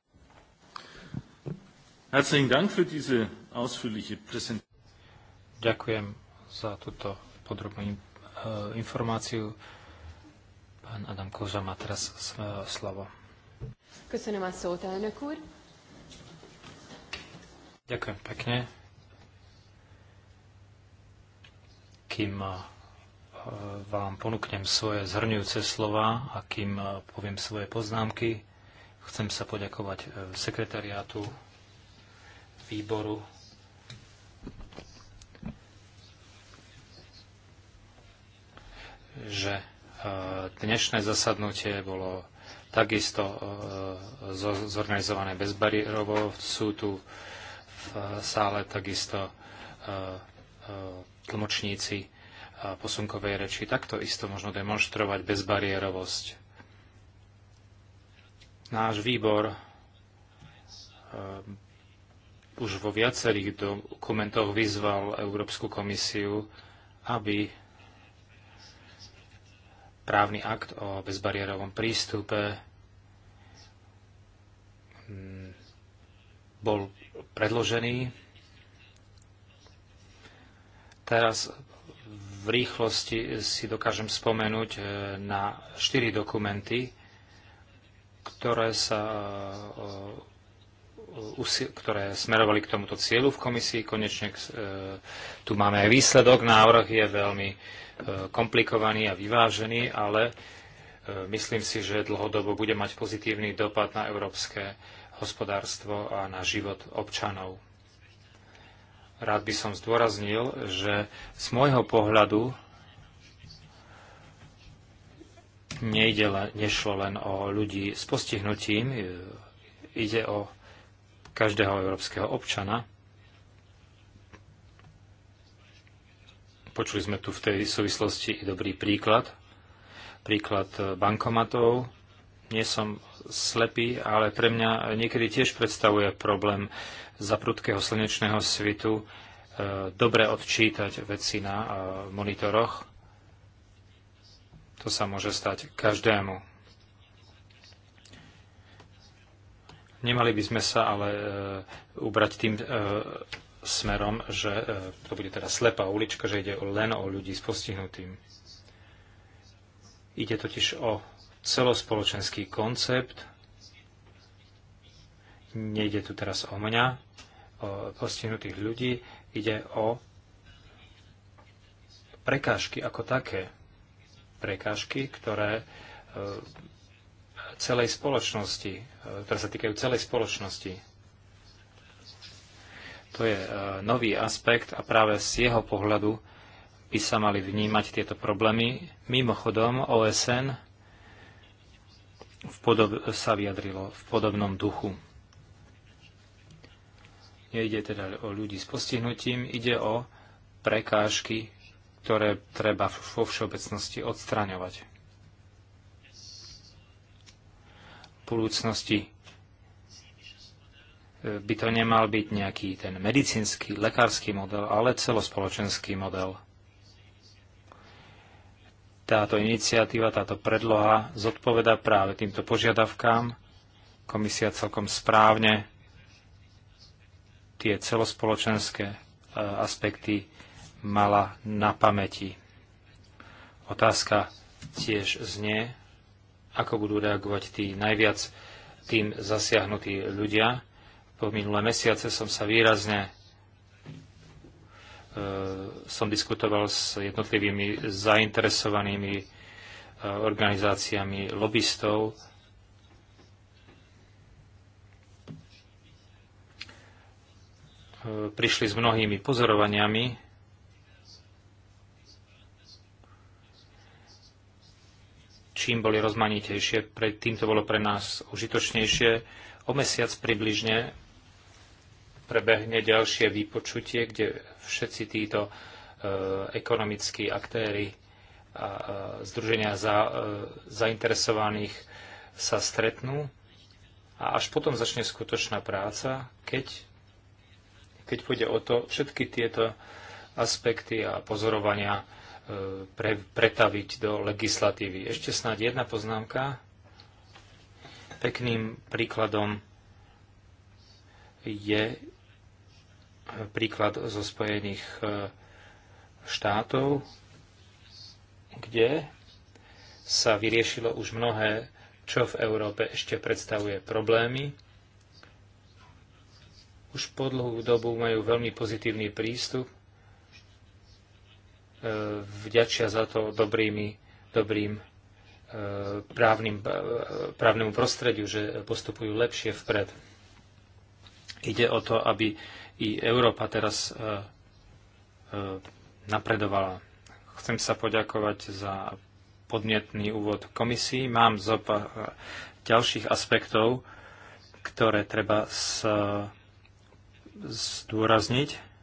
Herzlichen Dank für diese ausführliche Präsentation. Ďakujem za túto podrobnú eh, informáciu. Pán Adam Koža má teraz eh, slovo. Köszönöm a szót, elnök úr. Ďakujem pekne. Kým eh, vám ponúknem svoje zhrňujúce slova a kým poviem svoje poznámky, chcem sa poďakovať sekretariátu výboru že e, dnešné zasadnutie bolo takisto e, zorganizované bez Sú tu v sále takisto e, tlmočníci posunkovej reči. Takto isto možno demonstrovať bezbariérovosť. Náš výbor už vo viacerých dokumentoch vyzval Európsku komisiu, aby právny akt o bezbariérovom prístupe hmm, bol predložený. Teraz v rýchlosti si dokážem spomenúť eh, na štyri dokumenty, ktoré, sa, eh, ktoré smerovali k tomuto cieľu v komisii. Konečne eh, tu máme aj výsledok. Návrh je veľmi Eh, komplikovaný a vyvážený, ale eh, myslím si, že dlhodobo bude mať pozitívny dopad na európske hospodárstvo a na život občanov. Rád by som zdôraznil, že z môjho pohľadu nejde nešlo len o ľudí s postihnutím, eh, ide o každého európskeho občana. Počuli sme tu v tej súvislosti i dobrý príklad. Príklad e, bankomatov. Nie som slepý, ale pre mňa niekedy tiež predstavuje problém zaprudkého slnečného svitu e, dobre odčítať veci na e, monitoroch. To sa môže stať každému. Nemali by sme sa ale ubrať tým smerom, že e, to bude teda slepá ulička, že ide len o ľudí s postihnutým. Ide totiž o celospoločenský koncept. Nejde tu teraz o mňa, o postihnutých ľudí, ide o prekážky ako také. Prekážky, ktoré e, celej spoločnosti, e, ktoré sa týkajú celej spoločnosti to je e, nový aspekt a práve z jeho pohľadu by sa mali vnímať tieto problémy. Mimochodom, OSN v podob- sa vyjadrilo v podobnom duchu. Nejde teda o ľudí s postihnutím, ide o prekážky, ktoré treba vo všeobecnosti odstraňovať. V budúcnosti by to nemal byť nejaký ten medicínsky, lekársky model, ale celospoločenský model. Táto iniciatíva, táto predloha zodpoveda práve týmto požiadavkám. Komisia celkom správne tie celospoločenské e, aspekty mala na pamäti. Otázka tiež znie, ako budú reagovať tí najviac tým zasiahnutí ľudia, po minulé mesiace som sa výrazne e, som diskutoval s jednotlivými zainteresovanými e, organizáciami lobbystov. E, prišli s mnohými pozorovaniami. Čím boli rozmanitejšie, predtým to bolo pre nás užitočnejšie. O mesiac približne prebehne ďalšie vypočutie, kde všetci títo e, ekonomickí aktéry a e, združenia za, e, zainteresovaných sa stretnú a až potom začne skutočná práca, keď, keď pôjde o to všetky tieto aspekty a pozorovania pre, pretaviť do legislatívy. Ešte snáď jedna poznámka. Pekným príkladom je príklad zo Spojených e, štátov, kde sa vyriešilo už mnohé, čo v Európe ešte predstavuje problémy. Už po dlhú dobu majú veľmi pozitívny prístup, e, vďačia za to dobrými, dobrým e, právnym, právnemu prostrediu, že postupujú lepšie vpred. Ide o to, aby i Európa teraz e, e, napredovala. Chcem sa poďakovať za podnetný úvod komisii. Mám zo e, ďalších aspektov, ktoré treba sa zdôrazniť.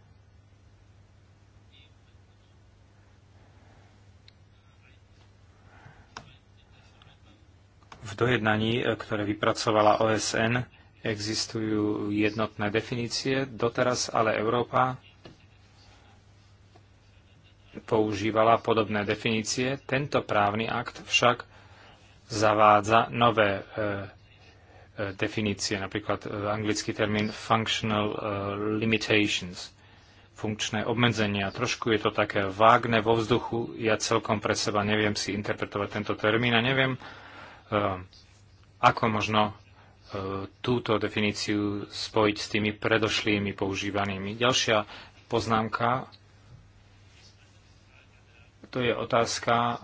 V dojednaní, ktoré vypracovala OSN, Existujú jednotné definície, doteraz ale Európa používala podobné definície. Tento právny akt však zavádza nové e, e, definície, napríklad e, anglický termín functional limitations, funkčné obmedzenia. Trošku je to také vágne vo vzduchu, ja celkom pre seba neviem si interpretovať tento termín a neviem, ako možno túto definíciu spojiť s tými predošlými používanými. Ďalšia poznámka, to je otázka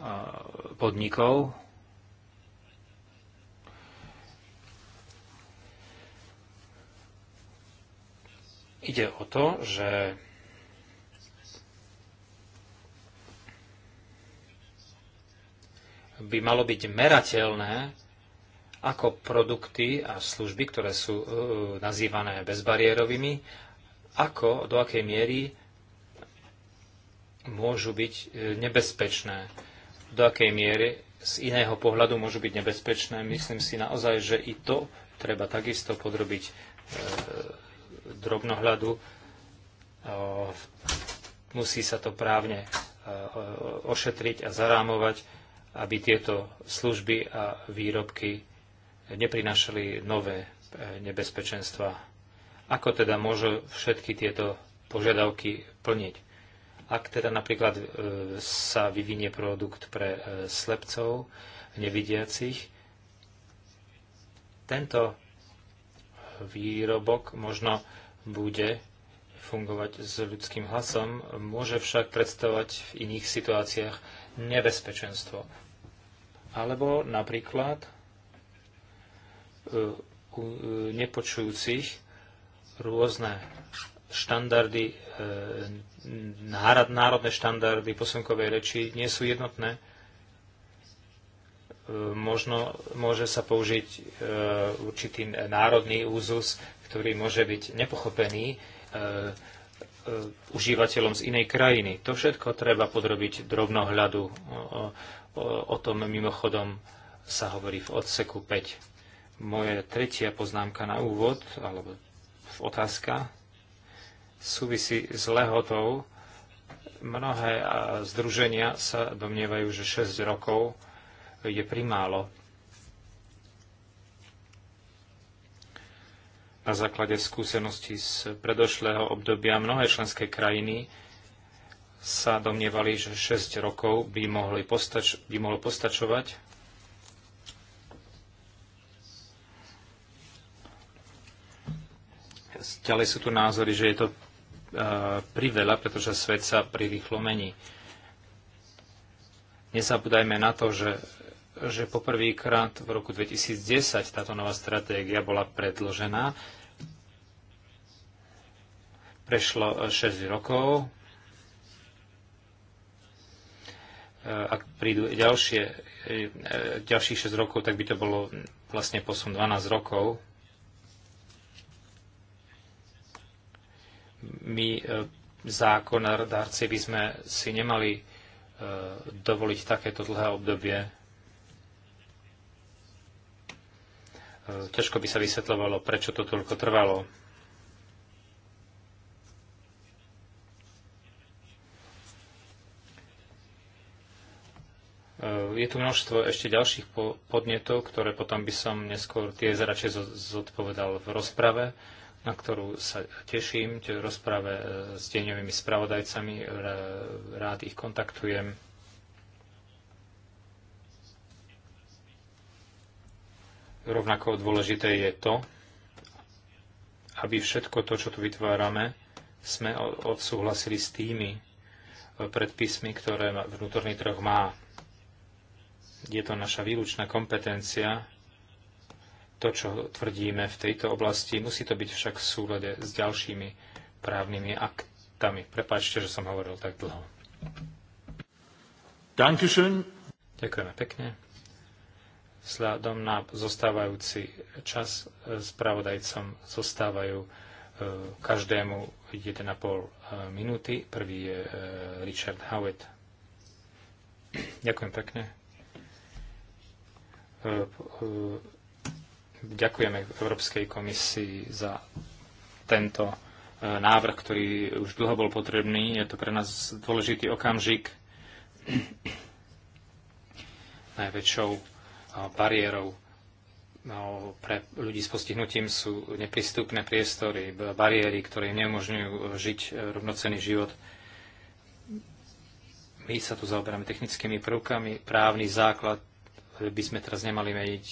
podnikov. Ide o to, že by malo byť merateľné, ako produkty a služby, ktoré sú e, nazývané bezbariérovými, ako, do akej miery môžu byť e, nebezpečné, do akej miery z iného pohľadu môžu byť nebezpečné. Myslím si naozaj, že i to treba takisto podrobiť e, drobnohľadu. E, musí sa to právne e, ošetriť a zarámovať, aby tieto služby a výrobky neprinášali nové e, nebezpečenstva. Ako teda môžu všetky tieto požiadavky plniť? Ak teda napríklad e, sa vyvinie produkt pre e, slepcov, nevidiacich, tento výrobok možno bude fungovať s ľudským hlasom, môže však predstavovať v iných situáciách nebezpečenstvo. Alebo napríklad u e, nepočujúcich rôzne štandardy, e, národné štandardy posunkovej reči nie sú jednotné. E, možno môže sa použiť určitý národný úzus, ktorý môže byť nepochopený užívateľom z inej krajiny. To všetko treba podrobiť drobnohľadu. O, o tom mimochodom sa hovorí v odseku 5 moje tretia poznámka na úvod, alebo otázka, súvisí s lehotou. Mnohé združenia sa domnievajú, že 6 rokov je primálo. Na základe skúseností z predošlého obdobia mnohé členské krajiny sa domnievali, že 6 rokov by, mohli postač- by mohlo postačovať Ďalej sú tu názory, že je to e, priveľa, pretože svet sa prirýchlo mení. Nezabúdajme na to, že, že poprvýkrát v roku 2010 táto nová stratégia bola predložená. Prešlo 6 e, rokov. E, ak prídu ďalšie, ďalších 6 rokov, tak by to bolo vlastne posun 12 rokov My e, zákonodárci by sme si nemali e, dovoliť takéto dlhé obdobie. E, ťažko by sa vysvetľovalo, prečo to toľko trvalo. Je tu množstvo ešte ďalších podnetov, ktoré potom by som neskôr tie zračie zodpovedal v rozprave na ktorú sa teším, v rozprave e, s deňovými spravodajcami, e, rád ich kontaktujem. Rovnako dôležité je to, aby všetko to, čo tu vytvárame, sme odsúhlasili s tými e, predpismi, ktoré vnútorný trh má. Je to naša výlučná kompetencia, to, čo tvrdíme v tejto oblasti, musí to byť však v súlade s ďalšími právnymi aktami. Prepáčte, že som hovoril tak dlho. Dankeschön. Ďakujeme pekne. Vzhľadom na zostávajúci čas eh, pravodajcom zostávajú eh, každému 1,5 eh, minúty. Prvý je Richard Howitt. Ďakujem pekne Ďakujeme Európskej komisii za tento e, návrh, ktorý už dlho bol potrebný. Je to pre nás dôležitý okamžik. Najväčšou e, bariérou e, pre ľudí s postihnutím sú neprístupné priestory, bariéry, ktoré neumožňujú žiť rovnocenný život. My sa tu zaoberáme technickými prvkami. Právny základ by sme teraz nemali meniť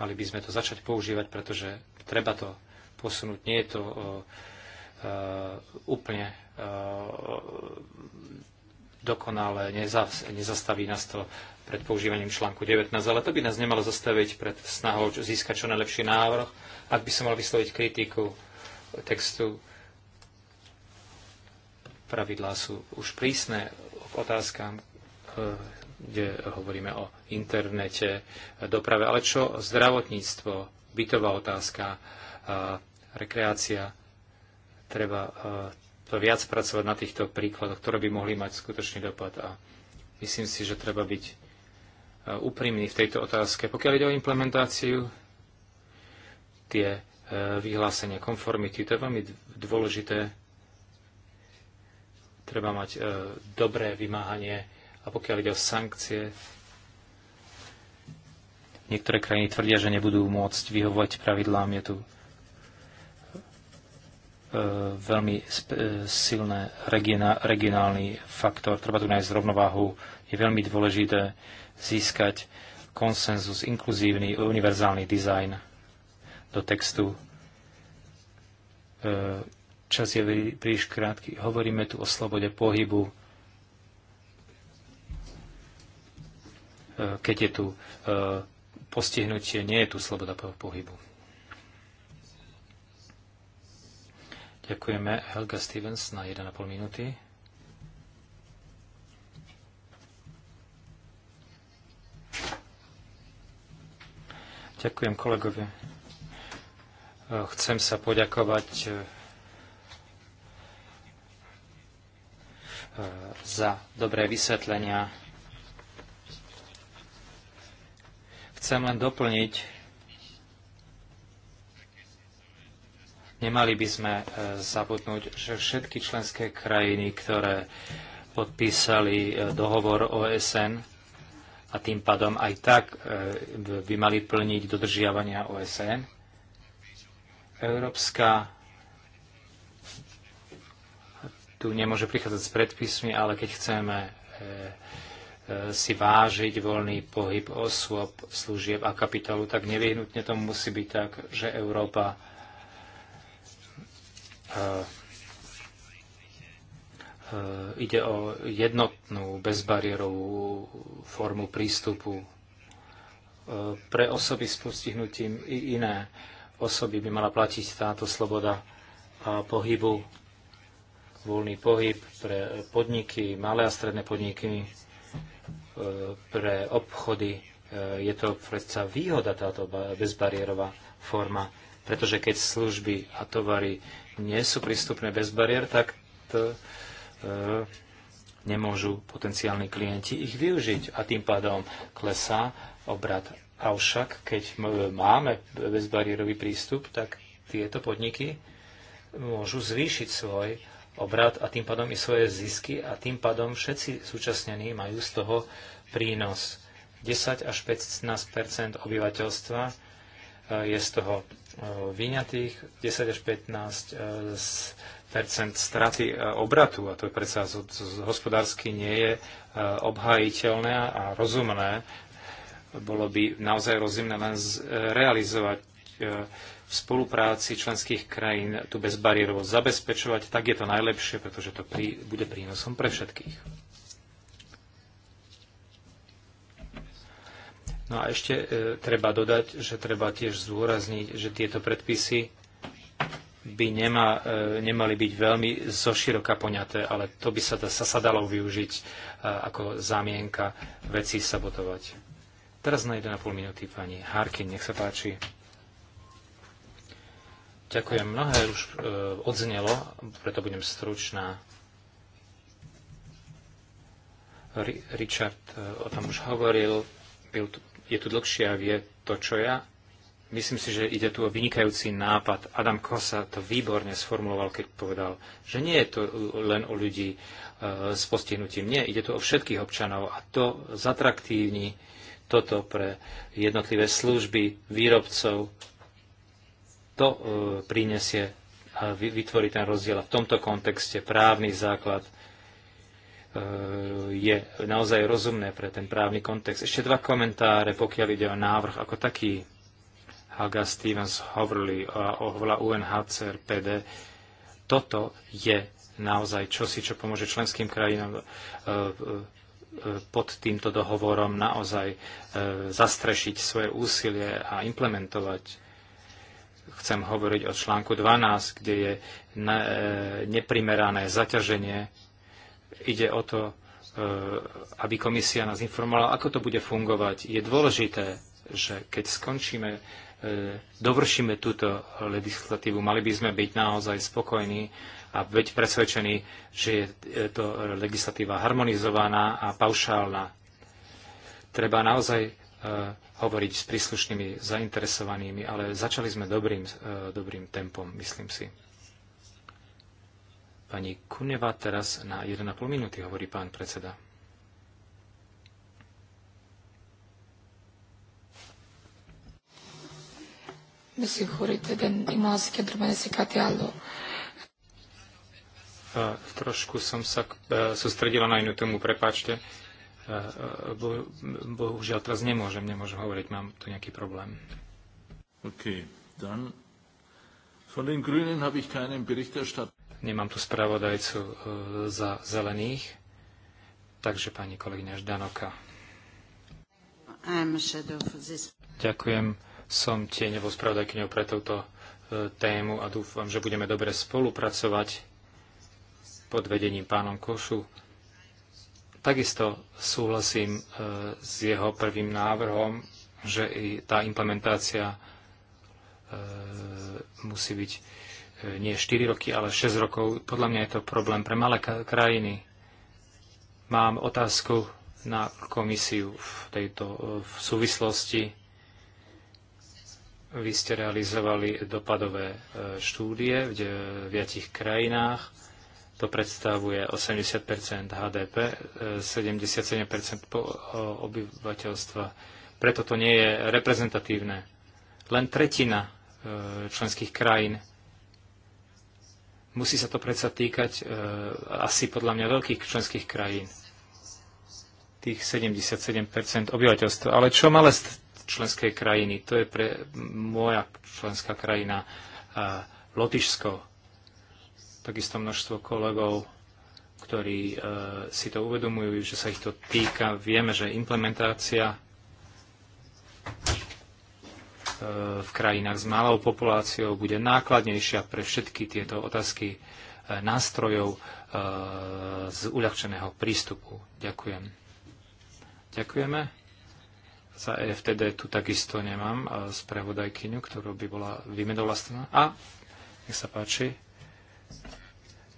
Mali by sme to začať používať, pretože treba to posunúť. Nie je to uh, uh, úplne uh, e, dokonale nezas, nezastaví nás to pred používaním článku 19, ale to by nás nemalo zastaviť pred snahou získať čo najlepší návrh. Ak by som mal vysloviť kritiku textu, pravidlá sú už prísne k otázkam, kde hovoríme o internete, doprave, ale čo zdravotníctvo, bytová otázka, rekreácia. Treba to viac pracovať na týchto príkladoch, ktoré by mohli mať skutočný dopad. A myslím si, že treba byť úprimný v tejto otázke. Pokiaľ ide o implementáciu, tie e, vyhlásenia konformity, to je veľmi dôležité. Treba mať e, dobré vymáhanie a pokiaľ ide o sankcie, niektoré krajiny tvrdia, že nebudú môcť vyhovovať pravidlám. Je tu e, veľmi e, silné regionálny faktor. Treba tu nájsť rovnováhu. Je veľmi dôležité získať konsenzus, inkluzívny, univerzálny dizajn do textu. E, čas je príliš krátky. Hovoríme tu o slobode pohybu, keď je tu e, postihnutie, nie je tu sloboda pohybu. Ďakujeme Helga Stevens na 1,5 minúty. Ďakujem kolegovi. E, chcem sa poďakovať e, za dobré vysvetlenia Chcem len doplniť, nemali by sme e, zabudnúť, že všetky členské krajiny, ktoré podpísali e, dohovor OSN a tým pádom aj tak e, by mali plniť dodržiavania OSN, Európska tu nemôže prichádzať s predpismi, ale keď chceme si vážiť voľný pohyb osôb, služieb a kapitálu, tak nevyhnutne to musí byť tak, že Európa e, e, ide o jednotnú, bezbariérovú formu prístupu. E, pre osoby s postihnutím i iné osoby by mala platiť táto sloboda a pohybu, voľný pohyb pre podniky, malé a stredné podniky, pre obchody e, je to predsa výhoda táto bezbariérová forma, pretože keď služby a tovary nie sú prístupné bez bariér, tak to, e, nemôžu potenciálni klienti ich využiť a tým pádom klesá obrad. Avšak, keď máme bezbariérový prístup, tak tieto podniky môžu zvýšiť svoj obrat a tým pádom i svoje zisky a tým pádom všetci súčasnení majú z toho prínos. 10 až 15 obyvateľstva eh, je z toho eh, vyňatých, 10 až 15 eh, percent straty obratu, a to je predsa hospodársky nie je obhajiteľné a rozumné, bolo by naozaj rozumné len realizovať v spolupráci členských krajín tú bezbariérovosť zabezpečovať, tak je to najlepšie, pretože to prí, bude prínosom pre všetkých. No a ešte e, treba dodať, že treba tiež zdôrazniť, že tieto predpisy by nema, e, nemali byť veľmi zoširoka poňaté, ale to by sa, sa, sa dalo využiť e, ako zámienka veci sabotovať. Teraz na 1,5 minúty pani Harkin, nech sa páči. Ďakujem. Mnohé už e, odznelo, preto budem stručná. Richard e, o tom už hovoril, je tu dlhšie a vie to, čo ja. Myslím si, že ide tu o vynikajúci nápad. Adam Kosa to výborne sformuloval, keď povedal, že nie je to len o ľudí e, s postihnutím. Nie, ide tu o všetkých občanov a to zatraktívni toto pre jednotlivé služby, výrobcov, to e, prinesie a vytvorí ten rozdiel. A v tomto kontexte právny základ e, je naozaj rozumné pre ten právny kontext. Ešte dva komentáre, pokiaľ ide o návrh ako taký. Haga Stevens hovorili e, o UNHCR PD. Toto je naozaj čosi, čo pomôže členským krajinám pod týmto dohovorom naozaj zastrešiť svoje úsilie a implementovať chcem hovoriť o článku 12, kde je e, neprimerané zaťaženie. Ide o to, e, aby komisia nás informovala, ako to bude fungovať. Je dôležité, že keď skončíme, e, dovršíme túto legislatívu, mali by sme byť naozaj spokojní a byť presvedčení, že je to legislatíva harmonizovaná a paušálna. Treba naozaj hovoriť s príslušnými zainteresovanými, ale začali sme dobrým, e, dobrým tempom, myslím si. Pani Kuneva teraz na 1,5 minúty, hovorí pán predseda. E, trošku som sa e, sústredila na inú tému, prepáčte. Bo, bohužiaľ teraz nemôžem, nemôžem hovoriť, mám tu nejaký problém. OK, dann von den Grünen habe ich keinen Berichterstatter. Nemám tu spravodajcu e, za zelených, takže pani kolegyňa Ždanoka. Ďakujem, som tieňovou spravodajkyňou pre túto e, tému a dúfam, že budeme dobre spolupracovať pod vedením pánom Košu Takisto súhlasím e, s jeho prvým návrhom, že i tá implementácia e, musí byť e, nie 4 roky, ale 6 rokov. Podľa mňa je to problém pre malé krajiny. Mám otázku na komisiu v tejto v súvislosti. Vy ste realizovali dopadové štúdie v deviatich krajinách to predstavuje 80 HDP, 77 obyvateľstva. Preto to nie je reprezentatívne. Len tretina eh, členských krajín musí sa to predsa týkať eh, asi podľa mňa veľkých členských krajín. Tých 77% obyvateľstva. Ale čo malé členské krajiny? To je pre moja členská krajina eh, Lotyšsko takisto množstvo kolegov, ktorí e, si to uvedomujú, že sa ich to týka. Vieme, že implementácia e, v krajinách s malou populáciou bude nákladnejšia pre všetky tieto otázky e, nástrojov e, z uľahčeného prístupu. Ďakujem. Ďakujeme. Za EFTD tu takisto nemám e, spravodajkyňu, ktorú by bola vymedovlastná. A nech sa páči.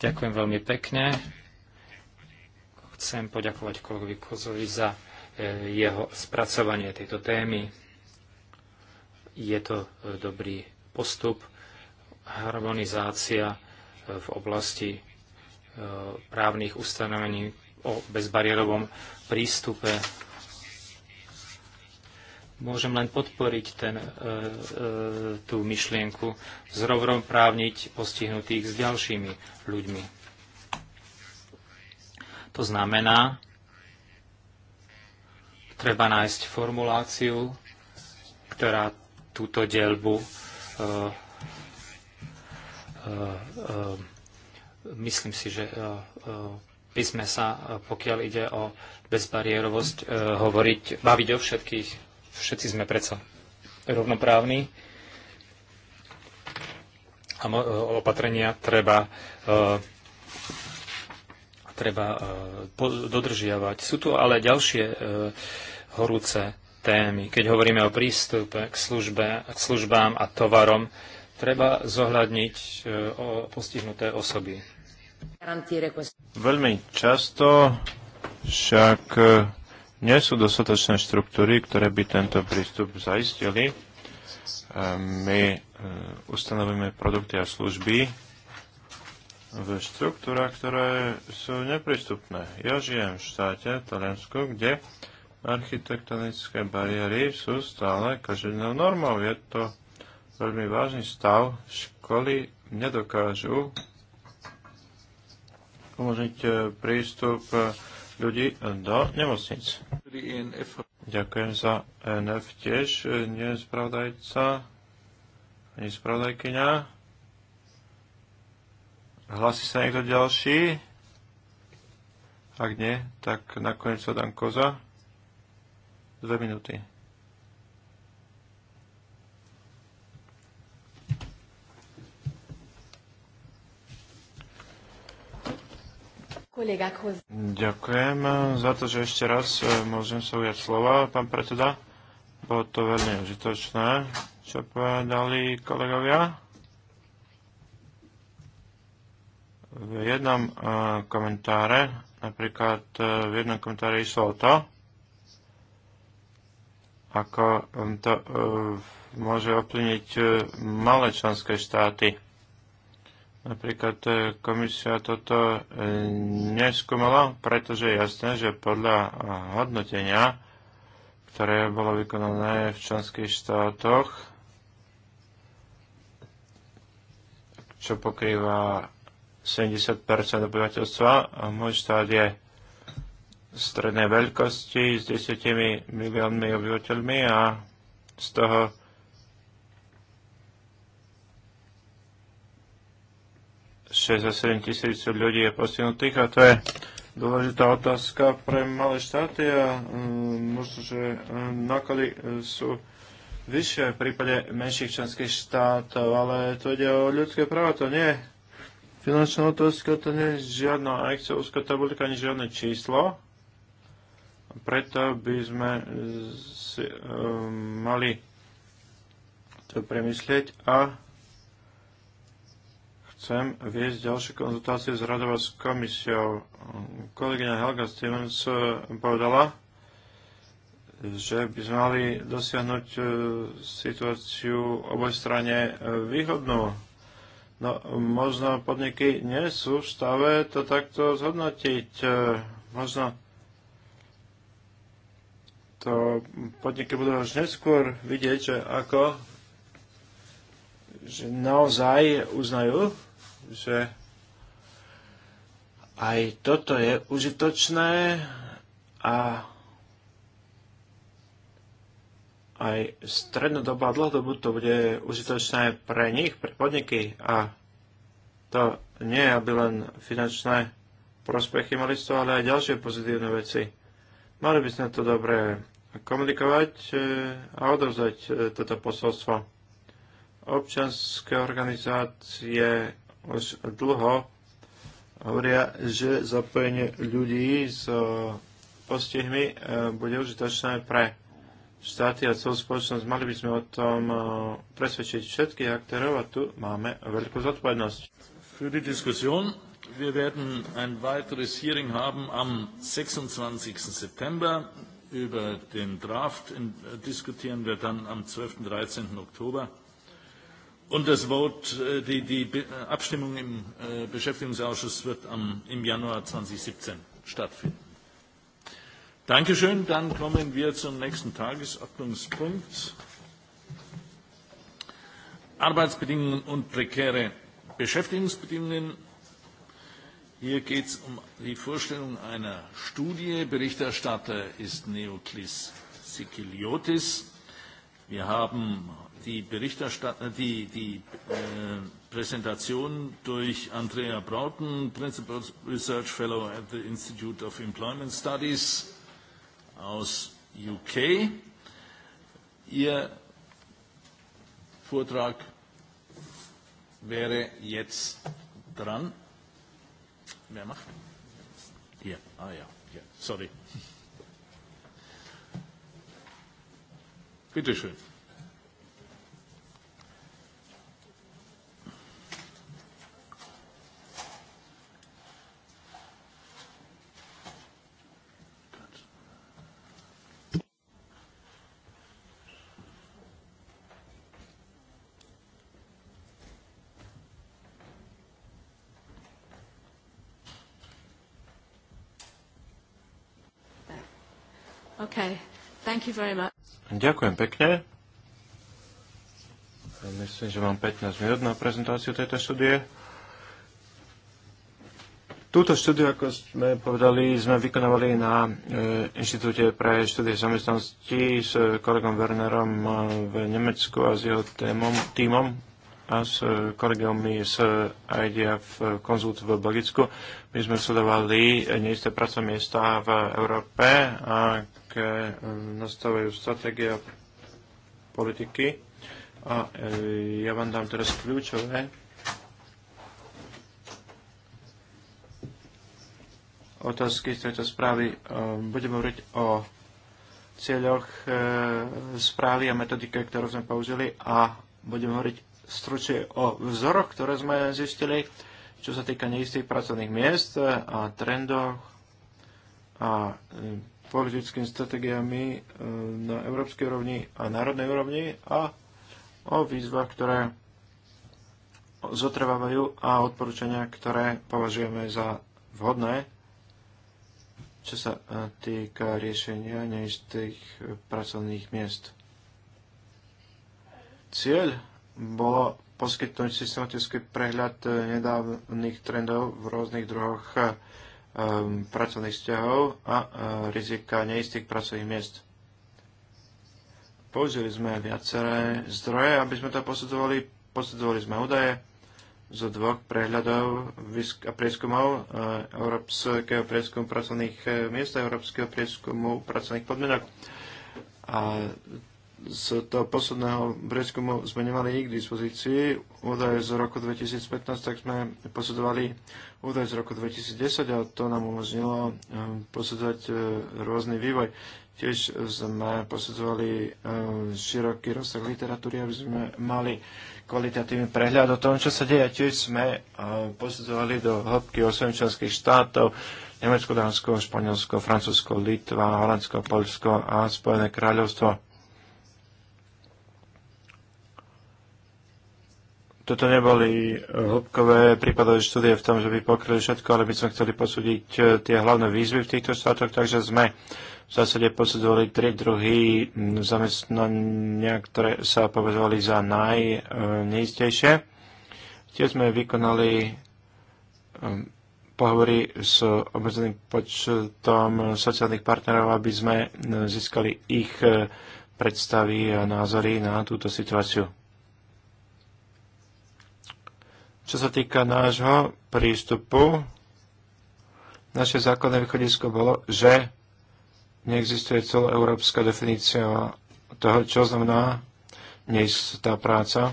Ďakujem veľmi pekne. Chcem poďakovať kolegovi Kozovi za e, jeho spracovanie tejto témy. Je to e, dobrý postup, harmonizácia e, v oblasti právnych ustanovení o bezbariérovom prístupe Môžem len podporiť ten, e, e, tú myšlienku zrovnoprávniť postihnutých s ďalšími ľuďmi. To znamená, treba nájsť formuláciu, ktorá túto delbu e, e, e, myslím si, že by e, sme sa, pokiaľ ide o bezbariérovosť, hovoriť, baviť o všetkých Všetci sme predsa rovnoprávni a e, opatrenia treba, e, treba e, dodržiavať. Sú tu ale ďalšie horúce témy. Keď hovoríme o prístupe k, službe, k službám a tovarom, treba zohľadniť postihnuté osoby. Veľmi často však nie sú dostatočné štruktúry, ktoré by tento prístup zaistili. E, my e, ustanovíme produkty a služby v štruktúrach, ktoré sú neprístupné. Ja žijem v štáte Taliansku, kde architektonické bariéry sú stále každodennou normou. Je to veľmi vážny stav. Školy nedokážu umožniť e, prístup ľudí do nemocnic. Ďakujem za NF tiež, e, nie spravodajca, ani spravodajkyňa. Hlasí sa niekto ďalší? Ak nie, tak nakoniec sa dám koza. Dve minúty. Ďakujem za to, že ešte raz e, môžem sa ujať slova, pán predseda. Bolo to veľmi užitočné, čo povedali kolegovia. V jednom e, komentáre, napríklad e, v jednom komentáre išlo o to, ako to môže ovplyvniť malé členské štáty Napríklad e, komisia toto e, neskúmala, pretože je jasné, že podľa e, hodnotenia, ktoré bolo vykonané v členských štátoch, čo pokrýva 70 obyvateľstva, a môj štát je strednej veľkosti s 10 miliónmi obyvateľmi a z toho 6 a 7 tisíc ľudí je postihnutých a to je dôležitá otázka pre malé štáty a um, možno, že um, náklady e, sú vyššie v prípade menších členských štátov, ale to ide o ľudské práva, to nie je finančná otázka, to nie je žiadna excelovská tabulka, ani žiadne číslo. Preto by sme si, um, mali to premyslieť a chcem viesť ďalšie konzultácie s radou s komisiou. Kolegyňa Helga Stevens eh, povedala, že by sme mali dosiahnuť eh, situáciu strane eh, výhodnú. No, možno podniky nie sú v stave to takto zhodnotiť. Možno to podniky budú až neskôr vidieť, že ako že naozaj uznajú že aj toto je užitočné a aj strednodobo a to bude užitočné pre nich, pre podniky a to nie je aby len finančné prospechy mali z toho, ale aj ďalšie pozitívne veci. Mali by sme to dobre komunikovať e, a odovzdať e, toto posolstvo. Občanské organizácie už dlho hovoria, že zapojenie ľudí s e, postihmi e, bude užitočné pre štáty a celú spoločnosť. Mali by sme o tom e, presvedčiť všetkých aktérov a tu máme veľkú zodpovednosť. Für die Diskussion. Wir werden ein weiteres Hearing haben am 26. September. Über den Draft äh, diskutieren wir dann am 12. 13. Oktober Und das Wort, äh, die, die äh, Abstimmung im äh, Beschäftigungsausschuss wird am, im Januar 2017 stattfinden. Dankeschön. Dann kommen wir zum nächsten Tagesordnungspunkt. Arbeitsbedingungen und prekäre Beschäftigungsbedingungen. Hier geht es um die Vorstellung einer Studie. Berichterstatter ist Neoklis Sikiliotis. Wir haben die, Berichterstatter äh, die, die äh, Präsentation durch Andrea Broughton, Principal Research Fellow at the Institute of Employment Studies aus UK. Ihr Vortrag wäre jetzt dran. Wer macht? Hier, ah ja, hier. sorry. Bitte schön. you very much. Ďakujem pekne. Myslím, že mám 15 minút na prezentáciu tejto štúdie. Túto štúdiu, ako sme povedali, sme vykonávali na e, Inštitúte pre štúdie zamestnanosti s kolegom Wernerom e, v Nemecku a s jeho týmom a s e, kolegami z IDF e, konzult v Belgicku. My sme sledovali neisté pracovné miesta v Európe, a aké e, nastavujú stratégia politiky. A ja vám dám teraz kľúčové otázky z tejto správy. budeme hovoriť o cieľoch správy a metodike, ktorú sme použili a budeme hovoriť stručne o vzoroch, ktoré sme zistili, čo sa týka neistých pracovných miest a trendoch a e, politickým strategiami e, na európskej úrovni a národnej úrovni a o výzvach, ktoré zotrvávajú a odporúčania, ktoré považujeme za vhodné, čo sa e, týka riešenia neistých pracovných miest. Cieľ bolo poskytnúť systematický prehľad eh, nedávnych trendov v rôznych druhoch eh, pracovných vzťahov a eh, rizika neistých pracovných miest. Použili sme viaceré zdroje, aby sme to posudzovali. Posudzovali sme údaje zo dvoch prehľadov a prieskumov Európskeho prieskumu pracovných miest a Európskeho prieskumu pracovných podmienok. A z toho posledného prieskumu sme nemali k dispozícii údaje z roku 2015, tak sme posudzovali údaje z roku 2010 a to nám umožnilo eh, posudzovať eh, rôzny vývoj. Tiež sme posudzovali eh, široký rozsah literatúry, aby sme mali kvalitatívny prehľad o tom, čo sa deje. Tiež sme posudzovali do hĺbky 8 členských štátov, Nemecko, Dánsko, Španielsko, Francúzsko, Litva, Holandsko, Polsko a Spojené kráľovstvo toto neboli eh, hĺbkové prípadové štúdie v tom, že by pokryli všetko, ale my sme chceli posúdiť eh, tie hlavné výzvy v týchto štátoch, takže sme v zásade posudzovali tri druhy mm, zamestnania, ktoré sa považovali za najneistejšie. Tiež sme vykonali ehm, pohovory s obmedzeným počtom sociálnych partnerov, aby sme mm, získali ich eh, predstavy a názory na túto situáciu. Čo sa týka nášho prístupu, naše základné východisko bolo, že neexistuje celoeurópska definícia toho, čo znamená neistá práca. E,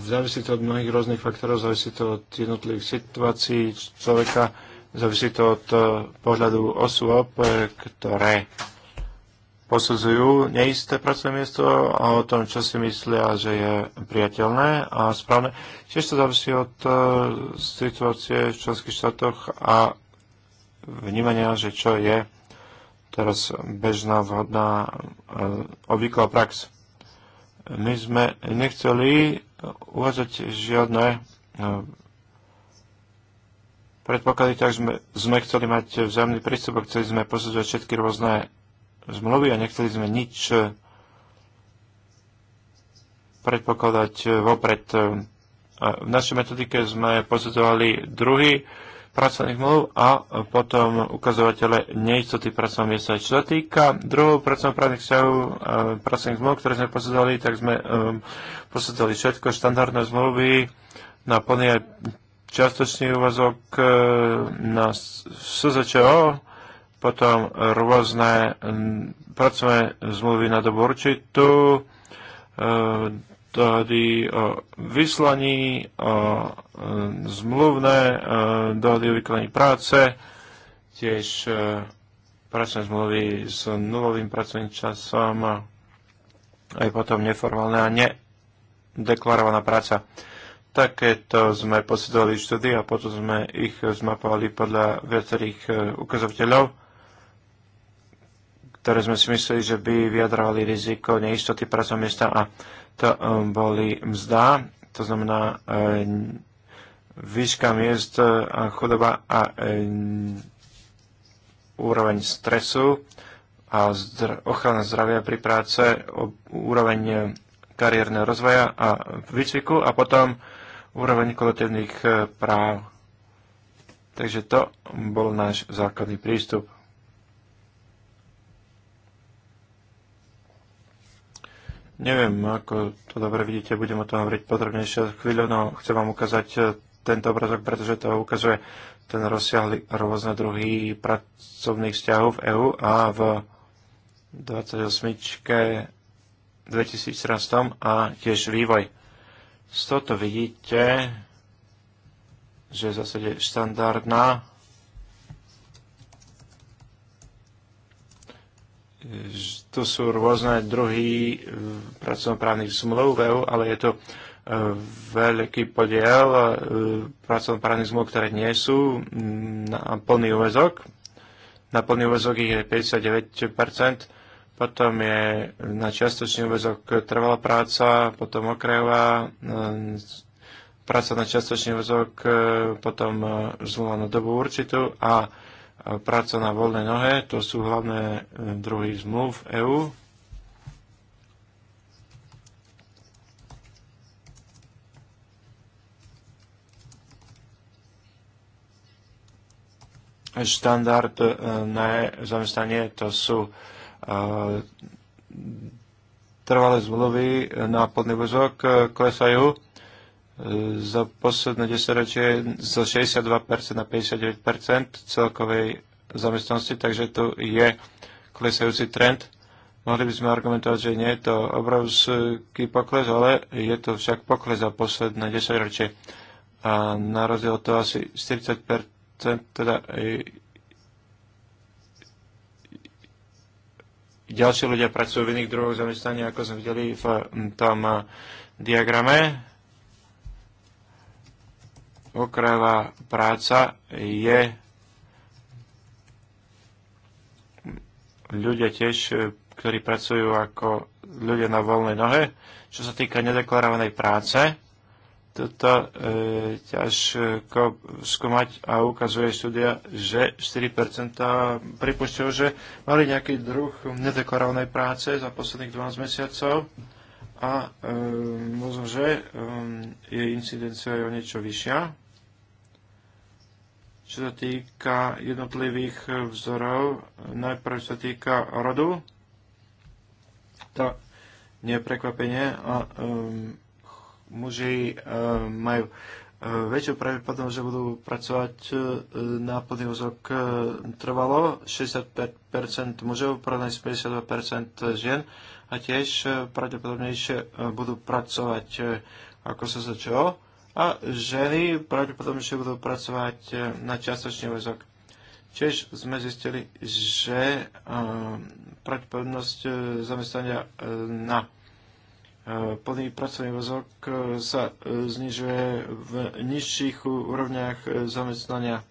závisí to od mnohých rôznych faktorov, závisí to od jednotlivých situácií človeka, závisí to od e, pohľadu osôb, e, ktoré posudzujú neisté pracovné miesto a o tom, čo si myslia, že je priateľné a správne. Tiež to závisí od e, situácie v členských štátoch a vnímania, že čo je teraz bežná, vhodná, e, obvyklá prax. My sme nechceli uvádzať žiadne e, predpoklady, tak sme, sme chceli mať vzájomný prístup a chceli sme posudzovať všetky rôzne zmluvy a nechceli sme nič eh, predpokladať eh, vopred. Eh, v našej metodike sme posudzovali druhý pracovných zmluv a potom ukazovatele neistoty pracovného miesta. Čo sa týka druhov pracovnoprávnych vzťahov pracovných zmluv, ktoré sme posudzovali, tak sme um, posudzovali všetko, štandardné zmluvy na plný aj čiastočný úvazok na SZČO, potom rôzne pracovné zmluvy na dobu určitú, e, dohody o vyslaní, o e, zmluvné e, dohody o vykonaní práce, tiež pracovné zmluvy s nulovým pracovným časom, aj potom neformálna a nedeklarovaná práca. Takéto sme posledovali štúdy a potom sme ich zmapovali podľa viacerých ukazovateľov ktoré sme si mysleli, že by vyjadrovali riziko neistoty pracovného miesta a to eh, boli mzda, to znamená eh, výška miest eh, a chudoba a úroveň stresu a ochrana zdravia pri práce, úroveň kariérneho rozvoja a výcviku a potom úroveň kolektívnych práv. Takže to bol náš základný prístup. Neviem, ako to dobre vidíte, budem o tom hovoriť podrobnejšie chvíľu, no chcem vám ukázať e, tento obrazok, pretože to ukazuje ten rozsiahly rôzne druhy pracovných vzťahov v EÚ a v 28. 2014 a tiež vývoj. Z toto vidíte, že v zásade štandardná tu sú rôzne druhy pracovnoprávnych zmluv, e ale je to e, veľký podiel e, pracovnoprávnych zmluv, ktoré nie sú na plný úvezok. Na plný úvezok ich je 59%, potom je na čiastočný úvezok trvalá práca, potom okrajová práca na čiastočný úvezok, potom zmluva na dobu určitú a práca na voľné nohe, to sú hlavné e, druhy zmluv EÚ. E, na zamestnanie to sú e, trvalé zmluvy na plný vozok klesajú za posledné 10 ročie zo 62% na 59% celkovej zamestnanosti, takže tu je klesajúci trend. Mohli by sme argumentovať, že nie je to obrovský pokles, ale je to však pokles za posledné 10 ročie. A na rozdiel to asi 40%, teda e, ďalší ľudia pracujú v iných druhoch zamestnania, ako sme videli v tom diagrame okrajová práca je ľudia tiež, ktorí pracujú ako ľudia na voľnej nohe. Čo sa týka nedeklarovanej práce, toto e, ťažko skúmať a ukazuje štúdia, že 4% pripúšťajú, že mali nejaký druh nedeklarovanej práce za posledných 12 mesiacov a e, možno, že e, je incidencia je o niečo vyššia čo sa týka jednotlivých vzorov. Najprv sa týka rodu. To nie je prekvapenie. A, um, muži um, majú uh, väčšiu pravdepodobnosť, že budú pracovať uh, na plný úzok uh, trvalo 65% mužov, porovnaní 52% žien a tiež pravdepodobnejšie budú pracovať ako sa začalo a ženy ešte budú pracovať eh, na čiastočný úvezok. Tiež sme zistili, že eh, pravdepodobnosť eh, zamestnania na plný pracovný vozok sa znižuje v nižších úrovniach zamestnania.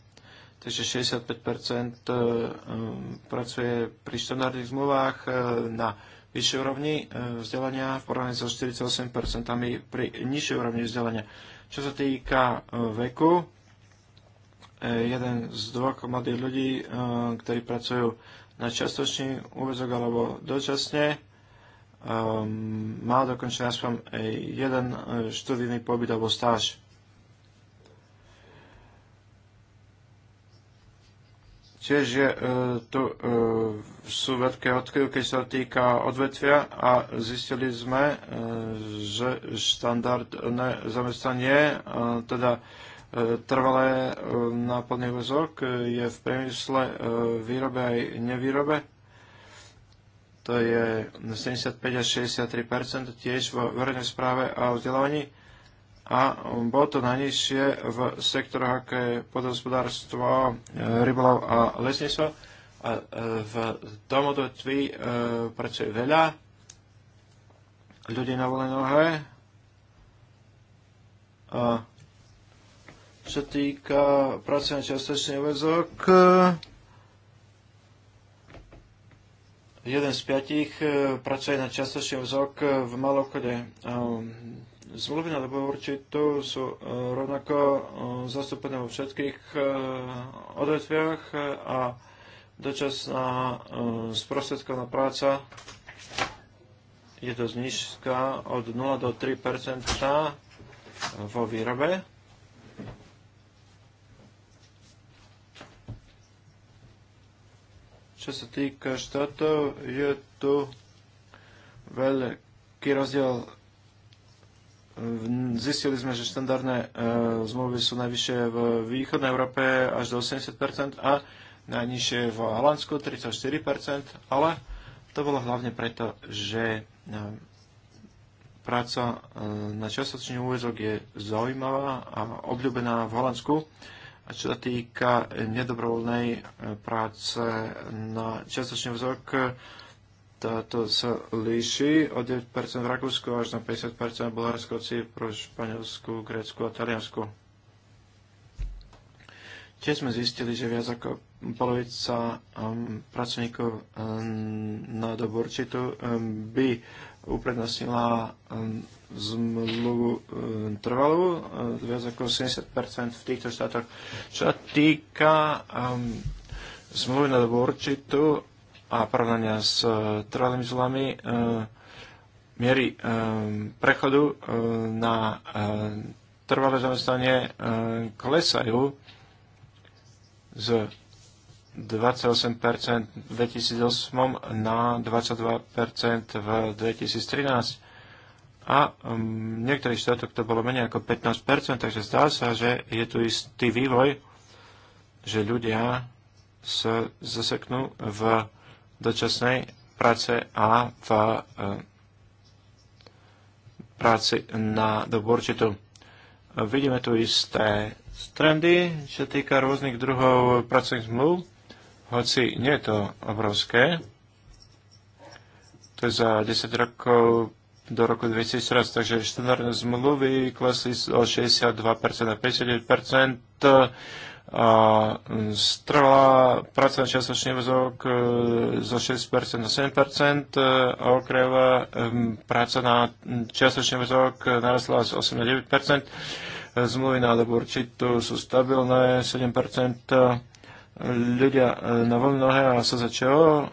Takže 65 pracuje pri štandardných zmluvách na vyššej úrovni vzdelania v porovnaní so 48 pri nižšej úrovni vzdelania. Čo sa týka e, veku, e, jeden z dvoch mladých ľudí, e, ktorí pracujú na častočný úvezok alebo dočasne, má dokončený aspoň jeden študijný pobyt alebo stáž. Tiež je, e, tu e, sú veľké odkryvky, sa týka odvetvia a zistili sme, e, že štandardné zamestnanie, teda trvalé náplný vozok je v priemysle výrobe aj nevýrobe. To je 75 až 63 tiež vo verejnej správe a vzdelávaní a bolo to najnižšie v sektoroch, ako je podhospodárstvo, e, rybolov a lesníctvo. A e, v tom odvetví e, pracuje veľa ľudí na voľnej nohe. A čo týka práce na čiastočný úvezok, jeden z piatich pracuje na čiastočný úvezok v malobchode zmluvy lebo určite určitú sú rovnako eh, zastúpené vo všetkých eh, odvetviach eh, a dočasná sprostredkovaná práca je dosť nízka od 0 do 3 vo výrobe. Čo sa týka štátov, je tu veľký rozdiel Zistili sme, že štandardné e, zmluvy sú najvyššie v východnej Európe až do 80% a najnižšie v Holandsku 34%, ale to bolo hlavne preto, že e, práca e, na časočný úvezok je zaujímavá a obľúbená v Holandsku. A čo sa týka nedobrovoľnej práce na časočný úvezok, táto sa líši od 9% v Rakúsku až na 50% v Bulharsku, Cipru, Španielsku, Grécku a Taliansku. Tiež sme zistili, že viac ako polovica um, pracovníkov um, na dobu určitú um, by uprednostnila um, zmluvu um, trvalú, um, viac ako 70% v týchto štátoch. Čo týka um, zmluvy na dobu určitú, a porovnania s e, trvalými zlami e, miery e, prechodu na trvalé zamestnanie klesajú z 28% v 2008 na 22% v 2013 a v niektorých štátoch to bolo menej ako 15%, takže zdá sa, že je tu istý vývoj, že ľudia sa zaseknú v dočasnej práce a v e, práci na dobu určitú. Vidíme tu isté trendy, čo týka rôznych druhov pracovných zmluv, hoci nie je to obrovské. To je za 10 rokov do roku 2014, takže štandardné zmluvy klesli o 62% na 59%, a strvá pracovná časočný vzok e, zo 6% na 7%, e, a okrem e, práca na časočný vzok narastla z 8 na 9%, zmluvy na dobu určitú sú stabilné 7%, ľudia na voľnohe a sa začalo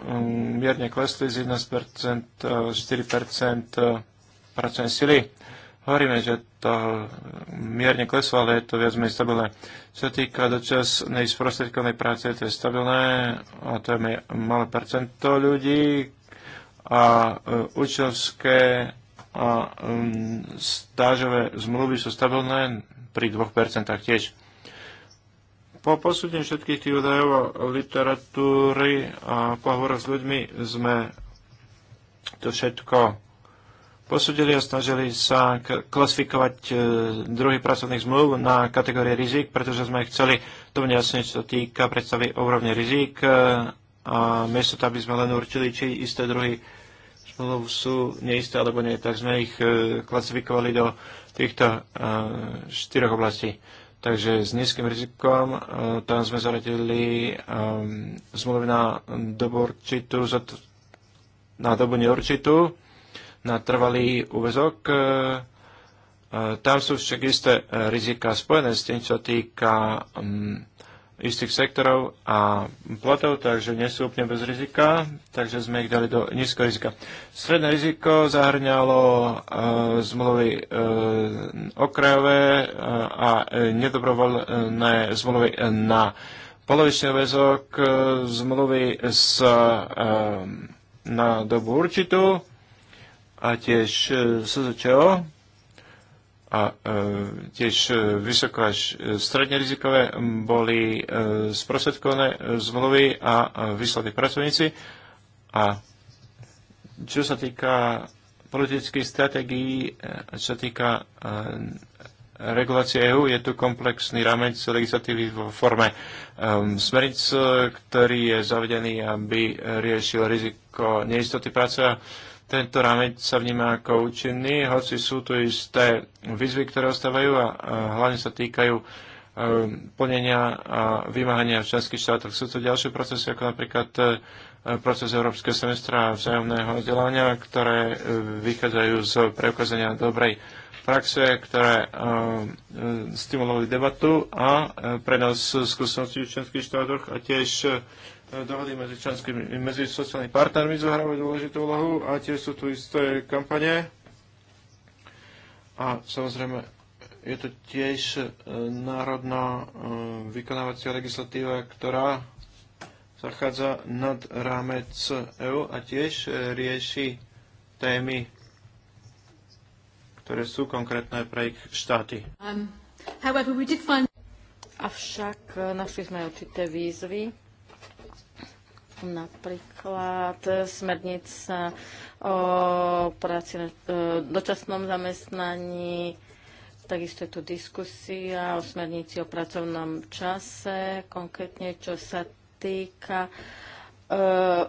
mierne klesli z 11% 4% pracovnej sily Hovoríme, že to mierne kleslo, ale je to viac menej stabilné. Čo sa týka dočasnej sprostredkovanej práce, to je stabilné a to je malé percento ľudí a e, učňovské a stážové zmluvy sú stabilné pri 2% tiež. Po posúdení všetkých tých údajov a literatúry a pohovoroch s ľuďmi sme to všetko Posudili a snažili sa klasifikovať e, druhy pracovných zmluv na kategórie rizik, pretože sme chceli to jasne, čo týka predstavy o úrovne rizik, e, a miesto aby sme len určili, či isté druhy zmluv sú neisté alebo nie, tak sme ich e, klasifikovali do týchto štyroch oblastí. Takže s nízkym rizikom tam sme zaradili zmluvy na dobu určitú, na dobu neurčitú, na trvalý úvezok. E, e, tam sú však isté rizika spojené s tým, čo týka istých sektorov a platov, takže nie sú úplne bez rizika, takže sme ich dali do nízko rizika. Stredné riziko zahrňalo e, zmluvy e, okrajové e, a e, nedobrovoľné zmluvy na polovičný väzok, e, zmluvy s, e, na dobu určitú, a tiež e, SZČO a e, tiež e, vysoko až stredne rizikové boli sprosvedkované zmluvy a vyslaní pracovníci. A čo sa týka politických stratégií, čo sa týka regulácie EÚ, je tu komplexný rámec legislatívy vo forme smernic, ktorý je zavedený, aby riešil riziko neistoty práce a tento rameň sa vníma ako účinný, hoci sú tu isté výzvy, ktoré ostávajú a, hlavne sa týkajú e, plnenia a vymáhania v členských štátoch. Sú to ďalšie procesy, ako napríklad e, proces Európskeho semestra a vzájomného vzdelávania, ktoré e, vychádzajú z preukázania dobrej praxe, ktoré stimulovali debatu a prenos skúsenosti v členských štátoch a tiež E, dohody medzi členskými, medzi sociálnymi partnermi zohrávajú dôležitú úlohu a tiež sú tu isté kampane. A samozrejme, je to tiež e, národná e, vykonávacia legislatíva, ktorá zachádza nad rámec EU a tiež rieši témy, ktoré sú konkrétne pre ich štáty. Um, however, we did find... Avšak našli sme určité výzvy Napríklad smernica o práci na e, dočasnom zamestnaní, takisto je tu diskusia o smernici o pracovnom čase, konkrétne čo sa týka e,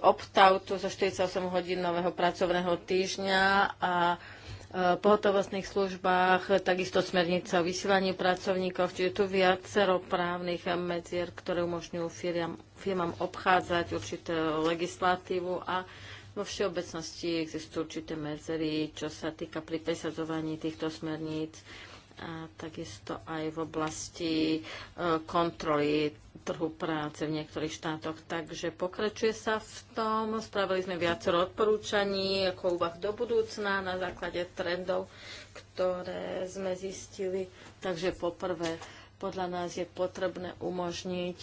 opt-outu zo 48-hodinového pracovného týždňa a e, pohotovostných službách, takisto smernica o vysielaní pracovníkov, čiže tu viacero právnych medzier, ktoré umožňujú firiam firmám obchádzať určitú legislatívu a vo všeobecnosti existujú určité medzery, čo sa týka pri presadzovaní týchto smerníc a takisto aj v oblasti e, kontroly trhu práce v niektorých štátoch. Takže pokračuje sa v tom. Spravili sme viacero odporúčaní ako úvah do budúcna na základe trendov, ktoré sme zistili. Takže poprvé podľa nás je potrebné umožniť,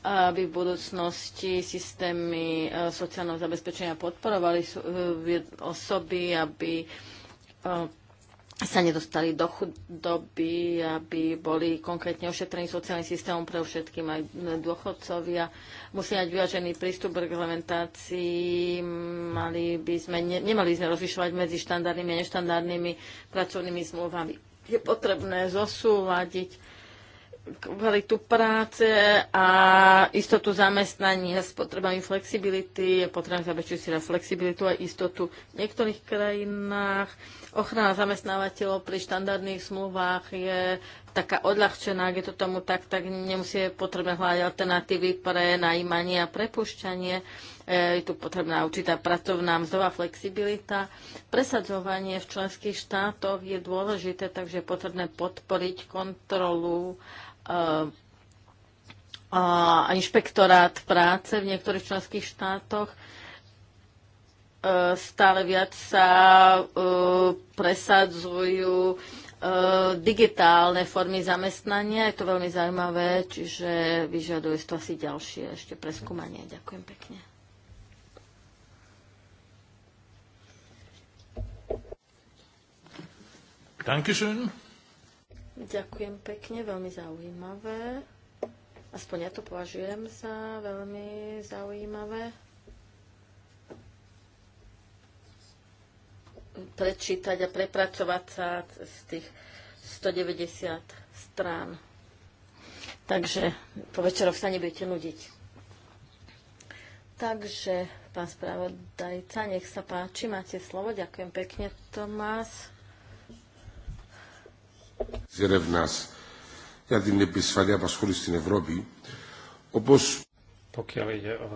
aby v budúcnosti systémy e, sociálneho zabezpečenia podporovali e, osoby, aby e, sa nedostali do chudoby, aby boli konkrétne ošetrení sociálnym systémom pre všetkým aj dôchodcovia. Musí mať vyvážený prístup k reglementácii. Mali by sme, ne, nemali by sme rozlišovať medzi štandardnými a neštandardnými pracovnými zmluvami. Je potrebné zosúľadiť kvalitu práce a istotu zamestnania s potrebami flexibility. Je potrebné zabezpečiť si na flexibilitu a istotu v niektorých krajinách. Ochrana zamestnávateľov pri štandardných zmluvách je taká odľahčená, ak je to tomu tak, tak nemusí potrebné hľadať alternatívy pre najímanie a prepušťanie. E, je tu potrebná určitá pracovná mzdová flexibilita. Presadzovanie v členských štátoch je dôležité, takže je potrebné podporiť kontrolu a inšpektorát práce v niektorých členských štátoch e, stále viac sa e, presadzujú e, digitálne formy zamestnania. Je to veľmi zaujímavé, čiže vyžaduje to asi ďalšie ešte preskúmanie. Ďakujem pekne. Dankeschön. Ďakujem pekne, veľmi zaujímavé. Aspoň ja to považujem za veľmi zaujímavé. Prečítať a prepracovať sa z tých 190 strán. Takže po večeroch sa nebudete nudiť. Takže, pán spravodajca, nech sa páči, máte slovo. Ďakujem pekne, Tomás. Pokiaľ ide o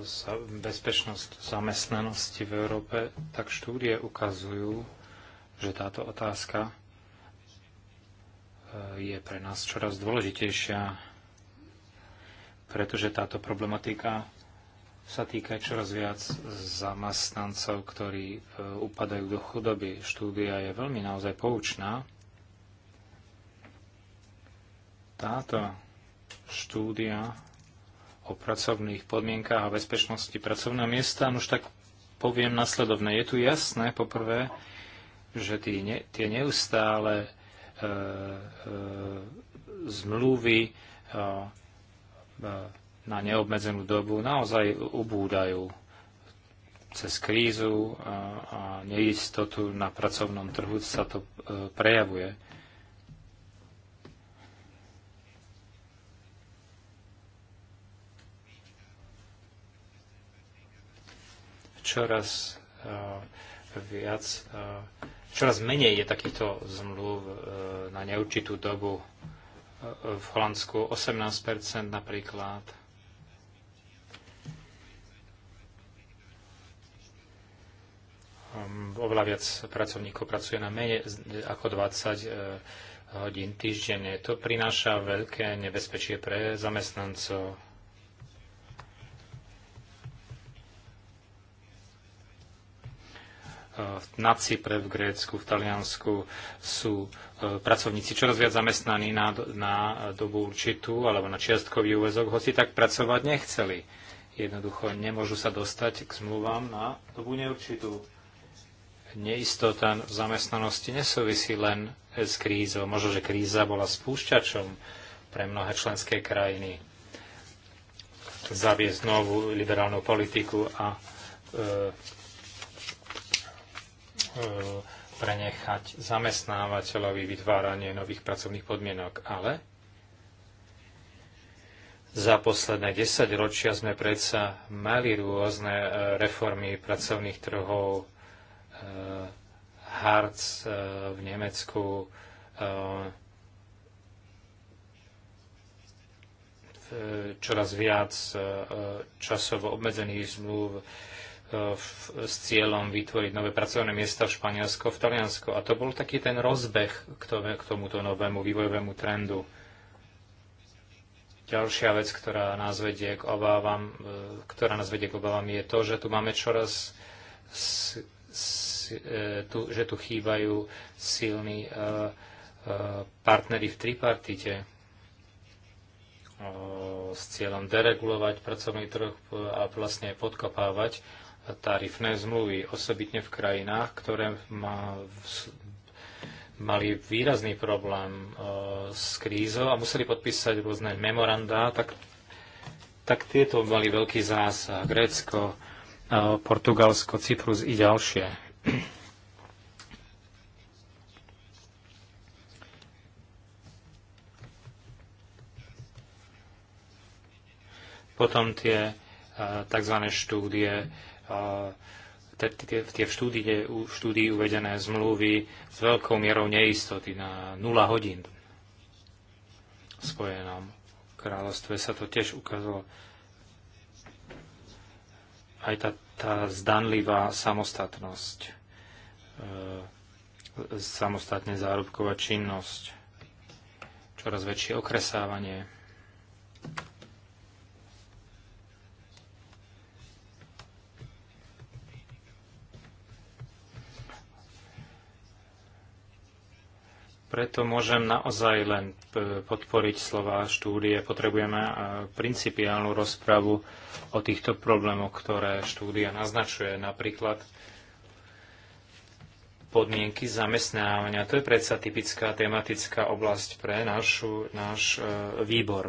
bezpečnosť zamestnanosti v Európe, tak štúdie ukazujú, že táto otázka eh, je pre nás čoraz dôležitejšia, pretože táto problematika sa týka čoraz viac zamestnancov, ktorí eh, upadajú do chudoby. Štúdia je veľmi naozaj poučná táto štúdia o pracovných podmienkách a bezpečnosti pracovného miesta, no už tak poviem nasledovne. Je tu jasné, poprvé, že tí ne, tie neustále e, e, zmluvy e, e, na neobmedzenú dobu naozaj ubúdajú cez krízu a, a neistotu na pracovnom trhu sa to e, prejavuje. čoraz e, viac, e, čoraz menej je takýchto zmluv e, na neurčitú dobu. V Holandsku 18% napríklad. Ehm, oveľa viac pracovníkov pracuje na menej ako 20 hodín týždenne. To prináša veľké nebezpečie pre zamestnancov na Cypre, v Grécku, v Taliansku sú e, pracovníci čoraz viac zamestnaní na, na dobu určitú alebo na čiastkový úvezok, hoci tak pracovať nechceli. Jednoducho nemôžu sa dostať k zmluvám na dobu neurčitú. Neistota v zamestnanosti nesúvisí len s krízou. Možno, že kríza bola spúšťačom pre mnohé členské krajiny zaviesť novú liberálnu politiku a e, E, prenechať zamestnávateľovi vytváranie nových pracovných podmienok, ale za posledné 10 ročia sme predsa mali rôzne e, reformy pracovných trhov, e, Harz v Nemecku, čoraz viac časovo obmedzených zmluv, E, s cieľom vytvoriť nové pracovné miesta v Španielsku, v Taliansku. A to bol taký ten rozbeh k, to, k tomuto novému vývojovému trendu. Ďalšia vec, ktorá nás vedie k obávam, e, ktorá nás vedie k obávam, je to, že tu máme čoraz s, s, e, tu, že tu chýbajú silní uh, uh, partnery v tripartite uh, s cieľom deregulovať pracovný trh a vlastne podkopávať tarifné zmluvy, osobitne v krajinách, ktoré má, mali výrazný problém e, s krízou a museli podpísať rôzne memorandá, tak, tak tieto mali veľký zásah. Grécko, e, Portugalsko, Cyprus i ďalšie. Potom tie e, tzv. štúdie tie v štúdii, štúdii uvedené zmluvy s veľkou mierou neistoty na 0 hodín v Spojenom kráľovstve sa to tiež ukázalo. Aj tá, tá zdanlivá samostatnosť, e, samostatne zárobková činnosť, čoraz väčšie okresávanie. Preto môžem naozaj len e, podporiť slova štúdie. Potrebujeme e, principiálnu rozpravu o týchto problémoch, ktoré štúdia naznačuje. Napríklad podmienky zamestnávania. To je predsa typická tematická oblasť pre našu, náš e, výbor.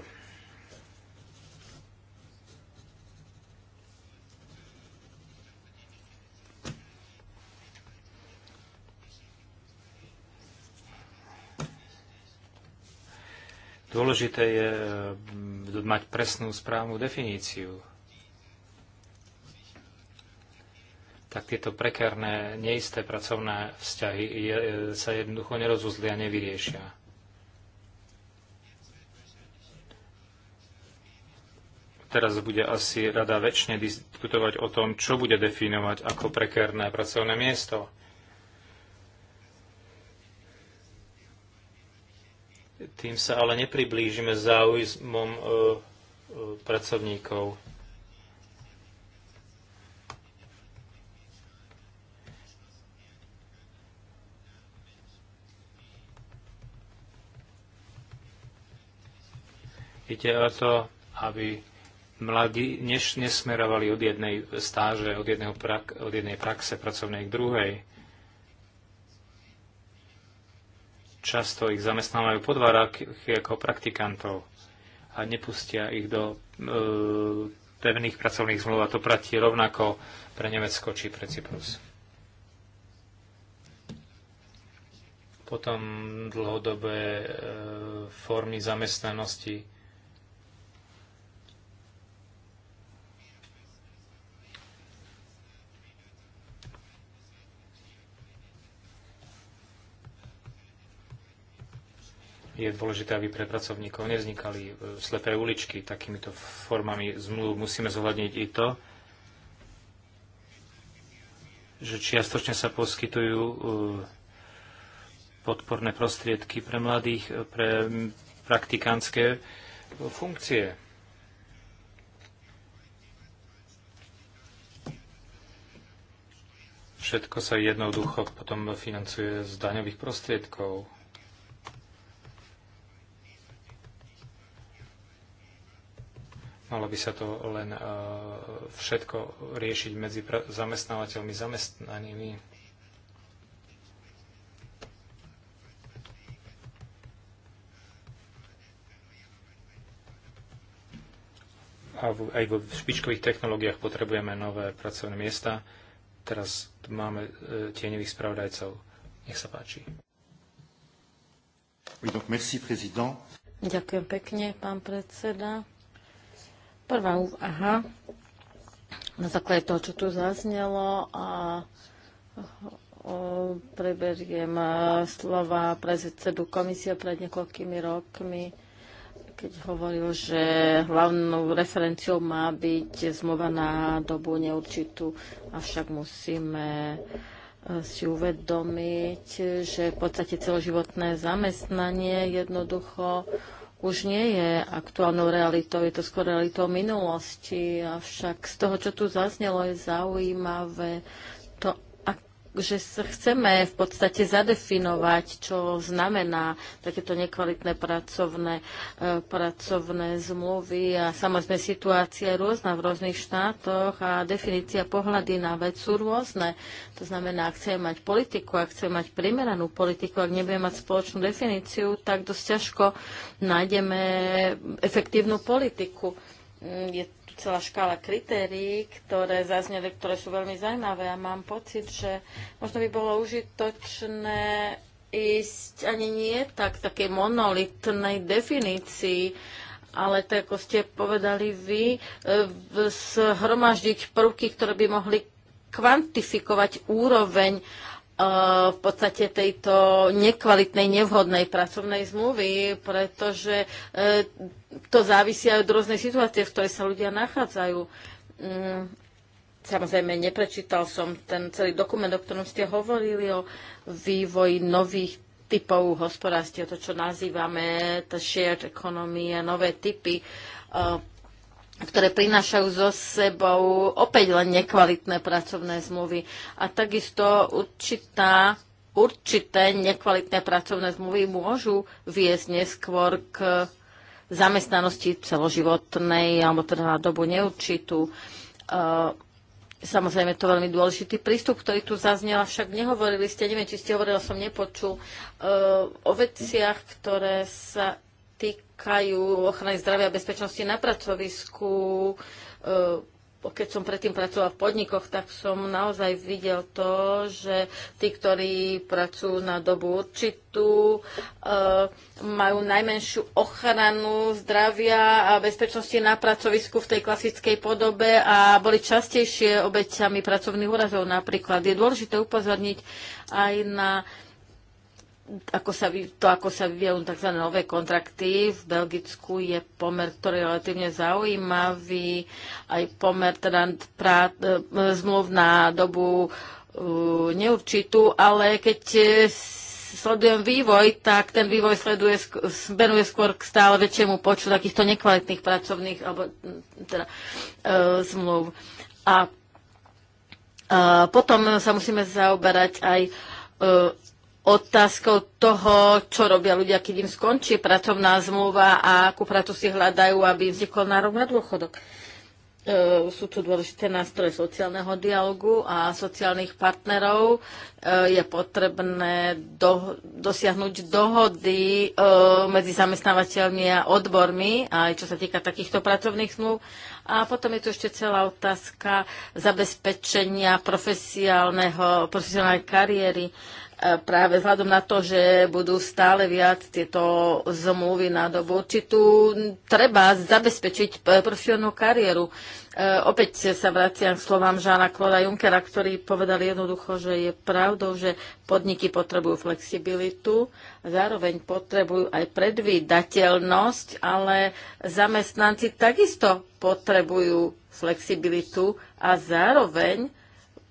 Dôležité je eh, mať presnú správnu definíciu. Tak tieto prekárne, neisté pracovné vzťahy je, eh, sa jednoducho nerozuzli a nevyriešia. Teraz bude asi rada väčšine diskutovať o tom, čo bude definovať ako prekérne pracovné miesto Tým sa ale nepriblížime záujmom e, e, pracovníkov. Ide o to, aby mladí než nesmerovali od jednej stáže, od, prak, od jednej praxe pracovnej k druhej. Často ich zamestnávajú po dva ako praktikantov a nepustia ich do e, pevných pracovných zmluv a to platí rovnako pre Nemecko či pre Cyprus. Potom dlhodobé e, formy zamestnanosti je dôležité, aby pre pracovníkov nevznikali e, slepé uličky. Takýmito formami zmluv musíme zohľadniť i to, že čiastočne sa poskytujú e, podporné prostriedky pre mladých, e, pre praktikantské funkcie. Všetko sa jednoducho potom financuje z daňových prostriedkov. Malo by sa to len e, všetko riešiť medzi zamestnávateľmi, zamestnanými. A aj vo špičkových technológiách potrebujeme nové pracovné miesta. Teraz máme e, tieňových spravodajcov. Nech sa páči. Oui, donc merci, président. Ďakujem pekne, pán predseda. Prvá úvaha na základe toho, čo tu zaznelo a preberiem slova predsedu komisie pred niekoľkými rokmi, keď hovoril, že hlavnou referenciou má byť zmluva na dobu neurčitú, avšak musíme e, si uvedomiť, že v podstate celoživotné zamestnanie jednoducho už nie je aktuálnou realitou, je to skôr realitou minulosti, avšak z toho, čo tu zaznelo, je zaujímavé že sa chceme v podstate zadefinovať, čo znamená takéto nekvalitné pracovné, e, pracovné zmluvy a samozrejme situácia je rôzna v rôznych štátoch a definícia pohľady na vec sú rôzne. To znamená, ak chceme mať politiku, ak chceme mať primeranú politiku, ak nebudeme mať spoločnú definíciu, tak dosť ťažko nájdeme efektívnu politiku. Mm, je celá škála kritérií, ktoré zazneli, ktoré sú veľmi zaujímavé a mám pocit, že možno by bolo užitočné ísť ani nie tak takej monolitnej definícii, ale tak ako ste povedali vy, e, zhromaždiť prvky, ktoré by mohli kvantifikovať úroveň E, v podstate tejto nekvalitnej, nevhodnej pracovnej zmluvy, pretože e, to závisí aj od rôznej situácie, v ktorej sa ľudia nachádzajú. Mm, samozrejme, neprečítal som ten celý dokument, o ktorom ste hovorili, o vývoji nových typov hospodárstiev, to, čo nazývame the shared economy a nové typy e, ktoré prinášajú so sebou opäť len nekvalitné pracovné zmluvy. A takisto určitá, určité nekvalitné pracovné zmluvy môžu viesť neskôr k zamestnanosti celoživotnej alebo teda na dobu neurčitú. E, samozrejme, to je veľmi dôležitý prístup, ktorý tu zaznel, však nehovorili ste, neviem, či ste hovorili, som nepočul, e, o veciach, ktoré sa týkajú týkajú ochrany zdravia a bezpečnosti na pracovisku. E, keď som predtým pracoval v podnikoch, tak som naozaj videl to, že tí, ktorí pracujú na dobu určitú, e, majú najmenšiu ochranu zdravia a bezpečnosti na pracovisku v tej klasickej podobe a boli častejšie obeťami pracovných úrazov napríklad. Je dôležité upozorniť aj na ako sa, to, ako sa vyvíjajú tzv. nové kontrakty v Belgicku, je pomer, ktorý je relatívne zaujímavý. Aj pomer teda prá, e, zmluv na dobu e, neurčitú, ale keď e, sledujem vývoj, tak ten vývoj sleduje, smeruje skôr k stále väčšiemu počtu takýchto nekvalitných pracovných alebo, teda, zmluv. A potom sa musíme zaoberať aj otázkou toho, čo robia ľudia, keď im skončí pracovná zmluva a akú prácu si hľadajú, aby vznikol nárok na dôchodok. E, sú tu dôležité nástroje sociálneho dialogu a sociálnych partnerov. E, je potrebné do, dosiahnuť dohody e, medzi zamestnávateľmi a odbormi, aj čo sa týka takýchto pracovných zmluv. A potom je tu ešte celá otázka zabezpečenia profesionálnej kariéry. E, práve vzhľadom na to, že budú stále viac tieto zmluvy na dobu určitú, treba zabezpečiť profesionálnu kariéru. E, opäť sa vraciam k slovám Žána Kloda Junkera, ktorý povedal jednoducho, že je pravdou, že podniky potrebujú flexibilitu, zároveň potrebujú aj predvídateľnosť, ale zamestnanci takisto potrebujú flexibilitu a zároveň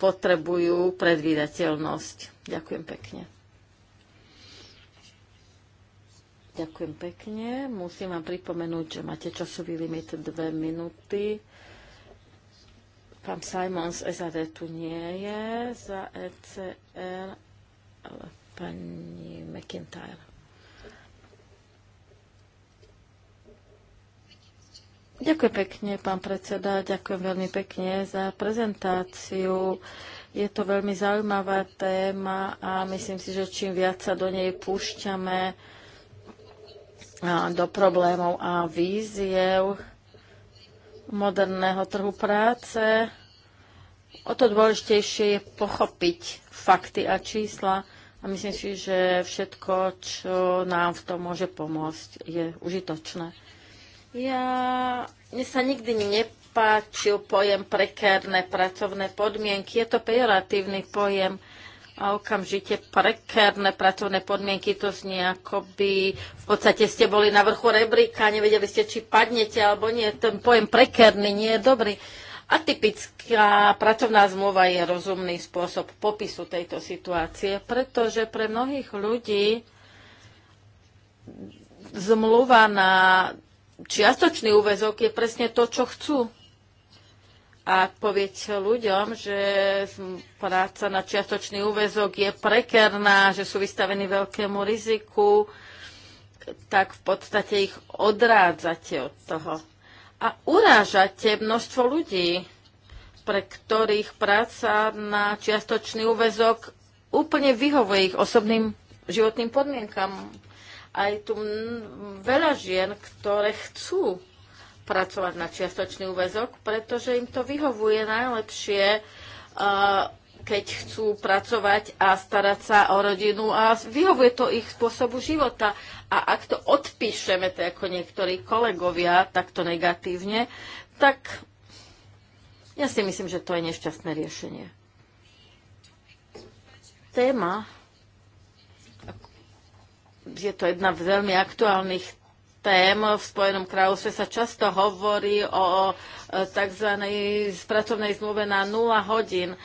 potrebujú predvídateľnosť. Ďakujem pekne. Ďakujem pekne. Musím vám pripomenúť, že máte časový limit 2 minúty. Pán Simon z SAD tu nie je, za ECR, ale pani McIntyre. Ďakujem pekne, pán predseda, ďakujem veľmi pekne za prezentáciu. Uh, je to veľmi zaujímavá téma a myslím si, že čím viac sa do nej púšťame do problémov a víziev moderného trhu práce, o to dôležitejšie je pochopiť fakty a čísla a myslím si, že všetko, čo nám v tom môže pomôcť, je užitočné. Ja, mne sa nikdy nepovedal, páčil pojem prekérne pracovné podmienky. Je to pejoratívny pojem a okamžite prekérne pracovné podmienky. To znie ako by v podstate ste boli na vrchu rebríka, nevedeli ste, či padnete alebo nie. Ten pojem prekérny nie je dobrý. Atypická pracovná zmluva je rozumný spôsob popisu tejto situácie, pretože pre mnohých ľudí zmluva na čiastočný úvezok je presne to, čo chcú a poviete ľuďom, že práca na čiastočný úvezok je prekerná, že sú vystavení veľkému riziku, tak v podstate ich odrádzate od toho. A urážate množstvo ľudí, pre ktorých práca na čiastočný úvezok úplne vyhovuje ich osobným životným podmienkam. Aj tu veľa žien, ktoré chcú pracovať na čiastočný úvezok, pretože im to vyhovuje najlepšie, eh, keď chcú pracovať a starať sa o rodinu a vyhovuje to ich spôsobu života. A ak to odpíšeme, to ako niektorí kolegovia, takto negatívne, tak ja si myslím, že to je nešťastné riešenie. Téma je to jedna z veľmi aktuálnych tém v Spojenom kráľovstve sa často hovorí o e, tzv. pracovnej zmluve na 0 hodín.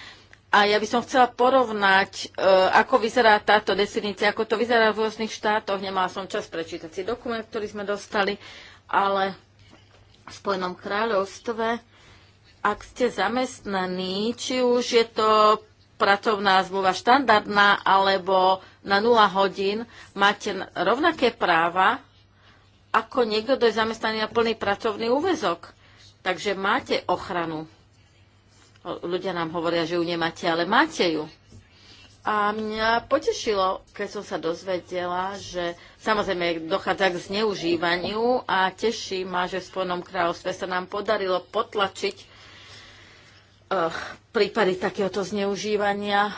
A ja by som chcela porovnať, e, ako vyzerá táto definícia, ako to vyzerá v rôznych štátoch. Nemala som čas prečítať si dokument, ktorý sme dostali, ale v Spojenom kráľovstve, ak ste zamestnaní, či už je to pracovná zmluva štandardná alebo na 0 hodín, máte rovnaké práva ako niekto, kto je zamestnaný na plný pracovný úvezok. Takže máte ochranu. Ľudia nám hovoria, že ju nemáte, ale máte ju. A mňa potešilo, keď som sa dozvedela, že samozrejme dochádza k zneužívaniu a teší ma, že v Spojenom kráľovstve sa nám podarilo potlačiť uh, prípady takéhoto zneužívania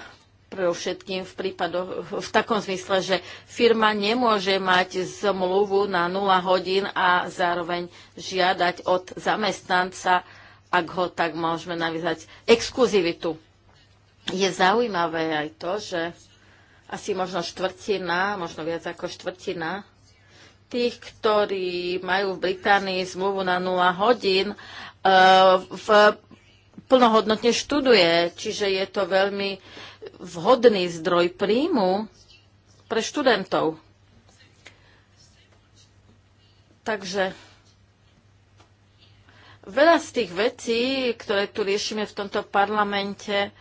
pre všetkým v prípadoch v takom zmysle, že firma nemôže mať zmluvu na 0 hodín a zároveň žiadať od zamestnanca, ak ho tak môžeme navizať, exkluzivitu. Je zaujímavé aj to, že asi možno štvrtina, možno viac ako štvrtina tých, ktorí majú v Británii zmluvu na 0 hodín, e, v plnohodnotne študuje, čiže je to veľmi vhodný zdroj príjmu pre študentov. Takže veľa z tých vecí, ktoré tu riešime v tomto parlamente,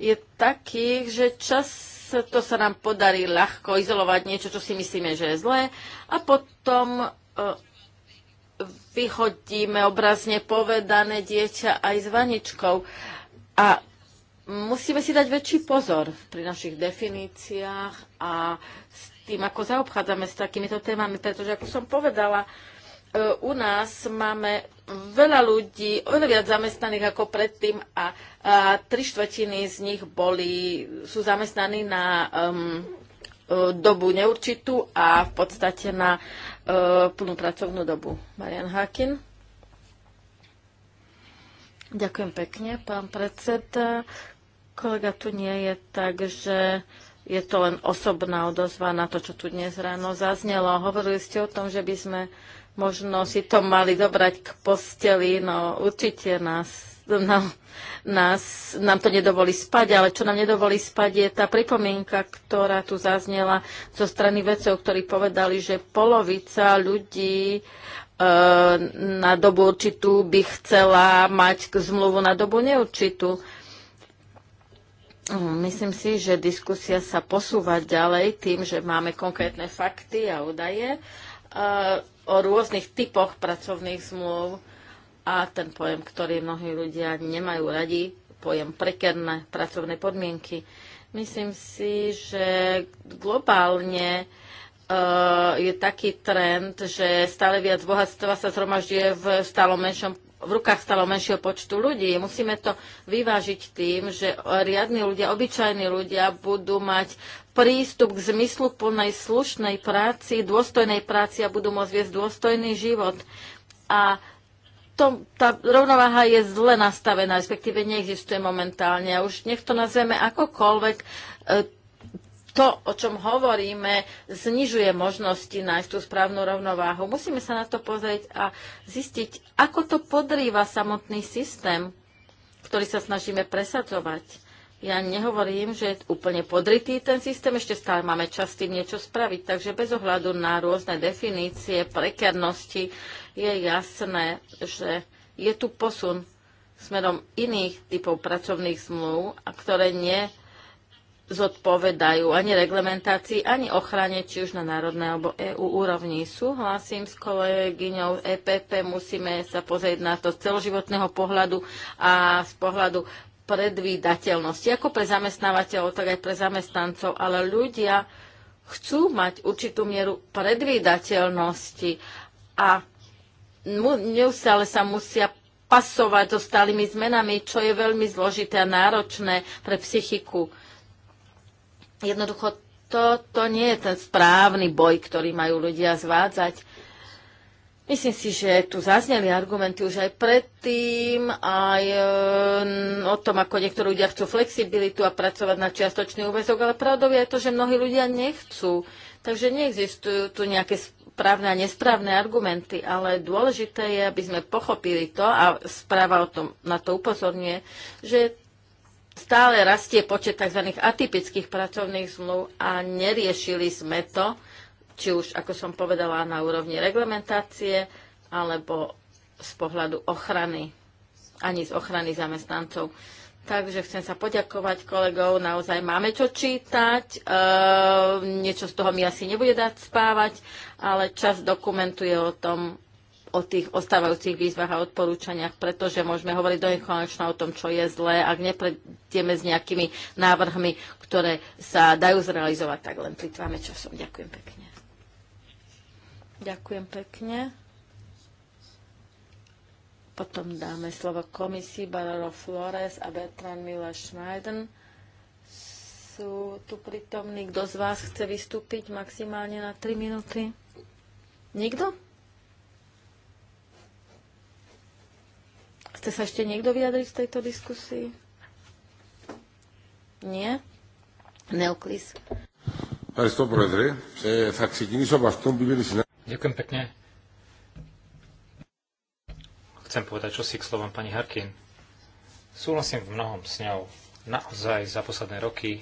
je takých, že čas to sa nám podarí ľahko izolovať niečo, čo si myslíme, že je zlé a potom e, vyhodíme obrazne povedané dieťa aj s vaničkou. A musíme si dať väčší pozor pri našich definíciách a s tým, ako zaobchádzame s takýmito témami, pretože, ako som povedala, e, u nás máme veľa ľudí, oveľa viac zamestnaných ako predtým a, a tri štvrtiny z nich boli, sú zamestnaní na um, dobu neurčitú a v podstate na uh, plnú pracovnú dobu. Marian Hakin. Ďakujem pekne, pán predseda. Kolega tu nie je, tak, že je to len osobná odozva na to, čo tu dnes ráno zaznelo. Hovorili ste o tom, že by sme možno si to mali dobrať k posteli, no určite nás, no, nás, nám to nedovolí spať, ale čo nám nedovolí spať je tá pripomienka, ktorá tu zaznela zo strany vedcov, ktorí povedali, že polovica ľudí e, na dobu určitú by chcela mať zmluvu na dobu neurčitú. E, Myslím si, že diskusia sa posúva ďalej tým, že máme konkrétne fakty a údaje eh, o rôznych typoch pracovných zmluv a ten pojem, ktorý mnohí ľudia nemajú radi, pojem prekerné pracovné podmienky. Myslím si, že globálne eh, je taký trend, že stále viac bohatstva sa zhromažďuje v stále menšom v rukách stalo menšieho počtu ľudí. Musíme to vyvážiť tým, že riadni ľudia, obyčajní ľudia budú mať prístup k zmyslu plnej slušnej práci, dôstojnej práci a budú môcť viesť dôstojný život. A to, tá rovnováha je zle nastavená, respektíve neexistuje momentálne. A už nech to nazveme akokoľvek, e, to, o čom hovoríme, znižuje možnosti nájsť tú správnu rovnováhu. Musíme sa na to pozrieť a zistiť, ako to podrýva samotný systém, ktorý sa snažíme presadzovať. Ja nehovorím, že je úplne podritý ten systém, ešte stále máme čas tým niečo spraviť, takže bez ohľadu na rôzne definície, prekernosti, je jasné, že je tu posun smerom iných typov pracovných zmluv, ktoré nie zodpovedajú ani reglementácii, ani ochrane, či už na národnej alebo EU úrovni. Súhlasím s kolegyňou EPP, musíme sa pozrieť na to z celoživotného pohľadu a z pohľadu predvídateľnosti, ako pre zamestnávateľov, tak aj pre zamestnancov, ale ľudia chcú mať určitú mieru predvídateľnosti a neustále sa musia pasovať so stálymi zmenami, čo je veľmi zložité a náročné pre psychiku Jednoducho toto nie je ten správny boj, ktorý majú ľudia zvádzať. Myslím si, že tu zazneli argumenty už aj predtým, aj e, o tom, ako niektorí ľudia chcú flexibilitu a pracovať na čiastočný úvezok, ale pravdou je to, že mnohí ľudia nechcú. Takže neexistujú tu nejaké správne a nesprávne argumenty, ale dôležité je, aby sme pochopili to, a správa o tom, na to upozorňuje, že stále rastie počet tzv. atypických pracovných zmluv a neriešili sme to, či už, ako som povedala, na úrovni reglementácie alebo z pohľadu ochrany, ani z ochrany zamestnancov. Takže chcem sa poďakovať kolegov, naozaj máme čo čítať, e, niečo z toho mi asi nebude dať spávať, ale čas dokumentuje o tom, o tých ostávajúcich výzvach a odporúčaniach, pretože môžeme hovoriť do nekonečna o tom, čo je zlé, ak nepredieme s nejakými návrhmi, ktoré sa dajú zrealizovať, tak len plitváme časom. Ďakujem pekne. Ďakujem pekne. Potom dáme slovo komisii Barolo Flores a Bertrand Miller Schneiden. Sú tu prítomní. Kto z vás chce vystúpiť maximálne na 3 minúty? Nikto? Chce sa ešte niekto vyjadriť z tejto diskusii? Nie? Neoklis. Ďakujem pekne. Chcem povedať si k slovám pani Harkin. Súhlasím v mnohom s ňou. Naozaj za posledné roky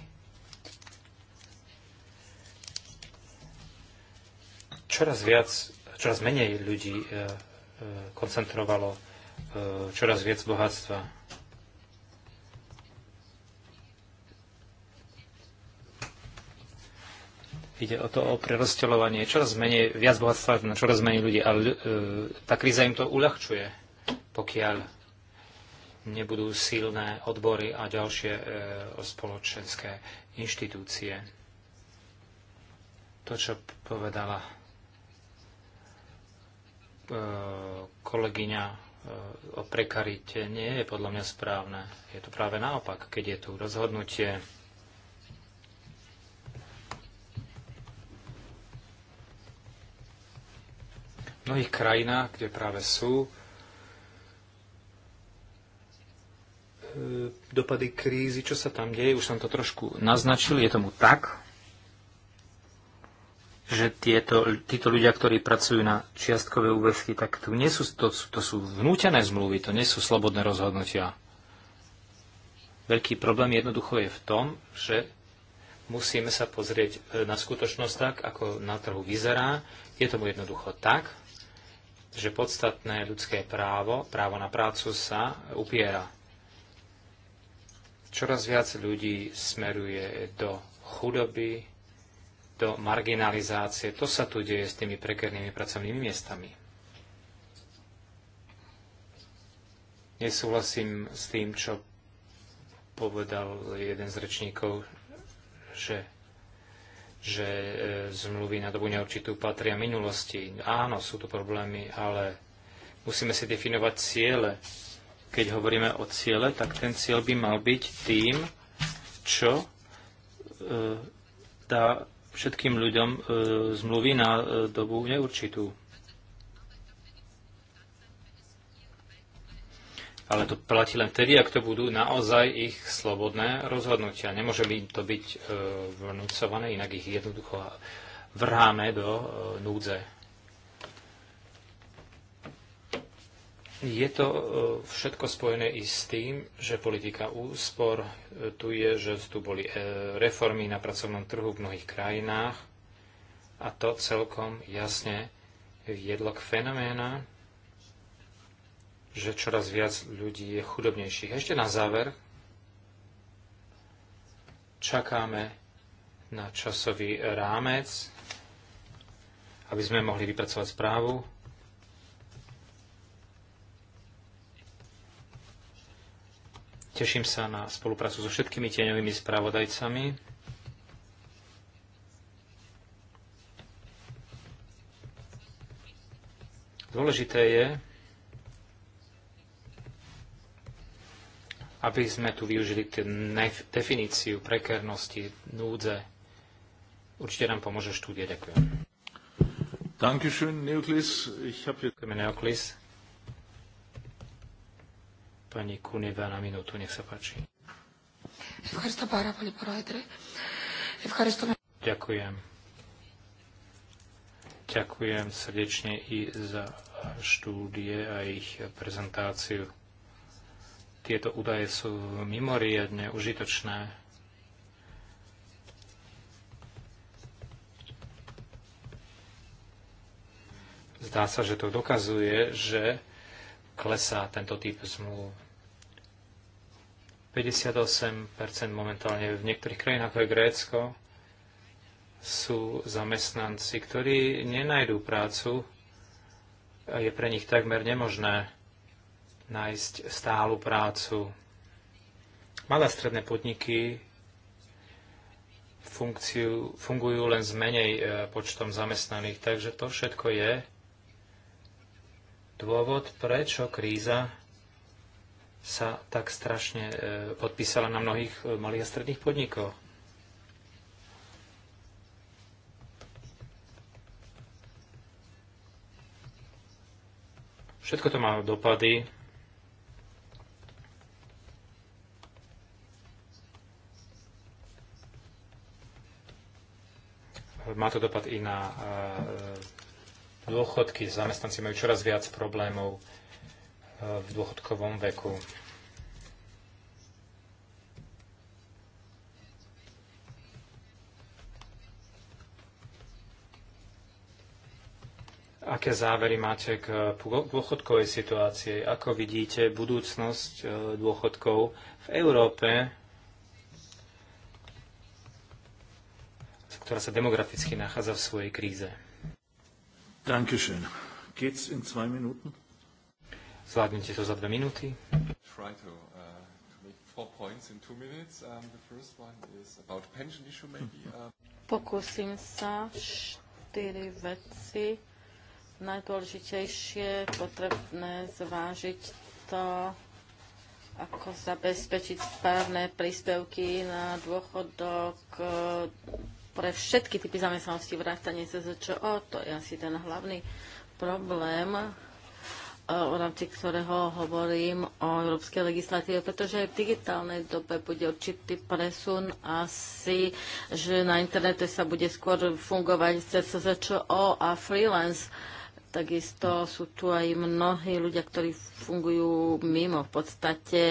čoraz viac, čoraz menej ľudí e, e, koncentrovalo E, čoraz viac bohatstva. Ide o to o prerozteľovanie. Čoraz menej, viac bohatstva na čoraz menej ľudí. Ale tá kríza im to uľahčuje, pokiaľ nebudú silné odbory a ďalšie e, spoločenské inštitúcie. To, čo povedala e, kolegyňa o prekarite nie je podľa mňa správne. Je to práve naopak, keď je tu rozhodnutie v mnohých krajinách, kde práve sú e, dopady krízy, čo sa tam deje, už som to trošku naznačil, je tomu tak že tieto, títo ľudia, ktorí pracujú na čiastkové úvesky, tak tu nie sú, to, to sú vnútené zmluvy, to nie sú slobodné rozhodnutia. Veľký problém jednoducho je v tom, že musíme sa pozrieť e, na skutočnosť tak, ako na trhu vyzerá. Je tomu jednoducho tak, že podstatné ľudské právo, právo na prácu sa upiera. Čoraz viac ľudí smeruje do chudoby, do marginalizácie. To sa tu deje s tými prekernými pracovnými miestami. Nesúhlasím s tým, čo povedal jeden z rečníkov, že, že e, zmluvy na dobu neurčitú patria minulosti. Áno, sú tu problémy, ale musíme si definovať ciele. Keď hovoríme o ciele, tak ten cieľ by mal byť tým, čo e, dá všetkým ľuďom e, zmluvy na e, dobu neurčitú. Ale to platí len vtedy, ak to budú naozaj ich slobodné rozhodnutia. Nemôže by to byť e, vnúcované, inak ich jednoducho vrháme do e, núdze. Je to e, všetko spojené i s tým, že politika úspor e, tu je, že tu boli e, reformy na pracovnom trhu v mnohých krajinách a to celkom jasne viedlo k fenoména, že čoraz viac ľudí je chudobnejších. Ešte na záver čakáme na časový rámec, aby sme mohli vypracovať správu Teším sa na spoluprácu so všetkými tieňovými správodajcami. Dôležité je, aby sme tu využili definíciu prekernosti, núdze. Určite nám pomôže štúdie. Ďakujem. Dankeschön, Neoklis. Ich Neoklis. Pani Kuneva na minútu, nech sa páči. Ďakujem. Ďakujem srdečne i za štúdie a ich prezentáciu. Tieto údaje sú mimoriadne užitočné. Zdá sa, že to dokazuje, že klesá tento typ zmluv. 58 momentálne v niektorých krajinách, ako je Grécko, sú zamestnanci, ktorí nenajdú prácu a je pre nich takmer nemožné nájsť stálu prácu. Malé stredné podniky funkciu, fungujú len s menej e, počtom zamestnaných, takže to všetko je dôvod, prečo kríza sa tak strašne e, podpísala na mnohých e, malých a stredných podnikoch. Všetko to má dopady. Má to dopad i na e, dôchodky. Zamestnanci majú čoraz viac problémov v dôchodkovom veku. Aké závery máte k dôchodkovej situácii? Ako vidíte budúcnosť e, dôchodkov v Európe, ktorá sa demograficky nachádza v svojej kríze? Dankeschön. Geht's in zwei Minuten? Zvládnite to za dve minúty. Uh, um, hm. uh. Pokúsim sa štyri veci najdôležitejšie potrebné zvážiť to, ako zabezpečiť správne príspevky na dôchodok uh, pre všetky typy zamestnanosti vrátanie CZČO. To je asi ten hlavný problém, E, v rámci ktorého hovorím o európskej legislatíve, pretože aj v digitálnej dobe bude určitý presun asi, že na internete sa bude skôr fungovať cez SZČO a freelance. Takisto sú tu aj mnohí ľudia, ktorí fungujú mimo v podstate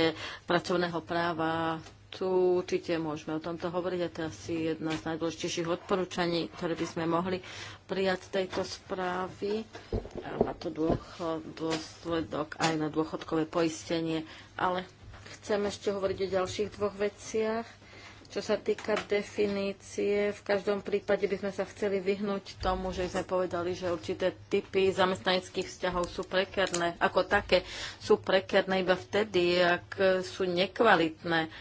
pracovného práva tu určite môžeme o tomto hovoriť a to je asi jedna z najdôležitejších odporúčaní, ktoré by sme mohli prijať tejto správy. Má to dôchod, dôsledok aj na dôchodkové poistenie, ale chcem ešte hovoriť o ďalších dvoch veciach. Čo sa týka definície, v každom prípade by sme sa chceli vyhnúť tomu, že sme povedali, že určité typy zamestnaneckých vzťahov sú prekerné, ako také sú prekerné iba vtedy, ak sú nekvalitné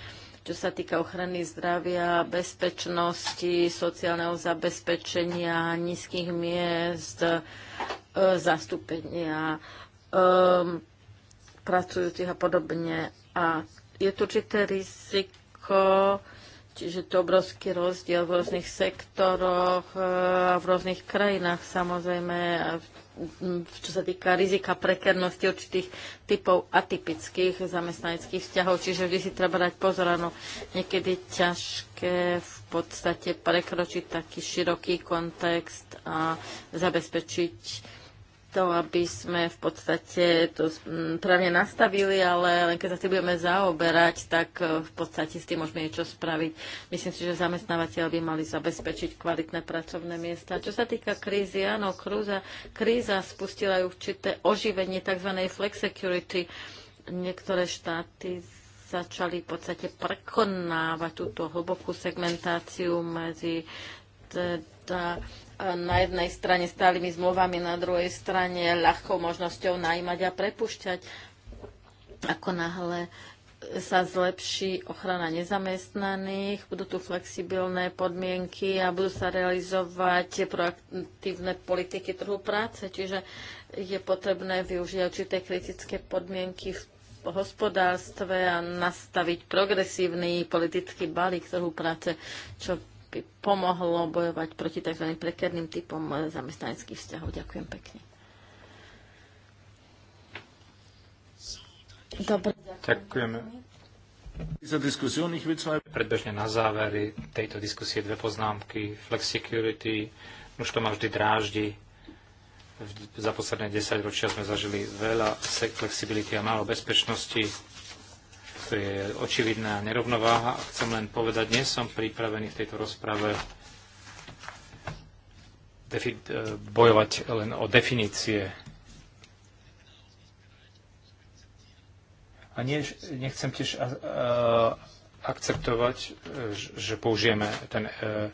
čo sa týka ochrany zdravia, bezpečnosti, sociálneho zabezpečenia, nízkych miest, e, zastúpenia e, pracujúcich a podobne. A je to určité riziko, čiže to obrovský rozdiel v rôznych sektoroch e, a v rôznych krajinách samozrejme a v čo sa týka rizika prekernosti určitých typov atypických zamestnaneckých vzťahov, čiže vždy si treba dať pozor, áno, niekedy ťažké v podstate prekročiť taký široký kontext a zabezpečiť to, aby sme v podstate to správne nastavili, ale len keď sa si budeme zaoberať, tak e, v podstate s tým môžeme niečo spraviť. Myslím si, že zamestnávateľ by mali zabezpečiť kvalitné pracovné miesta. Čo sa týka krízy, áno, krúza, kríza spustila aj určité oživenie tzv. flex security. Niektoré štáty začali v podstate prekonávať túto hlbokú segmentáciu medzi teda na jednej strane stálymi zmluvami, na druhej strane ľahkou možnosťou najímať a prepušťať. Ako náhle sa zlepší ochrana nezamestnaných, budú tu flexibilné podmienky a budú sa realizovať proaktívne politiky trhu práce, čiže je potrebné využiť určité kritické podmienky v hospodárstve a nastaviť progresívny politický balík trhu práce, čo by pomohlo bojovať proti tzv. prekerným typom eh, zamestnaneckých vzťahov. Ďakujem pekne. Dobre, ďakujem. Predbežne na záver tejto diskusie dve poznámky. Flex Security, už to ma vždy dráždi. Za posledné 10 ročia sme zažili veľa flexibility a málo bezpečnosti tu je očividná nerovnováha a chcem len povedať, nie som pripravený v tejto rozprave e, bojovať len o definície. A nie, nechcem tiež a, a, akceptovať, e, že použijeme ten e,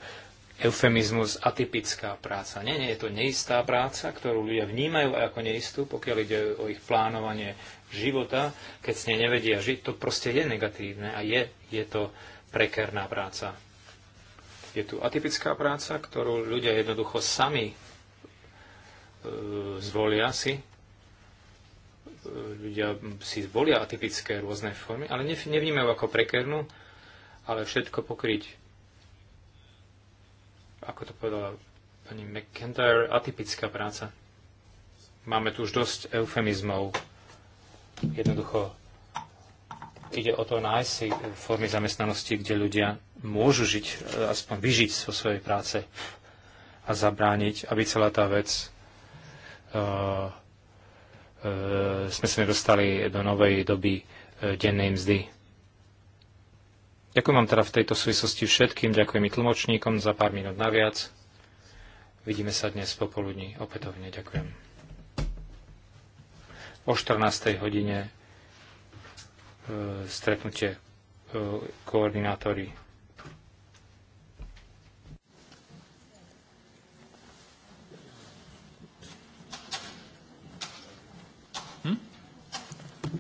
eufemizmus atypická práca. Nie, nie, je to neistá práca, ktorú ľudia vnímajú ako neistú, pokiaľ ide o ich plánovanie života, keď s nej nevedia žiť, to proste je negatívne a je, je to prekerná práca. Je tu atypická práca, ktorú ľudia jednoducho sami e, zvolia si. E, ľudia si zvolia atypické rôzne formy, ale nevnímajú ako prekernú, ale všetko pokryť ako to povedala pani McIntyre, atypická práca. Máme tu už dosť eufemizmov Jednoducho ide o to nájsť si formy zamestnanosti, kde ľudia môžu žiť, eh, aspoň vyžiť zo svojej práce a zabrániť, aby celá tá vec uh, uh, sme sa nedostali do novej doby uh, dennej mzdy. Ďakujem vám teda v tejto súvislosti všetkým, ďakujem i tlmočníkom za pár minút naviac. Vidíme sa dnes popoludní opätovne. Ďakujem o 14. hodine e, stretnutie e, koordinátori